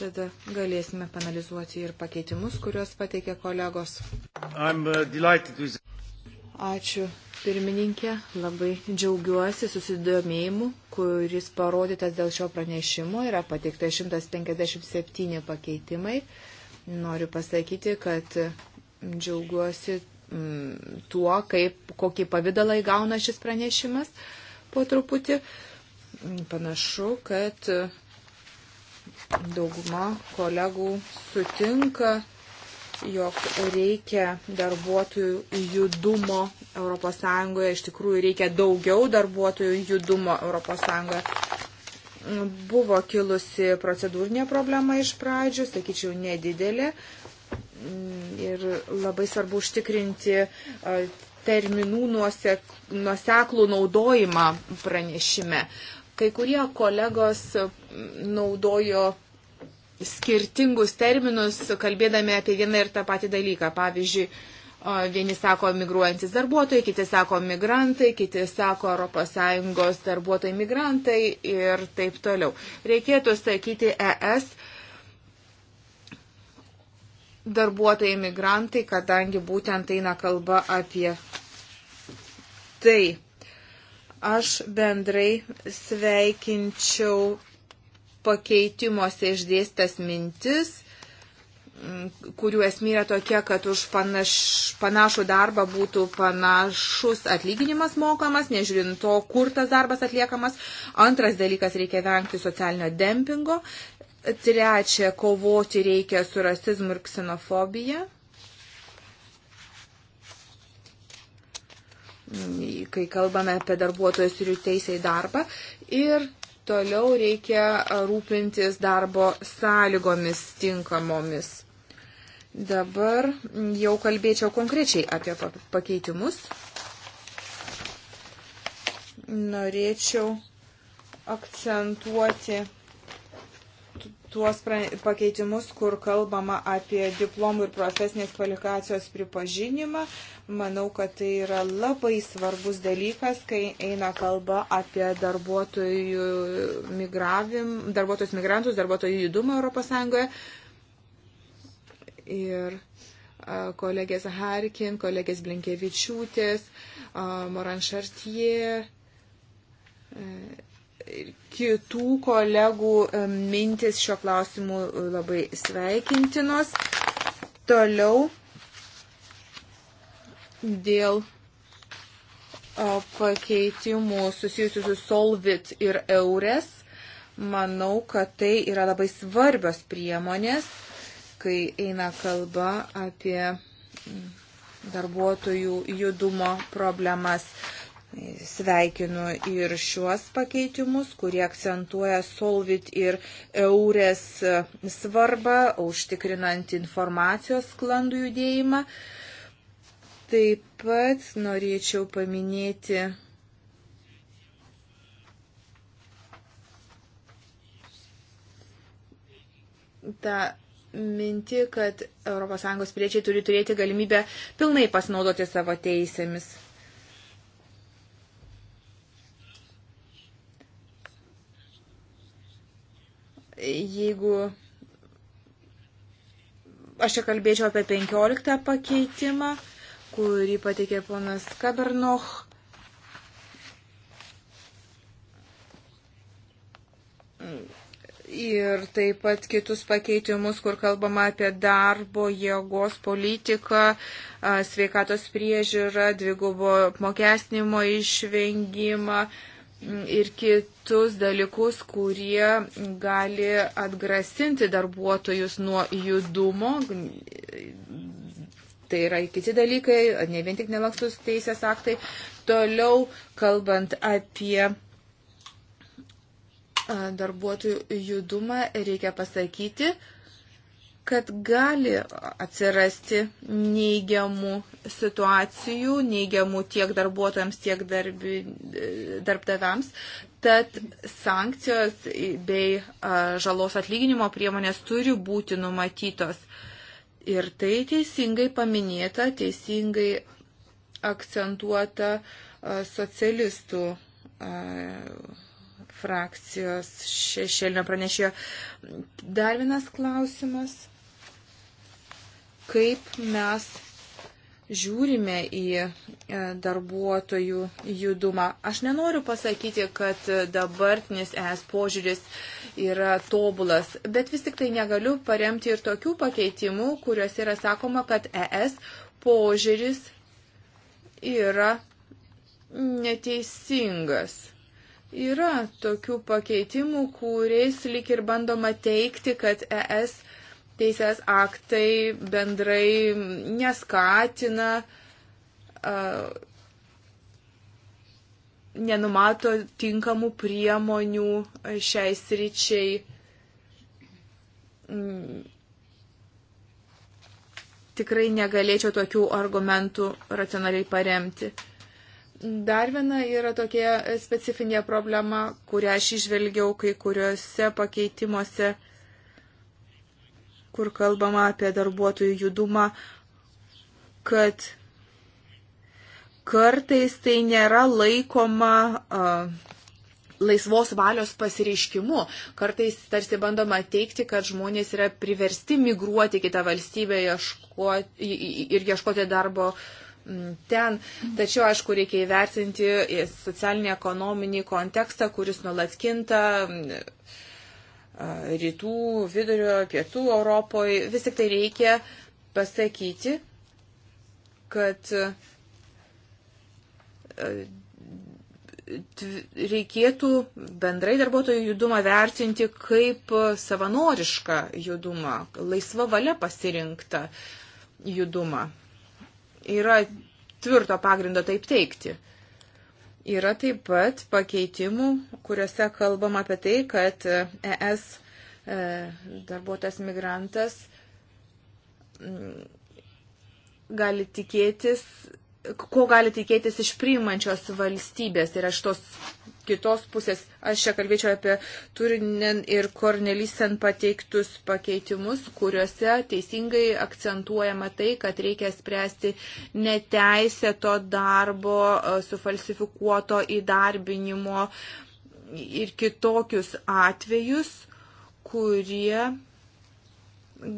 Tada galėsime panalizuoti ir pakeitimus, kuriuos pateikė kolegos. Uh, Ačiū pirmininkė, labai džiaugiuosi susidomėjimu, kuris parodytas dėl šio pranešimo. Yra pateikta 157 pakeitimai. Noriu pasakyti, kad džiaugiuosi Mm, tuo, kaip, kokį pavydalą įgauna šis pranešimas po truputį. Mm, panašu, kad dauguma kolegų sutinka, jog reikia darbuotojų judumo ES, iš tikrųjų reikia daugiau darbuotojų judumo ES. Buvo kilusi procedūrinė problema iš pradžių, sakyčiau, nedidelė, Mm, ir labai svarbu užtikrinti terminų nuosek, nuoseklų naudojimą pranešime. Kai kurie kolegos mm, naudojo skirtingus terminus, kalbėdami apie vieną ir tą patį dalyką. Pavyzdžiui, vieni sako migruojantis darbuotojai, kiti sako migrantai, kiti sako ES darbuotojai migrantai ir taip toliau. Reikėtų sakyti ES darbuotojai migrantai, kadangi būtent eina kalba apie tai. Aš bendrai sveikinčiau pakeitimuose išdėstas mintis, kurių esmė yra tokia, kad už panaš, panašų darbą būtų panašus atlyginimas mokamas, nežiūrint to, kur tas darbas atliekamas. Antras dalykas, reikia vengti socialinio dempingo. Trečia, kovoti reikia su rasizmu ir ksenofobija. kai kalbame apie darbuotojus ir jų teisę į darbą. Ir toliau reikia rūpintis darbo sąlygomis tinkamomis. Dabar jau kalbėčiau konkrečiai apie pakeitimus. Norėčiau akcentuoti tuos pakeitimus, kur kalbama apie diplomų ir profesinės kvalifikacijos pripažinimą. Manau, kad tai yra labai svarbus dalykas, kai eina kalba apie darbuotojų migravim, darbuotojus migrantus, darbuotojų judumą ES. Ir kolegės Harkin, kolegės Blinkevičiūtės, Moran Šartie kitų kolegų e, mintis šio klausimu e, labai sveikintinos. Toliau dėl pakeitimų susijusių su Solvit ir Eures. Manau, kad tai yra labai svarbios priemonės, kai eina kalba apie darbuotojų judumo problemas. Sveikinu ir šiuos pakeitimus, kurie akcentuoja Solvit ir Eurės svarbą, užtikrinant informacijos sklandų judėjimą. Taip pat norėčiau paminėti tą mintį, kad ES piliečiai turi turėti galimybę pilnai pasinaudoti savo teisėmis. jeigu aš čia kalbėčiau apie 15 pakeitimą, kurį pateikė ponas Kabernoch. Ir taip pat kitus pakeitimus, kur kalbama apie darbo jėgos politiką, sveikatos priežiūrą, dvigubo apmokestinimo išvengimą, ir kitus dalykus, kurie gali atgrasinti darbuotojus nuo judumo. Tai yra kiti dalykai, ne vien tik nelaksus teisės aktai. Toliau, kalbant apie darbuotojų judumą, reikia pasakyti, kad gali atsirasti neigiamų situacijų, neigiamų tiek darbuotojams, tiek darbi, darbdaviams. Tad sankcijos bei žalos atlyginimo priemonės turi būti numatytos. Ir tai teisingai paminėta, teisingai akcentuota socialistų frakcijos šešėlinio pranešėjo. Dar vienas klausimas kaip mes žiūrime į e, darbuotojų judumą. Aš nenoriu pasakyti, kad dabartinis es požiūris yra tobulas, bet vis tik tai negaliu paremti ir tokių pakeitimų, kuriuose yra sakoma, kad es požiūris yra neteisingas. Yra tokių pakeitimų, kuriais lik ir bandoma teikti, kad es požiūris teisės aktai bendrai neskatina, nenumato tinkamų priemonių šiai sričiai. Mm. Tikrai negalėčiau tokių argumentų racionaliai paremti. Dar viena yra tokia specifinė problema, kurią aš išvelgiau kai kuriuose pakeitimuose kur kalbama apie darbuotojų judumą, kad kartais tai nėra laikoma uh, laisvos valios pasireiškimu. Kartais tarsi bandoma teikti, kad žmonės yra priversti migruoti kitą valstybę ieškoti, ir ieškoti darbo ten. Tačiau, aišku, reikia įvertinti socialinį ekonominį kontekstą, kuris nuolat kinta. Uh, rytų, vidurio, pietų Europoje. Vis tik tai reikia pasakyti, kad reikėtų bendrai darbuotojų judumą vertinti kaip savanorišką judumą, laisva valia pasirinktą judumą. Yra tvirto pagrindo taip teikti. Yra taip pat pakeitimų, kuriuose kalbam apie tai, kad ES e e, darbuotas migrantas mm, gali tikėtis, ko gali tikėtis iš priimančios valstybės. Ir aš tos kitos pusės aš čia kalbėčiau apie Turinen ir Kornelisen pateiktus pakeitimus, kuriuose teisingai akcentuojama tai, kad reikia spręsti neteisėto darbo, e, sufalsifikuoto įdarbinimo ir kitokius atvejus, kurie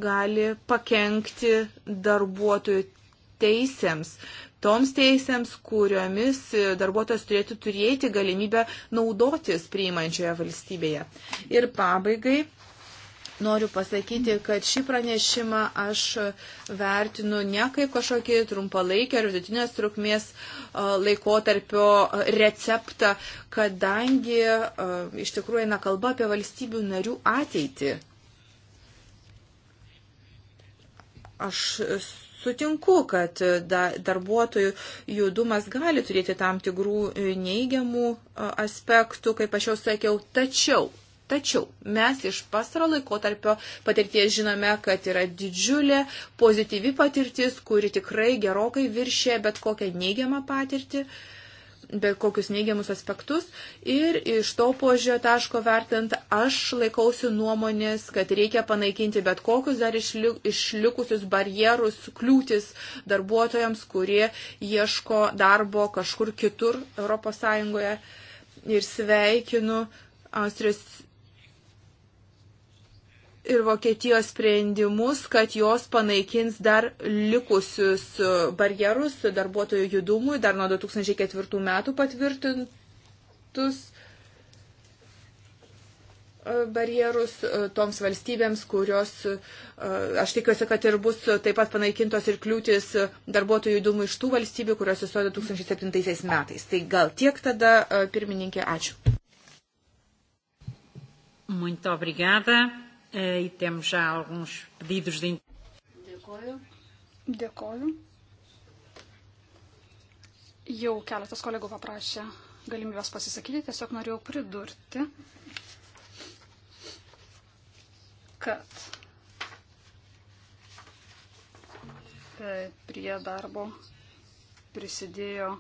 gali pakengti darbuotojų teisėms toms teisėms, kuriomis darbuotojas turėtų turėti galimybę naudotis priimančioje valstybėje. Ir pabaigai. Noriu pasakyti, kad šį pranešimą aš vertinu ne kaip kažkokį trumpalaikį ar vidutinės trukmės laikotarpio receptą, kadangi iš tikrųjų eina kalba apie valstybių narių ateitį. Aš sutinku, kad e, darbuotojų judumas gali turėti tam tigrų e, neigiamų e, aspektų, kaip aš jau sakiau, tačiau. Tačiau mes iš pasaro laikotarpio patirties žinome, kad yra didžiulė pozityvi patirtis, kuri tikrai gerokai viršė bet kokią neigiamą patirtį. Uh, bet kokius neigiamus aspektus ir iš to požiūrio taško vertant aš laikausi nuomonės, kad reikia panaikinti bet kokius dar išlikusius barjerus, kliūtis darbuotojams, kurie ieško darbo kažkur kitur ES ir sveikinu Austrijos ir Vokietijos sprendimus, kad jos panaikins dar likusius e, barjerus darbuotojų judumui, dar nuo 2004 metų patvirtintus e, barjerus e, toms valstybėms, kurios, aš tikiuosi, kad ir bus taip pat panaikintos ir kliūtis darbuotojų judumų iš tų valstybių, kurios įstojo 2007 metais. Tai gal tiek tada, pirmininkė, ačiū. Muito obrigada. E, e temos já alguns pedidos de. Dėkoju. Dėkoju. Jau keletas kolegų paprašė galimybės pasisakyti, tiesiog norėjau pridurti, kad e, prie darbo prisidėjo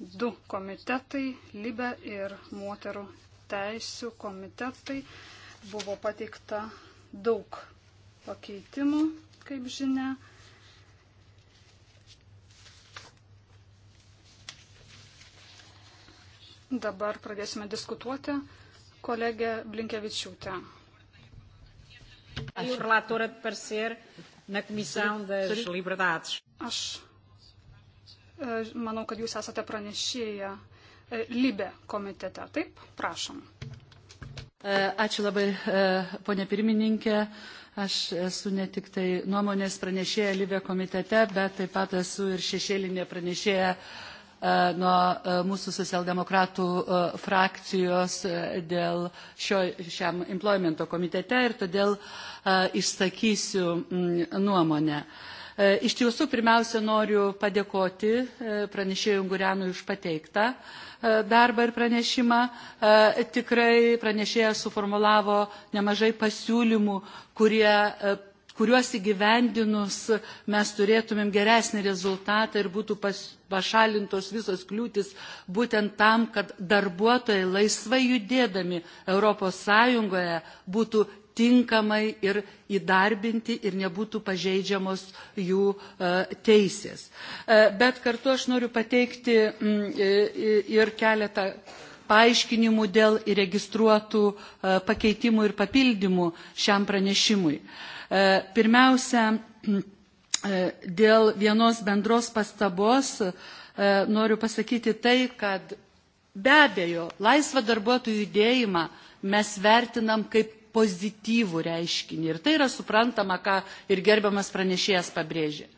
du komitetai, Libe ir moterų teisų komitetai. Buvo pateikta daug pakeitimų, kaip žinia. Dabar pradėsime diskutuoti. Kolegė Blinkevičiūtė. Aš e, manau, kad jūs esate pranešėję e, Libe komitete. Taip, prašom. E, ačiū labai, e, ponė pirmininkė. Aš esu ne tik tai nuomonės pranešėja Libė komitete, bet taip pat esu ir šešėlinė pranešėja e, nuo mūsų socialdemokratų frakcijos dėl šio, šiam employmento komitete ir todėl išsakysiu nuomonę. Uh, Iš tiesų, pirmiausia, noriu padėkoti e, pranešėjų Gurianui už pateiktą e, darbą ir pranešimą. E, tikrai pranešėjas suformulavo nemažai pasiūlymų, kurie kuriuos įgyvendinus mes turėtumėm geresnį rezultatą ir būtų pas, pašalintos visos kliūtis būtent tam, kad darbuotojai laisvai judėdami ES būtų tinkamai ir įdarbinti ir nebūtų pažeidžiamos jų e, teisės. E, bet kartu aš noriu pateikti mm, e, ir keletą paaiškinimų dėl įregistruotų pakeitimų ir papildymų šiam pranešimui. Pirmiausia, mm, dėl vienos bendros pastabos noriu pasakyti tai, kad be abejo, laisvą darbuotojų judėjimą mes vertinam kaip pozityvų reiškinį. Ir tai yra suprantama, ką ir gerbiamas pranešėjas pabrėžė.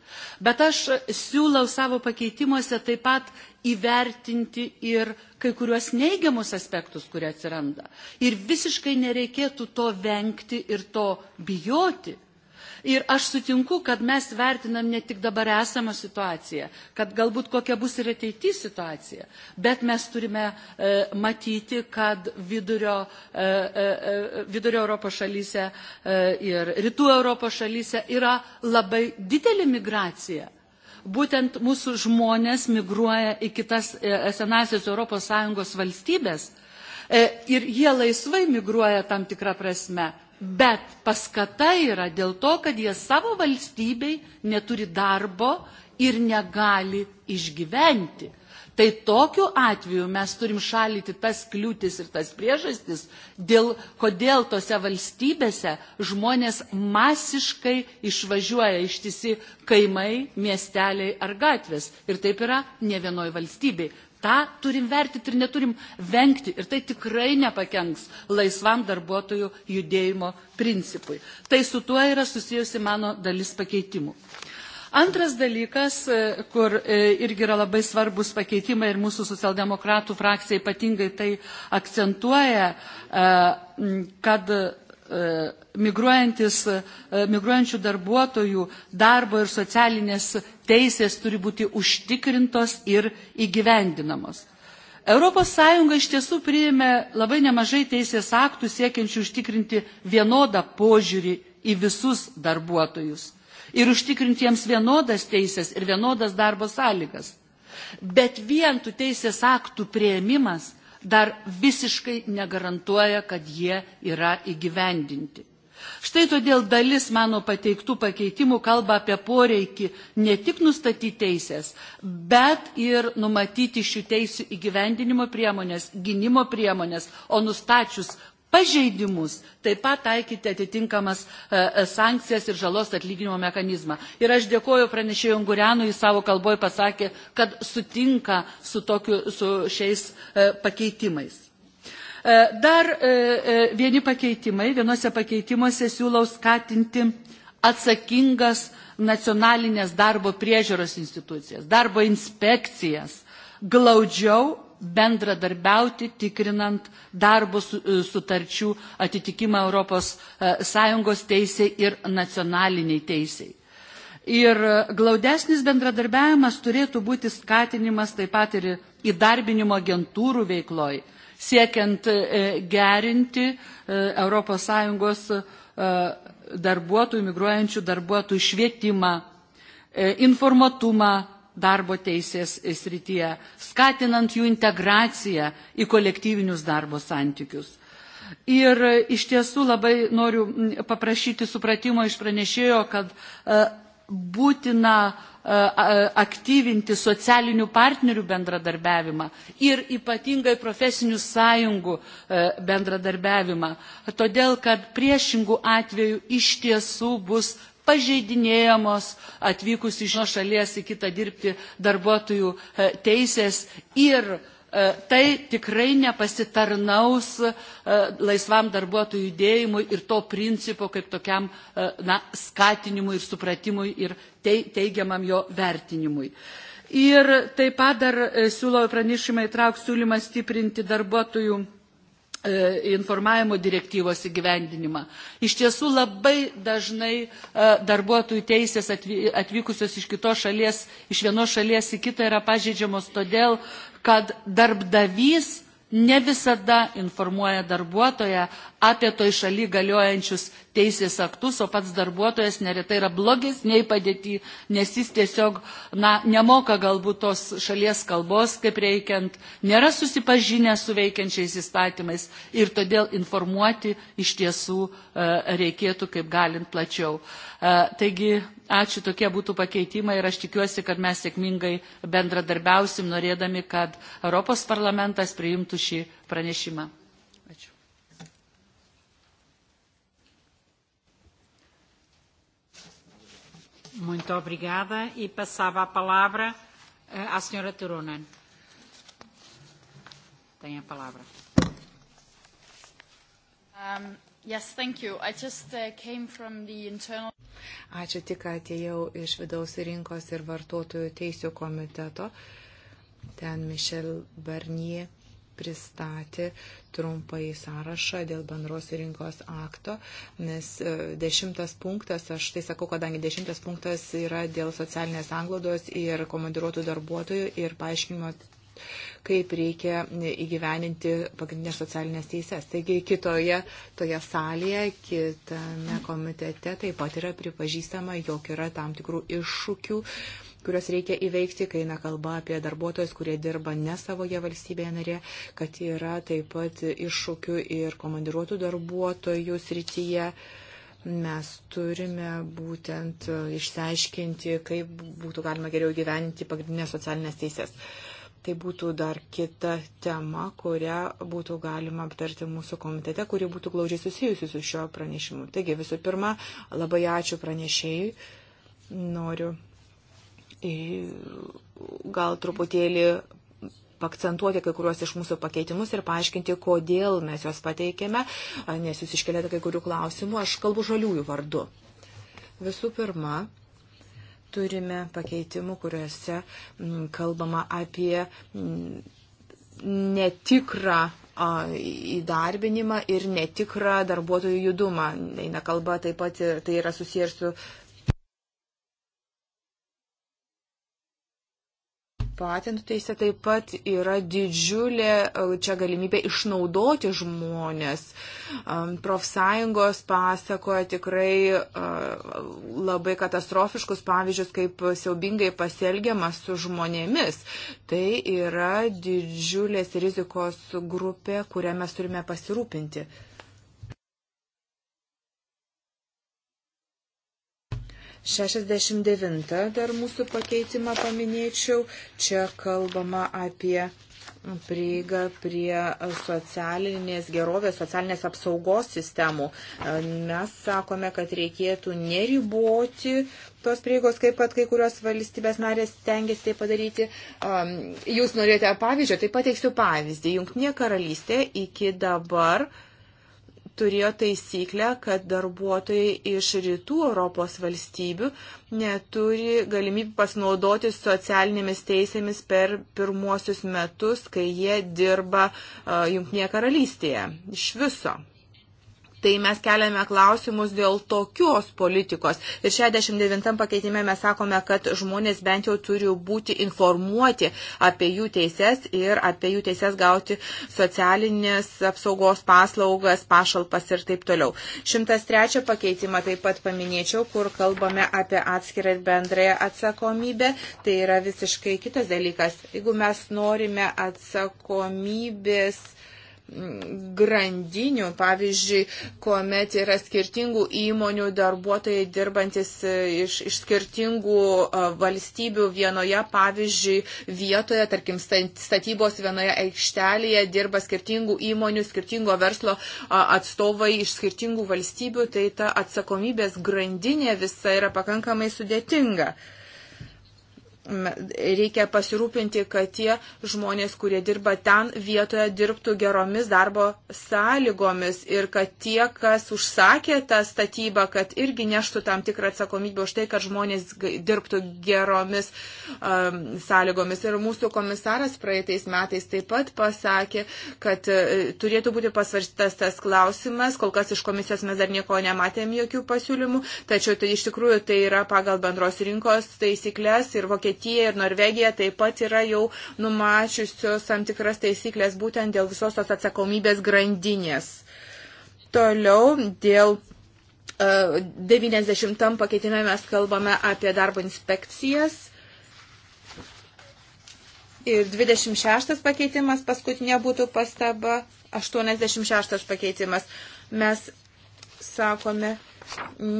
Bet aš siūlau savo pakeitimuose taip pat įvertinti ir kai kuriuos neigiamus aspektus, kurie atsiranda. Ir visiškai nereikėtų to vengti ir to bijoti. Ir aš sutinku, kad mes vertinam ne tik dabar esamą situaciją, kad galbūt kokia bus ir ateitis situacija, bet mes turime e, matyti, kad vidurio, e, e, e, vidurio Europos šalyse e, ir rytų Europos šalyse yra labai didelė migracija būtent mūsų žmonės migruoja į kitas e, senasias ES valstybės e, ir jie laisvai migruoja tam tikrą prasme bet paskata yra dėl to, kad jie savo valstybei neturi darbo ir negali išgyventi. Tai tokiu atveju mes turim šalyti tas kliūtis ir tas priežastis, dėl kodėl tose valstybėse žmonės masiškai išvažiuoja ištisi kaimai, miesteliai ar gatvės. Ir taip yra ne vienoj valstybei tą turim vertinti ir neturim vengti. Ir tai tikrai nepakenks laisvam darbuotojų judėjimo principui. Tai su tuo yra susijusi mano dalis pakeitimų. Antras dalykas, e, kur e, irgi yra labai svarbus pakeitimai ir mūsų socialdemokratų frakcija ypatingai tai akcentuoja, e, kad E, e, migruojančių darbuotojų darbo ir socialinės teisės turi būti užtikrintos ir įgyvendinamos. ES iš tiesų priėmė labai nemažai teisės aktų siekiančių užtikrinti vienodą požiūrį į visus darbuotojus ir užtikrinti jiems vienodas teisės ir vienodas darbo sąlygas. Bet vien tų teisės aktų prieimimas dar visiškai negarantuoja, kad jie yra įgyvendinti. Štai todėl dalis mano pateiktų pakeitimų kalba apie poreikį ne tik nustatyti teisės, bet ir numatyti šių teisių įgyvendinimo priemonės, gynimo priemonės, o nustačius pažeidimus, taip pat taikyti atitinkamas e, e, sankcijas ir žalos atlyginimo mechanizmą. Ir aš dėkoju pranešėjų Ungurianui, jis savo kalboje pasakė, kad sutinka su, tokiu, su šiais e, pakeitimais. Dar vieni pakeitimai, vienose pakeitimuose siūlau skatinti atsakingas nacionalinės darbo priežiūros institucijas, darbo inspekcijas, glaudžiau bendradarbiauti, tikrinant darbo e, sutarčių atitikimą ES e, teisė ir nacionaliniai teisiai. Ir e, glaudesnis bendradarbiavimas turėtų būti skatinimas taip pat ir įdarbinimo agentūrų veikloj, siekiant gerinti ES darbuotojų, migruojančių darbuotojų švietimą, informatumą darbo teisės srityje, skatinant jų integraciją į kolektyvinius darbo santykius. Ir e, iš tiesų labai noriu paprašyti supratimo iš pranešėjo, kad e, būtina e, aktyvinti socialinių partnerių bendradarbiavimą ir ypatingai profesinių sąjungų bendradarbiavimą, todėl kad priešingų atvejų iš tiesų bus pažeidinėjamos atvykus iš vienos šalies į kitą dirbti darbuotojų e, teisės ir e, tai tikrai nepasitarnaus e, laisvam darbuotojų judėjimui ir to principo kaip tokiam na, skatinimui ir supratimui ir teigiamam jo vertinimui. Ir taip pat dar siūlau pranešimą įtraukti siūlymą stiprinti darbuotojų E, informavimo direktyvos įgyvendinimą. Iš tiesų labai dažnai e, darbuotojų teisės atvykusios iš kitos šalies, iš vienos šalies į kitą yra pažeidžiamos todėl, kad darbdavys ne visada informuoja darbuotoją apie toj šaly galiojančius teisės aktus, o pats darbuotojas neretai yra blogesniai padėti, nes jis tiesiog na, nemoka galbūt tos šalies kalbos kaip reikiant, nėra susipažinęs su veikiančiais įstatymais ir todėl informuoti iš tiesų e, reikėtų kaip galint plačiau. E, taigi Ačiū, tokie būtų pakeitimai ir aš tikiuosi, kad mes sėkmingai bendradarbiausim, norėdami, kad Europos parlamentas priimtų šį pranešimą. Ačiū. Muito obrigada e passava a palavra eh, à senhora Turunen. Tem a palavra. Um, Yes, thank you. I just uh, came from the internal. Ačiū tik atėjau iš vidaus rinkos ir vartotojų teisų komiteto. Ten Mišel Barnie pristatė trumpai sąrašą dėl bendros rinkos akto, nes e, dešimtas punktas, aš tai sakau, kadangi dešimtas punktas yra dėl socialinės anglodos ir komandiruotų darbuotojų ir paaiškinimo kaip reikia įgyveninti pagrindinės socialinės teises. Taigi kitoje toje salėje, kitame komitete taip pat yra pripažįstama, jog yra tam tikrų iššūkių kuriuos reikia įveikti, kai eina kalba apie darbuotojus, kurie dirba ne savoje valstybėje narė, kad yra taip pat iššūkių ir komandiruotų darbuotojų srityje mes turime būtent išsiaiškinti, kaip būtų galima geriau gyventi pagrindinės socialinės teisės. Uh, Tai būtų dar kita tema, kurią būtų galima aptarti mūsų komitete, kuri būtų glaudžiai susijusi su šiuo pranešimu. Taigi visų pirma, labai ačiū pranešėjui. Noriu gal truputėlį pakcentuoti kai kuriuos iš mūsų pakeitimus ir paaiškinti, kodėl mes juos pateikėme, nes jūs iškelėte kai kurių klausimų. Aš kalbu žaliųjų vardu. Visų pirma, turime pakeitimų, kuriuose mm, kalbama apie mm, netikrą įdarbinimą ir netikrą darbuotojų judumą. Eina kalba taip pat, tai yra susijęs su patentų teisė taip pat yra didžiulė e, čia galimybė išnaudoti žmonės. Profsąjungos pasakoja tikrai e, labai katastrofiškus pavyzdžius, kaip siaubingai pasielgiama su žmonėmis. Tai yra didžiulės rizikos grupė, kurią mes turime pasirūpinti. 69 dar mūsų pakeitimą paminėčiau. Čia kalbama apie prieiga prie socialinės gerovės, socialinės apsaugos sistemų. Mes sakome, kad reikėtų neriboti tos prieigos, kaip pat kai kurios valstybės narės tengiasi tai padaryti. Um, jūs norėjote pavyzdžio, tai pateiksiu pavyzdį. Junktinė karalystė iki dabar uh, turėjo taisyklę, kad darbuotojai iš rytų Europos valstybių neturi galimybę pasinaudoti socialinėmis teisėmis per pirmuosius metus, kai jie dirba Junktinėje karalystėje. Iš viso tai mes keliame klausimus dėl tokios politikos. Ir 69 pakeitime mes sakome, kad žmonės bent jau turi būti informuoti apie jų teises ir apie jų teises gauti socialinės apsaugos paslaugas, pašalpas ir taip toliau. 103 pakeitimą taip pat paminėčiau, kur kalbame apie atskirą ir bendrąją atsakomybę. Tai yra visiškai kitas dalykas. Jeigu mes norime atsakomybės grandinių, pavyzdžiui, kuomet yra skirtingų įmonių darbuotojai dirbantis e, iš, iš skirtingų e, valstybių vienoje, pavyzdžiui, vietoje, tarkim, statybos vienoje aikštelėje dirba skirtingų įmonių, skirtingo verslo atstovai iš skirtingų valstybių, tai ta atsakomybės grandinė visa yra pakankamai sudėtinga reikia pasirūpinti, kad tie žmonės, kurie dirba ten vietoje, dirbtų geromis darbo sąlygomis ir kad tie, kas užsakė tą statybą, kad irgi neštų tam tikrą atsakomybę už tai, kad žmonės dirbtų geromis um, sąlygomis. Ir mūsų komisaras praeitais metais taip pat pasakė, kad uh, turėtų būti pasvarstytas tas klausimas. Kol kas iš komisijos mes dar nieko nematėm jokių pasiūlymų, tačiau tai iš tikrųjų tai yra pagal bendros rinkos taisyklės ir Vokietijos Vokietija ir Norvegija taip pat yra jau numačiusios tam tikras taisyklės būtent dėl visos tos atsakomybės grandinės. Toliau dėl 90 e, pakeitime mes kalbame apie darbo inspekcijas. Ir 26 pakeitimas, paskutinė būtų pastaba, 86 pakeitimas. Mes sakome,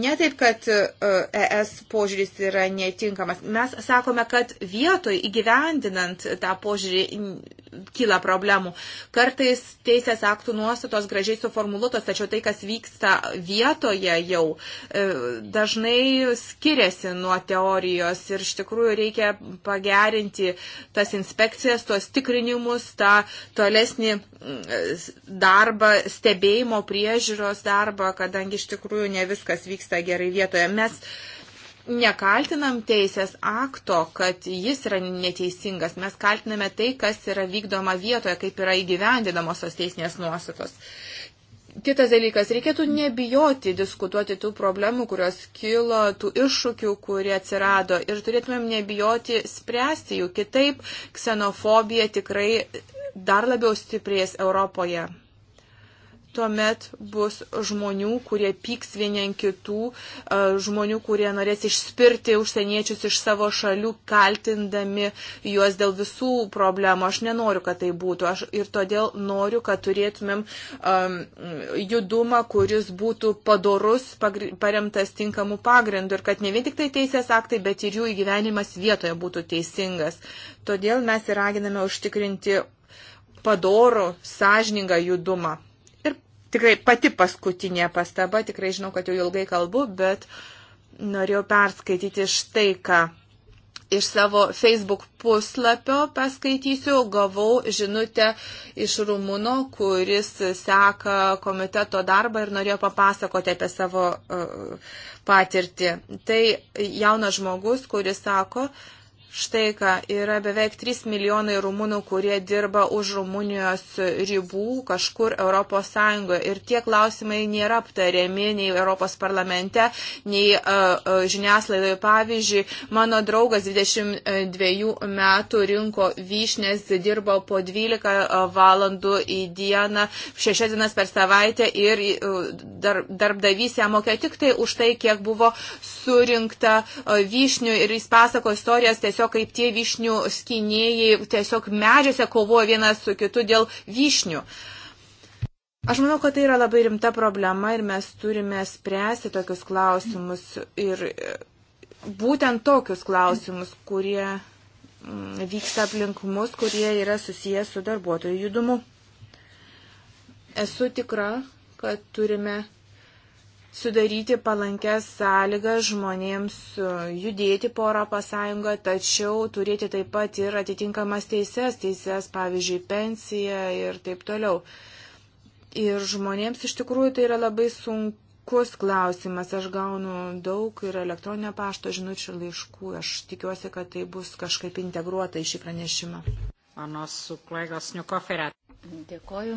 Ne taip, kad ES e požiūris yra netinkamas. Mes sakome, kad vietoj įgyvendinant tą požiūrį kyla problemų. Kartais teisės aktų nuostatos gražiai suformuluotos, tačiau tai, kas vyksta vietoje jau, e, dažnai skiriasi nuo teorijos ir iš tikrųjų reikia pagerinti tas inspekcijas, tuos tikrinimus, tą tolesnį mm, darbą, stebėjimo priežiūros darbą, kadangi iš tikrųjų ne viskas vyksta gerai vietoje. Mes nekaltinam teisės akto, kad jis yra neteisingas. Mes kaltiname tai, kas yra vykdoma vietoje, kaip yra įgyvendinamos tos teisinės nuostatos. Kitas dalykas, reikėtų nebijoti diskutuoti tų problemų, kurios kilo, tų iššūkių, kurie atsirado ir turėtumėm nebijoti spręsti jų. Kitaip ksenofobija tikrai dar labiau stiprės Europoje tuomet bus žmonių, kurie pyks vieni ant kitų, e, žmonių, kurie norės išspirti užsieniečius iš savo šalių, kaltindami juos dėl visų problemų. Aš nenoriu, kad tai būtų. Aš ir todėl noriu, kad turėtumėm um, judumą, kuris būtų padorus, pagri, paremtas tinkamų pagrindų ir kad ne vien tik tai teisės aktai, bet ir jų įgyvenimas vietoje būtų teisingas. Todėl mes ir raginame užtikrinti padorų, sąžiningą judumą tikrai pati paskutinė pastaba, tikrai žinau, kad jau ilgai kalbu, bet norėjau perskaityti štai ką. Iš savo Facebook puslapio paskaitysiu, gavau žinutę iš Rumuno, kuris seka komiteto darbą ir norėjo papasakoti apie savo uh, patirtį. Tai jaunas žmogus, kuris sako, uh, Štai ką, yra beveik 3 milijonai rumunų, kurie dirba už Rumunijos ribų kažkur ES. Ir tie klausimai nėra aptariami nei Europos parlamente, nei uh, e, e, žiniaslaidoje. Pavyzdžiui, mano draugas 22 metų rinko vyšnės, dirbo po 12 e, valandų į dieną, 6 dienas per savaitę ir uh, dar, darbdavys ją mokė tik tai už tai, kiek buvo surinkta uh, vyšnių. Ir jis pasako istorijas tiesiog tiesiog kaip tie vyšnių skinėjai tiesiog medžiuose kovoja vienas su kitu dėl vyšnių. Aš manau, kad tai yra labai rimta problema ir mes turime spręsti tokius klausimus ir e, būtent tokius klausimus, kurie mm, vyksta aplink mus, kurie yra susijęs su darbuotojų judumu. Esu tikra, kad turime sudaryti palankias sąlygas žmonėms e, judėti po Europos Sąjungą, tačiau turėti taip pat ir atitinkamas teises, teises, pavyzdžiui, pensiją ir taip toliau. Ir žmonėms iš tikrųjų tai yra labai sunkus klausimas. Aš gaunu daug ir elektroninio pašto žinučių ir laiškų. Aš tikiuosi, kad tai bus kažkaip integruota į šį pranešimą. Dėkoju.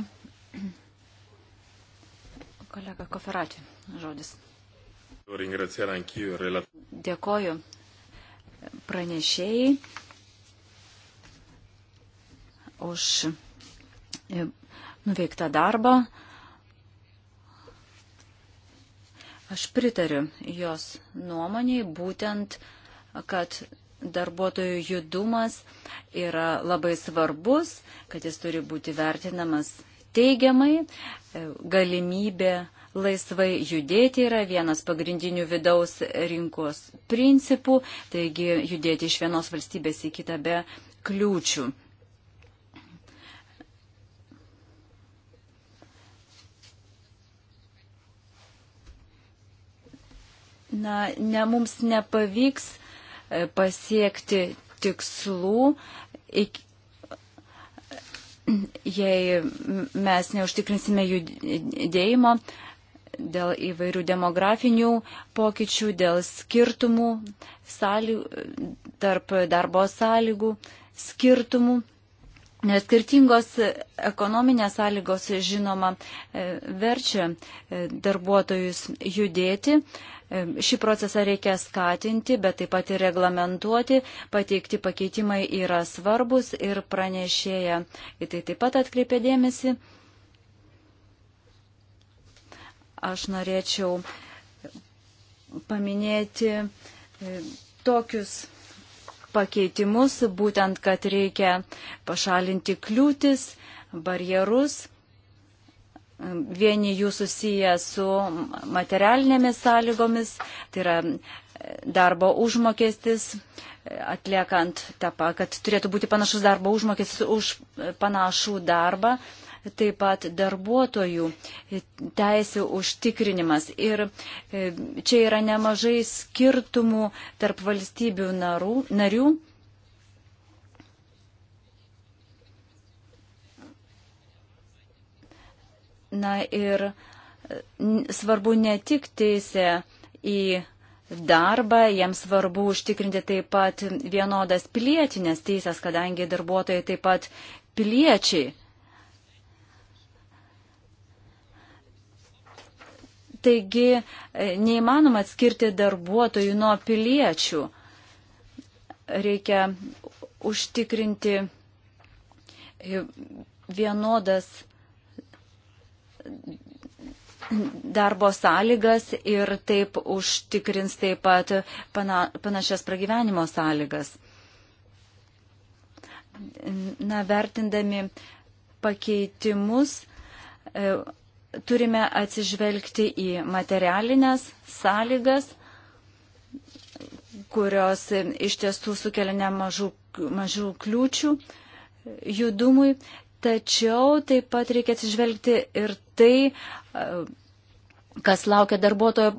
Kolega Koferatė, žodis. Dėkoju pranešėjai už nuveiktą darbą. Aš pritariu jos nuomoniai, būtent, kad darbuotojų judumas yra labai svarbus, kad jis turi būti vertinamas teigiamai galimybė laisvai judėti yra vienas pagrindinių vidaus rinkos principų, taigi judėti iš vienos valstybės į kitą be kliūčių. Na, ne, mums nepavyks e, pasiekti tikslų iki jei mes neužtikrinsime judėjimo dėl įvairių demografinių pokyčių, dėl skirtumų sąly, tarp darbo sąlygų, skirtumų, Skirtingos ekonominės sąlygos, žinoma, e, verčia e, darbuotojus judėti. E, šį procesą reikia skatinti, bet taip pat ir reglamentuoti. Pateikti pakeitimai yra svarbus ir pranešėja į tai taip pat atkreipė dėmesį. Aš norėčiau paminėti tokius pakeitimus, būtent, kad reikia pašalinti kliūtis, barjerus. Vieni jų susiję su materialinėmis sąlygomis, tai yra e, darbo užmokestis, e, atliekant tą, kad turėtų būti panašus darbo užmokestis už e, panašų darbą taip pat darbuotojų teisų užtikrinimas. Ir e, čia yra nemažai skirtumų tarp valstybių narų, narių. Na ir svarbu ne tik teisė į darbą, jiems svarbu užtikrinti taip pat vienodas pilietinės teisės, kadangi darbuotojai taip pat piliečiai. Taigi e, neįmanoma atskirti darbuotojų nuo piliečių. Reikia užtikrinti e, vienodas darbo sąlygas ir taip užtikrins taip pat pana, panašias pragyvenimo sąlygas. Na, vertindami pakeitimus, e, turime atsižvelgti į materialinės sąlygas, kurios iš tiesų sukelia nemažų mažų kliūčių judumui, tačiau taip pat reikia atsižvelgti ir tai, kas laukia darbuotojo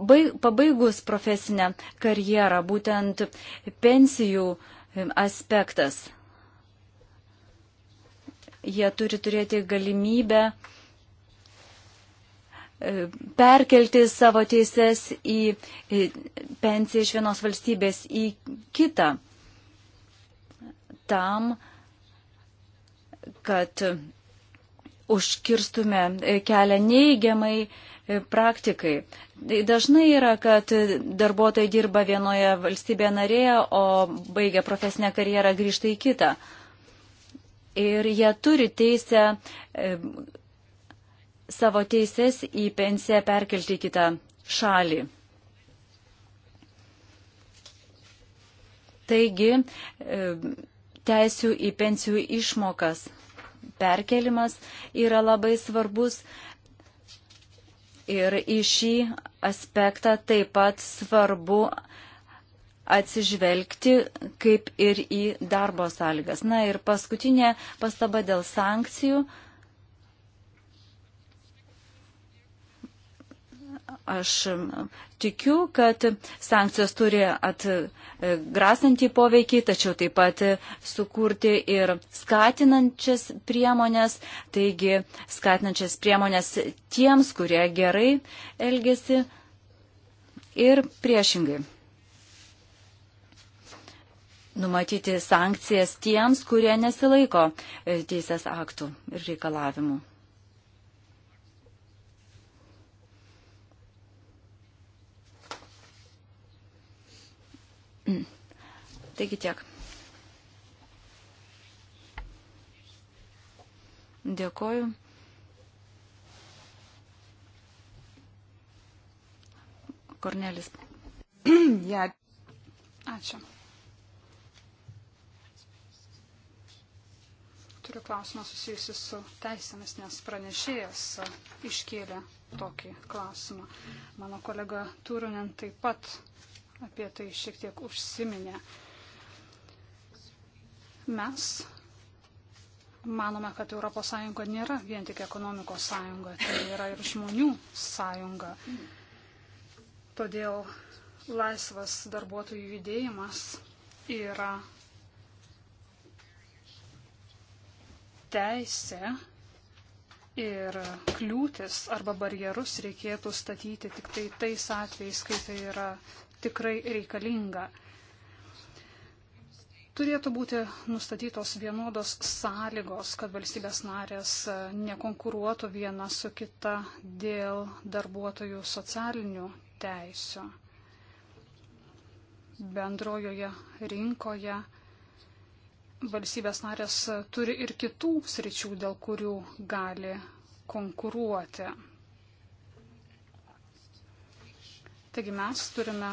pabaigus profesinę karjerą, būtent pensijų aspektas. Jie turi turėti galimybę uh, E, perkelti savo teises į pensiją iš vienos valstybės į kitą. Tam, kad užkirstume e, kelią neįgiamai e, praktikai. Tai dažnai yra, kad darbuotojai dirba vienoje valstybėje narėje, o baigia profesinę karjerą grįžta į kitą. Ir jie turi teisę savo teises į pensiją perkelti į kitą šalį. Taigi, e, teisių į pensijų išmokas perkelimas yra labai svarbus ir į šį aspektą taip pat svarbu atsižvelgti kaip ir į darbo sąlygas. Na ir paskutinė pastaba dėl sankcijų. Aš tikiu, kad sankcijos turi atgrasantį e, poveikį, tačiau taip pat sukurti ir skatinančias priemonės, taigi skatinančias priemonės tiems, kurie gerai elgesi ir priešingai numatyti sankcijas tiems, kurie nesilaiko e, teisės aktų ir reikalavimų. Mm. Taigi tiek. Dėkoju. Kornelis. ja. Ačiū. Turiu klausimą susijusi su teisėmis, nes pranešėjas iškėlė tokį klausimą. Mano kolega Turunen taip pat apie tai šiek tiek užsiminė. Mes manome, kad ES nėra vien tik ekonomikos sąjunga, tai yra ir žmonių sąjunga. Todėl laisvas darbuotojų judėjimas yra teisė ir kliūtis arba barjerus reikėtų statyti tik tai tais atvejais, kai tai yra tikrai reikalinga. Turėtų būti nustatytos vienodos sąlygos, kad valstybės narės e, nekonkuruotų viena su kita dėl darbuotojų socialinių teisių. Bendrojoje rinkoje valstybės narės turi ir kitų sričių, dėl kurių gali konkuruoti. Taigi mes turime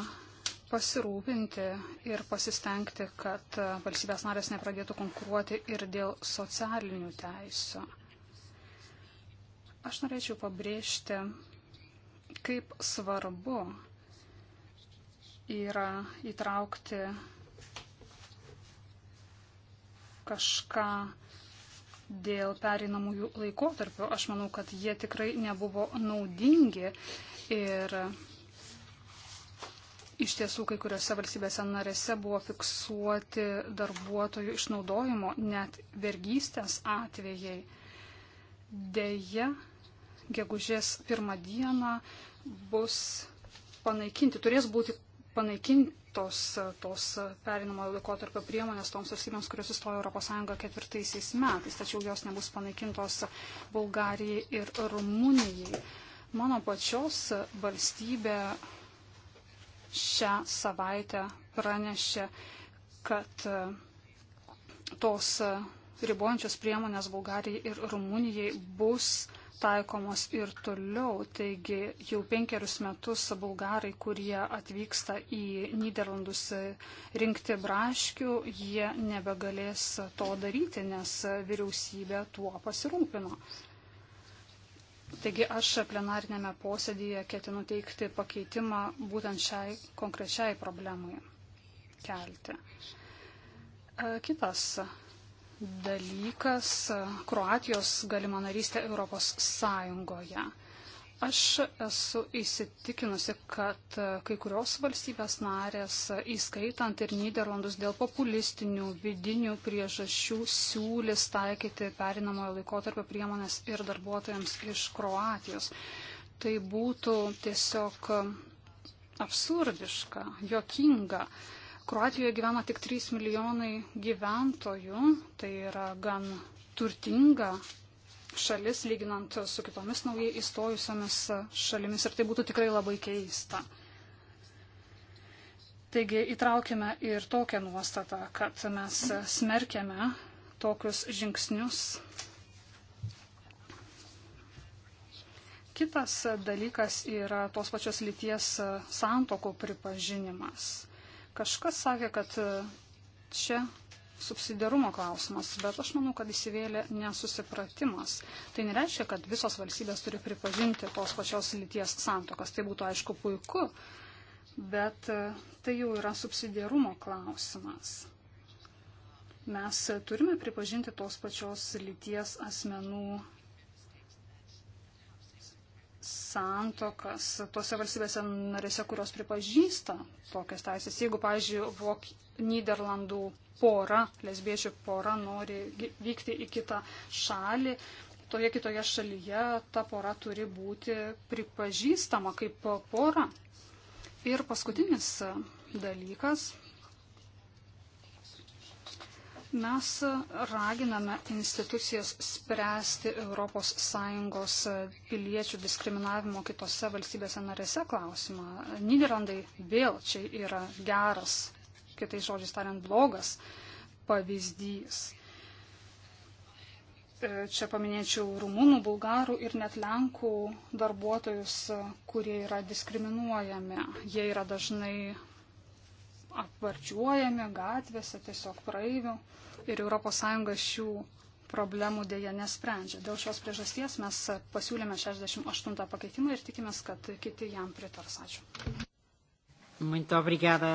pasirūpinti ir pasistengti, kad valstybės narės nepradėtų konkuruoti ir dėl socialinių teisų. Aš norėčiau pabrėžti, kaip svarbu yra įtraukti kažką dėl pereinamųjų laikotarpių. Aš manau, kad jie tikrai nebuvo naudingi ir Iš tiesų, kai kuriuose valstybėse narėse buvo fiksuoti darbuotojų išnaudojimo, net vergystės atvejai. Deja, gegužės pirmą dieną bus panaikinti, turės būti panaikintos tos perinamojo laikotarpio priemonės toms valstybėms, kurios įstojo ES ketvirtaisiais metais, tačiau jos nebus panaikintos Bulgarijai ir Rumunijai. Mano pačios valstybė šią savaitę pranešė, kad e, tos e, ribojančios priemonės Bulgarijai ir Rumunijai bus taikomos ir toliau. Taigi jau penkerius metus bulgarai, kurie atvyksta į Niderlandus e, rinkti braškių, jie nebegalės to daryti, nes vyriausybė tuo pasirūpino. Taigi aš plenarinėme posėdėje ketinu teikti pakeitimą būtent šiai konkrečiai problemai kelti. E, kitas dalykas - Kroatijos galima narystė Europos Sąjungoje. Aš esu įsitikinusi, kad e, kai kurios valstybės narės, e, įskaitant ir Niderlandus, dėl populistinių vidinių priežasčių siūlis taikyti perinamojo laikotarpio priemonės ir darbuotojams iš Kroatijos. Tai būtų tiesiog e, absurdiška, jokinga. Kroatijoje gyvena tik 3 milijonai gyventojų, tai yra gan turtinga šalis, lyginant su kitomis naujai įstojusiamis šalimis ir tai būtų tikrai labai keista. Taigi įtraukime ir tokią nuostatą, kad mes smerkėme tokius žingsnius. Kitas dalykas yra tos pačios lyties santokų pripažinimas. Kažkas sakė, kad čia subsidiarumo klausimas, bet aš manau, kad įsivėlė nesusipratimas. Tai nereiškia, kad visos valstybės turi pripažinti tos pačios lyties santokas. Tai būtų aišku puiku, bet e, tai jau yra subsidiarumo klausimas. Mes turime pripažinti tos pačios lyties asmenų santokas tose valstybėse narėse, kurios pripažįsta tokias teisės. Jeigu, pavyzdžiui, Vok Niderlandų pora, lesbiečių pora nori vykti į kitą šalį, toje kitoje šalyje ta pora turi būti pripažįstama kaip pora. Ir paskutinis dalykas Mes raginame institucijas spręsti ES piliečių diskriminavimo kitose valstybėse narėse klausimą. Niderlandai vėl čia yra geras, kitais žodžiais tariant, blogas pavyzdys. E, čia paminėčiau rumunų, bulgarų ir net lenkų darbuotojus, kurie yra diskriminuojami. Jie yra dažnai apvarčiuojami gatvėse tiesiog praeivių ir ES šių problemų dėja nesprendžia. Dėl šios priežasties mes pasiūlėme 68 pakeitimą ir tikimės, kad kiti jam pritars. Ačiū. Muito obrigada,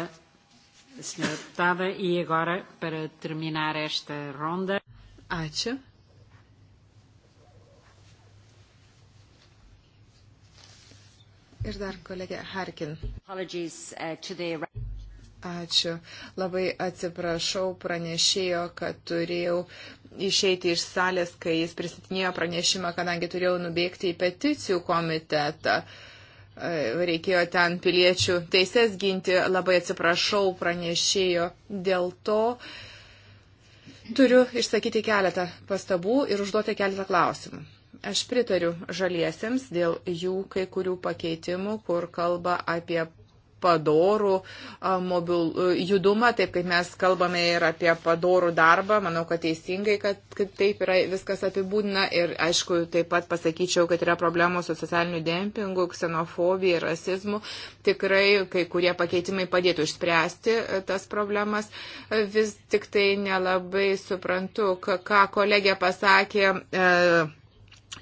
senhora deputada. E agora, para terminar esta ronda. Ačiū. Ir dar kolegė Harkin. Apologies, uh, today... Ačiū. Labai atsiprašau pranešėjo, kad turėjau išeiti iš salės, kai jis pristatinėjo pranešimą, kadangi turėjau nubėgti į peticijų komitetą. E, reikėjo ten piliečių teises ginti. Labai atsiprašau pranešėjo dėl to. Turiu išsakyti keletą pastabų ir užduoti keletą klausimų. Aš pritariu žaliesiems dėl jų kai kurių pakeitimų, kur kalba apie padorų mobil, judumą, taip kaip mes kalbame ir apie padorų darbą. Manau, kad teisingai, kad, kad taip yra viskas apibūdina. Ir aišku, taip pat pasakyčiau, kad yra problemų su socialiniu dempingu, ksenofobija, rasizmu. Tikrai kai kurie pakeitimai padėtų išspręsti tas problemas. Vis tik tai nelabai suprantu, ką kolegė pasakė. E,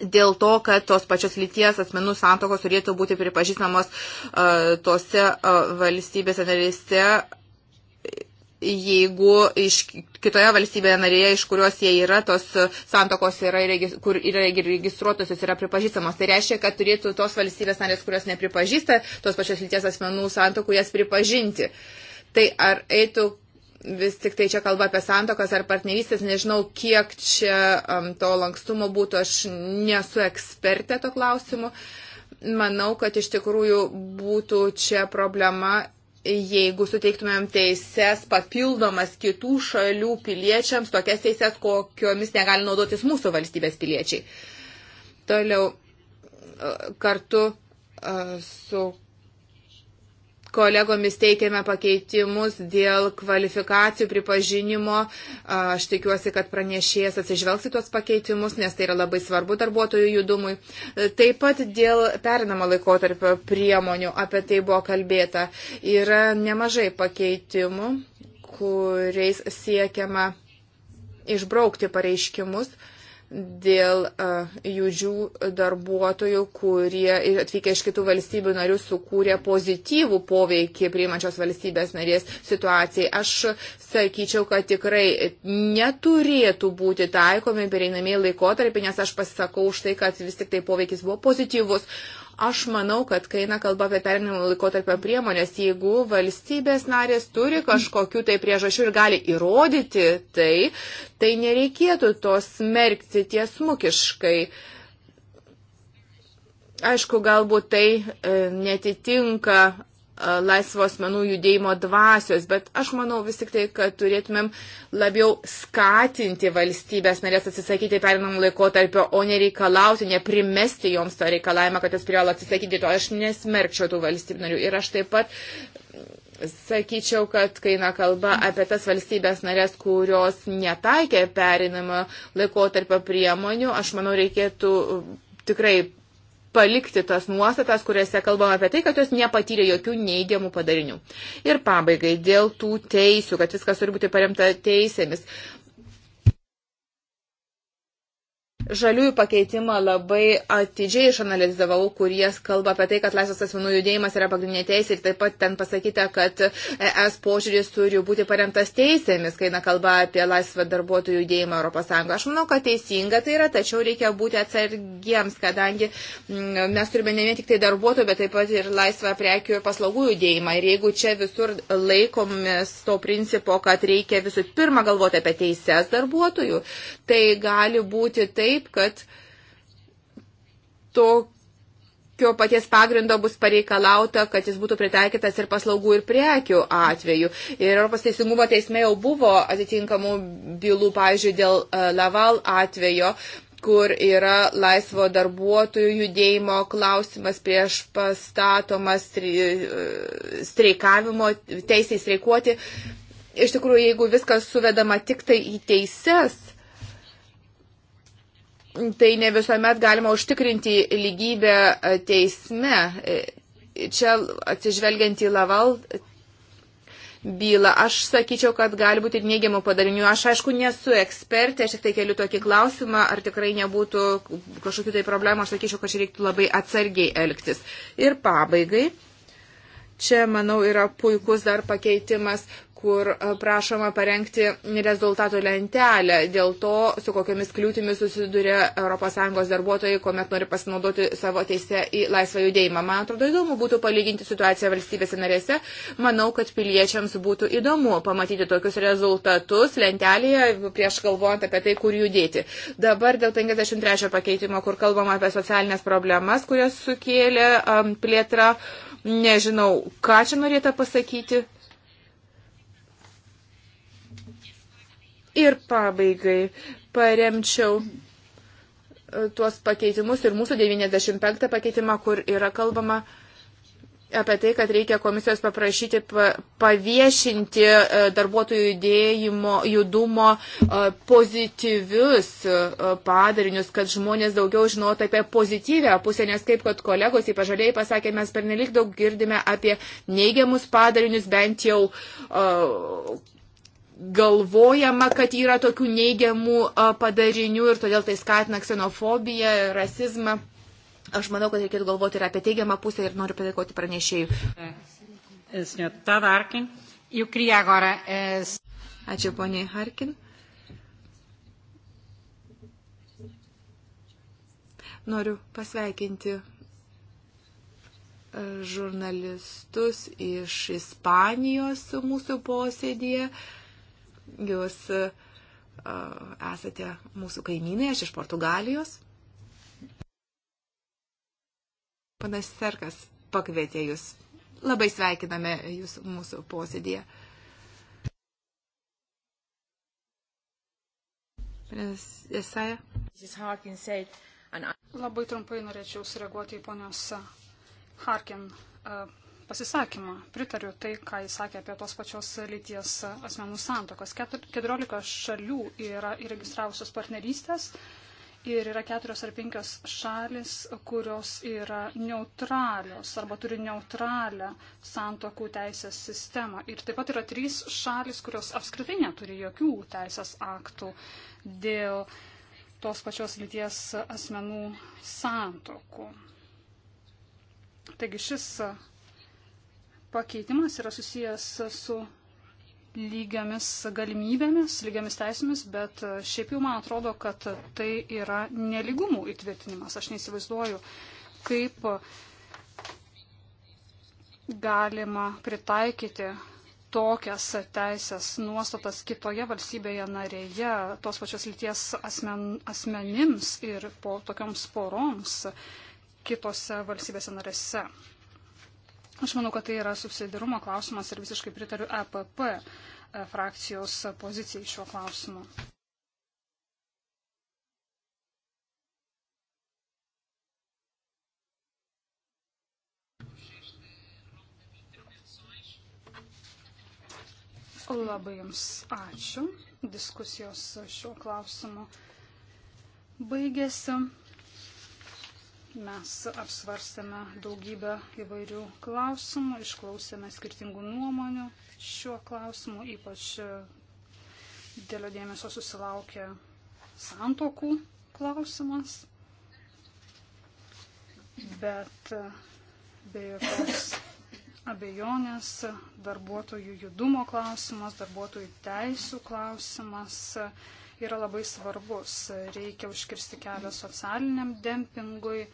dėl to, kad tos pačios lyties asmenų santokos turėtų būti pripažįstamos uh, tose uh, valstybėse narėse, jeigu iš kitoje valstybėje narėje, iš kurios jie yra, tos santokos yra, kur yra registruotos, jos yra pripažįstamos. Tai reiškia, kad turėtų tos valstybės narės, kurios nepripažįsta tos pačios lyties asmenų santokų, jas pripažinti. Tai ar eitų vis tik tai čia kalba apie santokas ar partnerystės, nežinau, kiek čia um, to lankstumo būtų, aš nesu ekspertė to klausimu. Manau, kad iš tikrųjų būtų čia problema, jeigu suteiktumėm teises papildomas kitų šalių piliečiams, tokias teises, kokiomis negali naudotis mūsų valstybės piliečiai. Toliau uh, kartu uh, su kolegomis teikiame pakeitimus dėl kvalifikacijų pripažinimo. Aš tikiuosi, kad pranešėjas atsižvelgs į tuos pakeitimus, nes tai yra labai svarbu darbuotojų judumui. E, taip pat dėl perinamo laikotarpio priemonių, apie tai buvo kalbėta, yra nemažai pakeitimų kuriais siekiama išbraukti pareiškimus, dėl judžių darbuotojų, kurie atvykę iš kitų valstybių narių sukūrė pozityvų poveikį priimančios valstybės narės situacijai. Aš sakyčiau, kad tikrai neturėtų būti taikomi pereinamieji laikotarpiai, nes aš pasisakau už tai, kad vis tik tai poveikis buvo pozityvus. Aš manau, kad kai eina kalba apie perinimo laikotarpio priemonės, jeigu valstybės narės turi kažkokių tai priežasčių ir gali įrodyti tai, tai nereikėtų to smerkti tiesmukiškai. Aišku, galbūt tai e, netitinka laisvo asmenų judėjimo dvasios, bet aš manau vis tik tai, kad turėtumėm labiau skatinti valstybės narės atsisakyti perinamų laikotarpio, o nereikalauti, neprimesti joms to reikalavimą, kad jos privalo atsisakyti to. Aš nesmerkčiau tų valstybių narių. Ir aš taip pat sakyčiau, kad kai eina kalba apie tas valstybės narės, kurios netaikė perinamą laikotarpio priemonių, aš manau reikėtų tikrai palikti tas nuostatas, kuriuose kalbama apie tai, kad jos nepatyrė jokių neigiamų padarinių. Ir pabaigai, dėl tų teisių, kad viskas turi būti paremta teisėmis žaliųjų pakeitimą labai atidžiai išanalizavau, kurie kalba apie tai, kad laisvas asmenų judėjimas yra pagrindinė teisė ir taip pat ten pasakyta, kad ES požiūris turi būti paremtas teisėmis, kai na, kalba apie laisvą darbuotojų judėjimą ES. Aš manau, kad teisinga tai yra, tačiau reikia būti atsargiems, kadangi mm, mes turime ne vien tik tai darbuotojų, bet taip pat ir laisvą prekių ir paslaugų judėjimą. Ir jeigu čia visur laikomės to principo, kad reikia visų pirma galvoti apie teises darbuotojų, tai gali būti tai, taip, kad tokio paties pagrindo bus pareikalauta, kad jis būtų pritaikytas ir paslaugų ir prekių atveju. Ir Europos Teisingumo teisme jau buvo atitinkamų bylų, pavyzdžiui, dėl e, Laval atvejo, kur yra laisvo darbuotojų judėjimo klausimas prieš pastatomas e, streikavimo, teisiai streikuoti. Iš tikrųjų, jeigu viskas suvedama tik tai į teises, tai ne visuomet galima užtikrinti lygybę e, teisme. E, čia atsižvelgiant į Laval bylą, aš sakyčiau, kad gali būti ir neigiamų padarinių. Aš aišku nesu ekspertė, aš tik tai keliu tokį klausimą, ar tikrai nebūtų kažkokių tai problemų, aš sakyčiau, kad čia reiktų labai atsargiai elgtis. Ir pabaigai. Čia, manau, yra puikus dar pakeitimas, kur e, prašoma parengti rezultatų lentelę dėl to, su kokiamis kliūtimis susiduria ES darbuotojai, kuomet nori pasinaudoti savo teisę į laisvą judėjimą. Man atrodo, įdomu būtų palyginti situaciją valstybėse narėse. Manau, kad piliečiams būtų įdomu pamatyti tokius rezultatus lentelėje prieš galvojant apie tai, kur judėti. Dabar dėl 53 pakeitimo, kur kalbama apie socialinės problemas, kurias sukėlė um, plėtra. Nežinau, ką čia norėta pasakyti Ir pabaigai paremčiau e, tuos pakeitimus ir mūsų 95 pakeitimą, kur yra kalbama apie tai, kad reikia komisijos paprašyti paviešinti e, darbuotojų judėjimo, judumo e, pozityvius padarinius, kad žmonės daugiau žinotų apie pozityvę pusę, nes kaip kad kolegos į pažadėjai pasakė, mes pernelik daug girdime apie neigiamus padarinius, bent jau galvojama, kad yra tokių neigiamų padarinių ir todėl tai skatina ksenofobiją, rasizmą. Aš manau, kad reikėtų galvoti ir apie teigiamą pusę ir noriu padėkoti pranešėjui. Eh, Ačiū, poniai Harkin. Noriu pasveikinti e, žurnalistus iš Ispanijos mūsų posėdėje jūs e, esate mūsų kaimynai, aš iš Portugalijos. Panas Serkas pakvietė jūs. Labai sveikiname jūs mūsų posėdėje. Labai trumpai norėčiau sureaguoti į ponios Harkin e, pasisakymą. Pritariu tai, ką jis sakė apie tos pačios lyties asmenų santokas. 14 šalių yra įregistravusios partnerystės ir yra keturios ar penkios šalis, kurios yra neutralios arba turi neutralią santokų teisės sistemą. Ir taip pat yra trys šalis, kurios apskritai neturi jokių teisės aktų dėl tos pačios lyties asmenų santokų. Taigi šis pakeitimas yra susijęs su lygiamis galimybėmis, lygiamis teisėmis, bet e, šiaip jau man atrodo, kad tai yra neligumų įtvirtinimas. Aš neįsivaizduoju, kaip galima pritaikyti tokias teisės nuostatas kitoje valstybėje narėje, tos pačios lyties asmen, asmenims ir po tokioms poroms kitose valstybėse narėse. Aš manau, kad tai yra subsidirumo klausimas ir visiškai pritariu EPP e, frakcijos pozicijai šiuo klausimu. Labai Jums ačiū. Diskusijos šiuo klausimu baigėsi. Mes apsvarstėme daugybę įvairių klausimų, išklausėme skirtingų nuomonių šiuo klausimu, ypač e, didelio dėmesio susilaukė santokų klausimas. Bet e, be jokios abejonės darbuotojų judumo klausimas, darbuotojų teisų klausimas yra labai svarbus. Reikia užkirsti kelią socialiniam dempingui.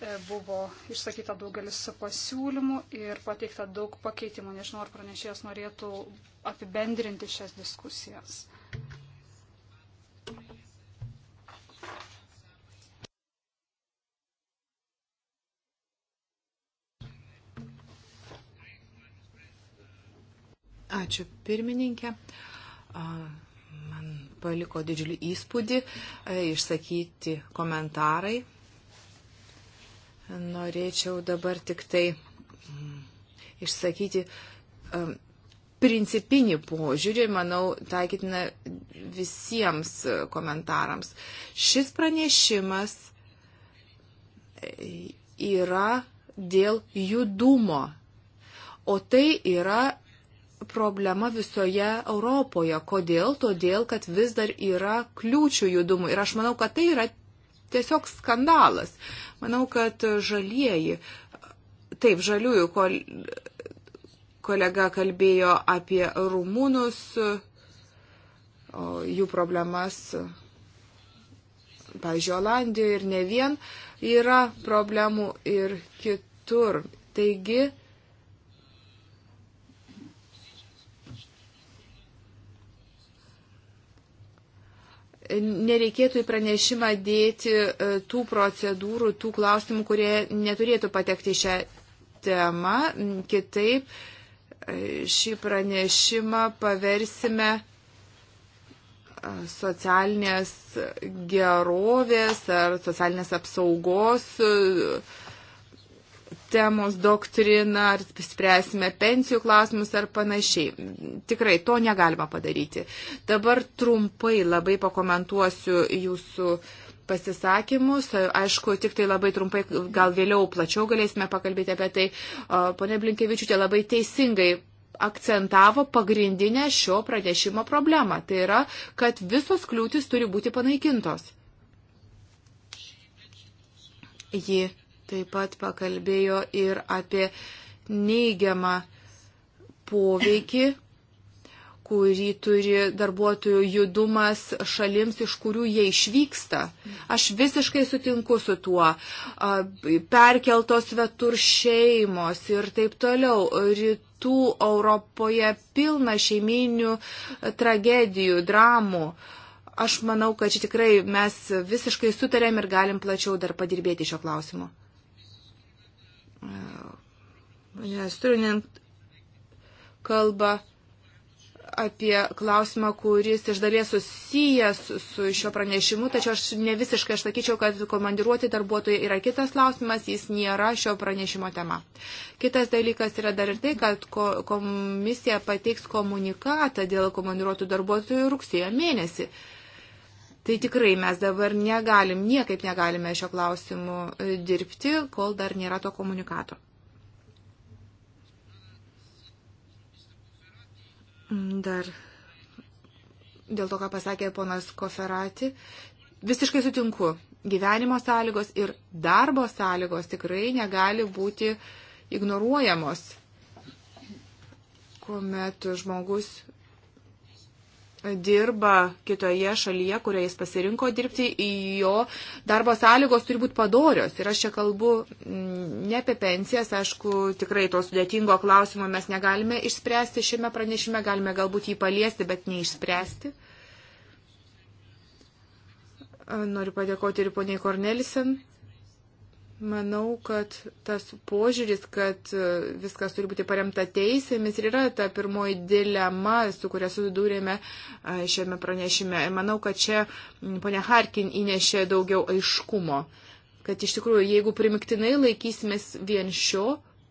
E, Buvo išsakyta daugelis pasiūlymų ir pateikta daug pakeitimų. Nežinau, ar pranešėjas norėtų apibendrinti šias diskusijas. Ačiū pirmininkė paliko didžiulį įspūdį, e, išsakyti komentarai. Norėčiau dabar tik tai mm, išsakyti e, principinį požiūrį, manau, taikytina visiems komentarams. Šis pranešimas e, yra dėl judumo, o tai yra problema visoje Europoje. Kodėl? Todėl, kad vis dar yra kliūčių judumui. Ir aš manau, kad tai yra tiesiog skandalas. Manau, kad žalieji, taip, žaliųjų kol, kolega kalbėjo apie rumūnus, jų problemas, pavyzdžiui, Olandijoje ir ne vien, yra problemų ir kitur. Taigi, nereikėtų į pranešimą dėti e, tų procedūrų, tų klausimų, kurie neturėtų patekti šią temą. Mm, kitaip e, šį pranešimą paversime e, socialinės gerovės ar socialinės apsaugos sistemos doktriną, ar spręsime pensijų klausimus ar panašiai. Tikrai to negalima padaryti. Dabar trumpai labai pakomentuosiu jūsų pasisakymus. Aišku, tik tai labai trumpai, gal vėliau plačiau galėsime pakalbėti apie tai. Pone Blinkevičiūtė labai teisingai akcentavo pagrindinę šio pranešimo problemą. Tai yra, kad visos kliūtis turi būti panaikintos. Ji taip pat pakalbėjo ir apie neigiamą poveikį, kurį turi darbuotojų judumas šalims, iš kurių jie išvyksta. Aš visiškai sutinku su tuo. Perkeltos svetur šeimos ir taip toliau. Rytų Europoje pilna šeiminių tragedijų, dramų. Aš manau, kad čia tikrai mes visiškai sutarėm ir galim plačiau dar padirbėti šio klausimu. Nes turinint kalbą apie klausimą, kuris iš dalies susijęs su šio pranešimu, tačiau aš ne visiškai aš sakyčiau, kad komandiruoti darbuotojai yra kitas klausimas, jis nėra šio pranešimo tema. Kitas dalykas yra dar ir tai, kad komisija pateiks komunikatą dėl komandiruotų darbuotojų rugsėjo mėnesį. Uh, Tai tikrai mes dabar negalim, niekaip negalime šio klausimu e, dirbti, kol dar nėra to komunikato. Mm, dar dėl to, ką pasakė ponas Koferati, visiškai sutinku. Gyvenimo sąlygos ir darbo sąlygos tikrai negali būti ignoruojamos, kuomet žmogus dirba kitoje šalyje, kurioje jis pasirinko dirbti, jo darbo sąlygos turi būti padorios. Ir aš čia kalbu mm, ne apie pensijas, aišku, tikrai to sudėtingo klausimo mes negalime išspręsti šiame pranešime, galime galbūt jį paliesti, bet neišspręsti. Noriu padėkoti ir poniai Kornelisen Manau, kad tas požiūris, kad e, viskas turi būti paremta teisėmis ir yra ta pirmoji dilema, su kuria susidūrėme e, šiame pranešime. Manau, kad čia ponia Harkin įnešė daugiau aiškumo, kad iš tikrųjų, jeigu primiktinai laikysimės vien šio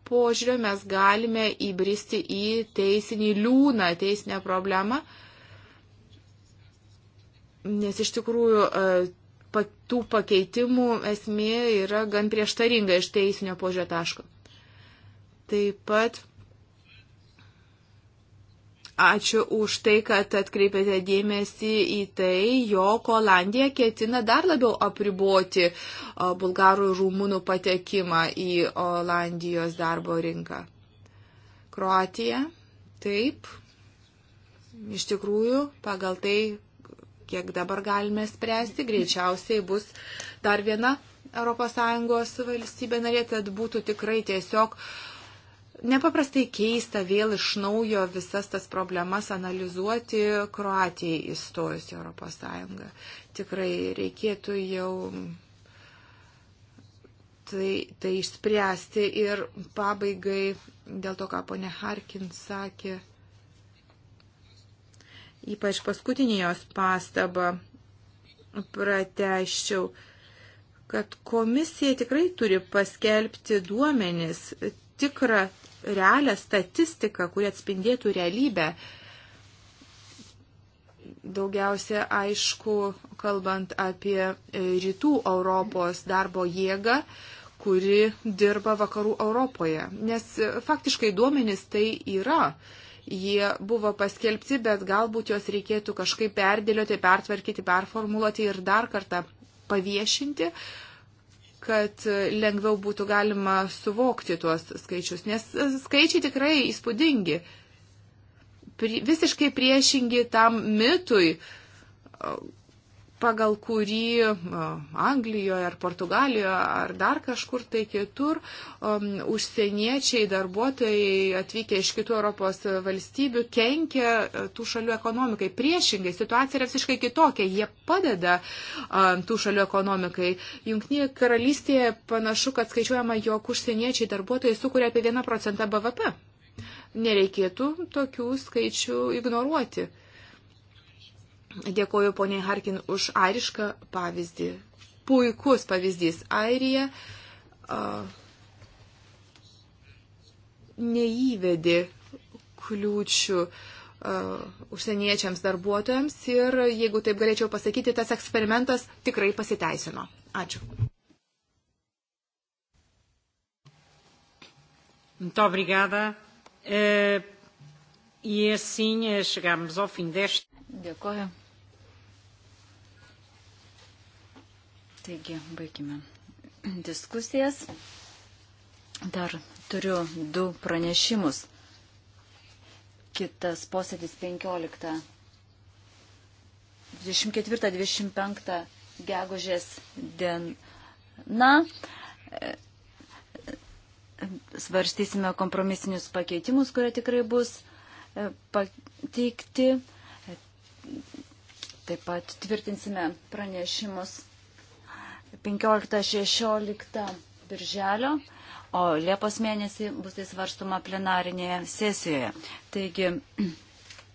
požiūrio, mes galime įbristi į teisinį liūną, teisinę problemą. Nes iš tikrųjų e, tų pakeitimų esmė yra gan prieštaringa iš teisinio požio taško. Taip pat ačiū už tai, kad atkreipėte dėmesį į tai, jog Olandija ketina dar labiau apriboti bulgarų ir rumūnų patekimą į Olandijos darbo rinką. Kroatija, taip, iš tikrųjų, pagal tai, kiek dabar galime spręsti, greičiausiai bus dar viena ES valstybė narė, tad būtų tikrai tiesiog nepaprastai keista vėl iš naujo visas tas problemas analizuoti Kroatijai įstojus į ES. Tikrai reikėtų jau tai, tai išspręsti ir pabaigai dėl to, ką ponė Harkin sakė ypač paskutinį jos pastabą prateščiau, kad komisija tikrai turi paskelbti duomenis, tikrą realią statistiką, kuri atspindėtų realybę. Daugiausia, aišku, kalbant apie e, rytų Europos darbo jėgą, kuri dirba vakarų Europoje. Nes e, faktiškai duomenys tai yra. Uh, jie buvo paskelbti, bet galbūt juos reikėtų kažkaip perdėlioti, pertvarkyti, performuluoti ir dar kartą paviešinti, kad lengviau būtų galima suvokti tuos skaičius, nes skaičiai tikrai įspūdingi, pri, visiškai priešingi tam mitui, pagal kurį Anglijoje ar Portugalijoje ar dar kažkur tai kitur um, užsieniečiai, darbuotojai atvykę iš kitų Europos valstybių kenkia tų šalių ekonomikai. Priešingai, situacija yra visiškai kitokia. Jie padeda um, tų šalių ekonomikai. Junktinėje karalystėje panašu, kad skaičiuojama, jog užsieniečiai darbuotojai sukuria apie 1 procentą BVP. Nereikėtų tokių skaičių ignoruoti. Dėkoju poniai Harkin už airišką pavyzdį. Puikus pavyzdys. Airija a, neįvedė kliūčių a, užsieniečiams darbuotojams ir, jeigu taip galėčiau pasakyti, tas eksperimentas tikrai pasiteisino. Ačiū. Muito obrigada. Uh, e assim eh, chegamos ao fim deste. Dėkoju. Taigi, baigime diskusijas. Dar turiu du pranešimus. Kitas posėdis 15. 24-25 gegužės diena. Svarstysime kompromisinius pakeitimus, kurie tikrai bus pateikti. Taip pat tvirtinsime pranešimus 15-16 birželio, o Liepos mėnesį bus tai svarstoma plenarinėje sesijoje. Taigi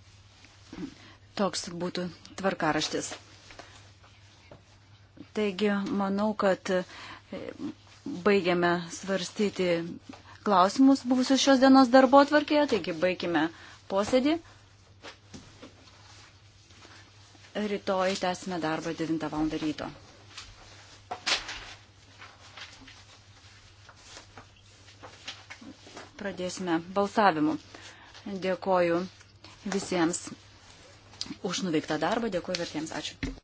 toks būtų tvarkaraštis. Taigi manau, kad e, baigiame svarstyti klausimus buvusius šios dienos darbo atvarkėje, taigi baigime posėdį. Rytoj tęsime darbą 9 val. ryto. Pradėsime balsavimu. Dėkoju visiems už nuveiktą darbą, dėkoju vertiems. Ačiū.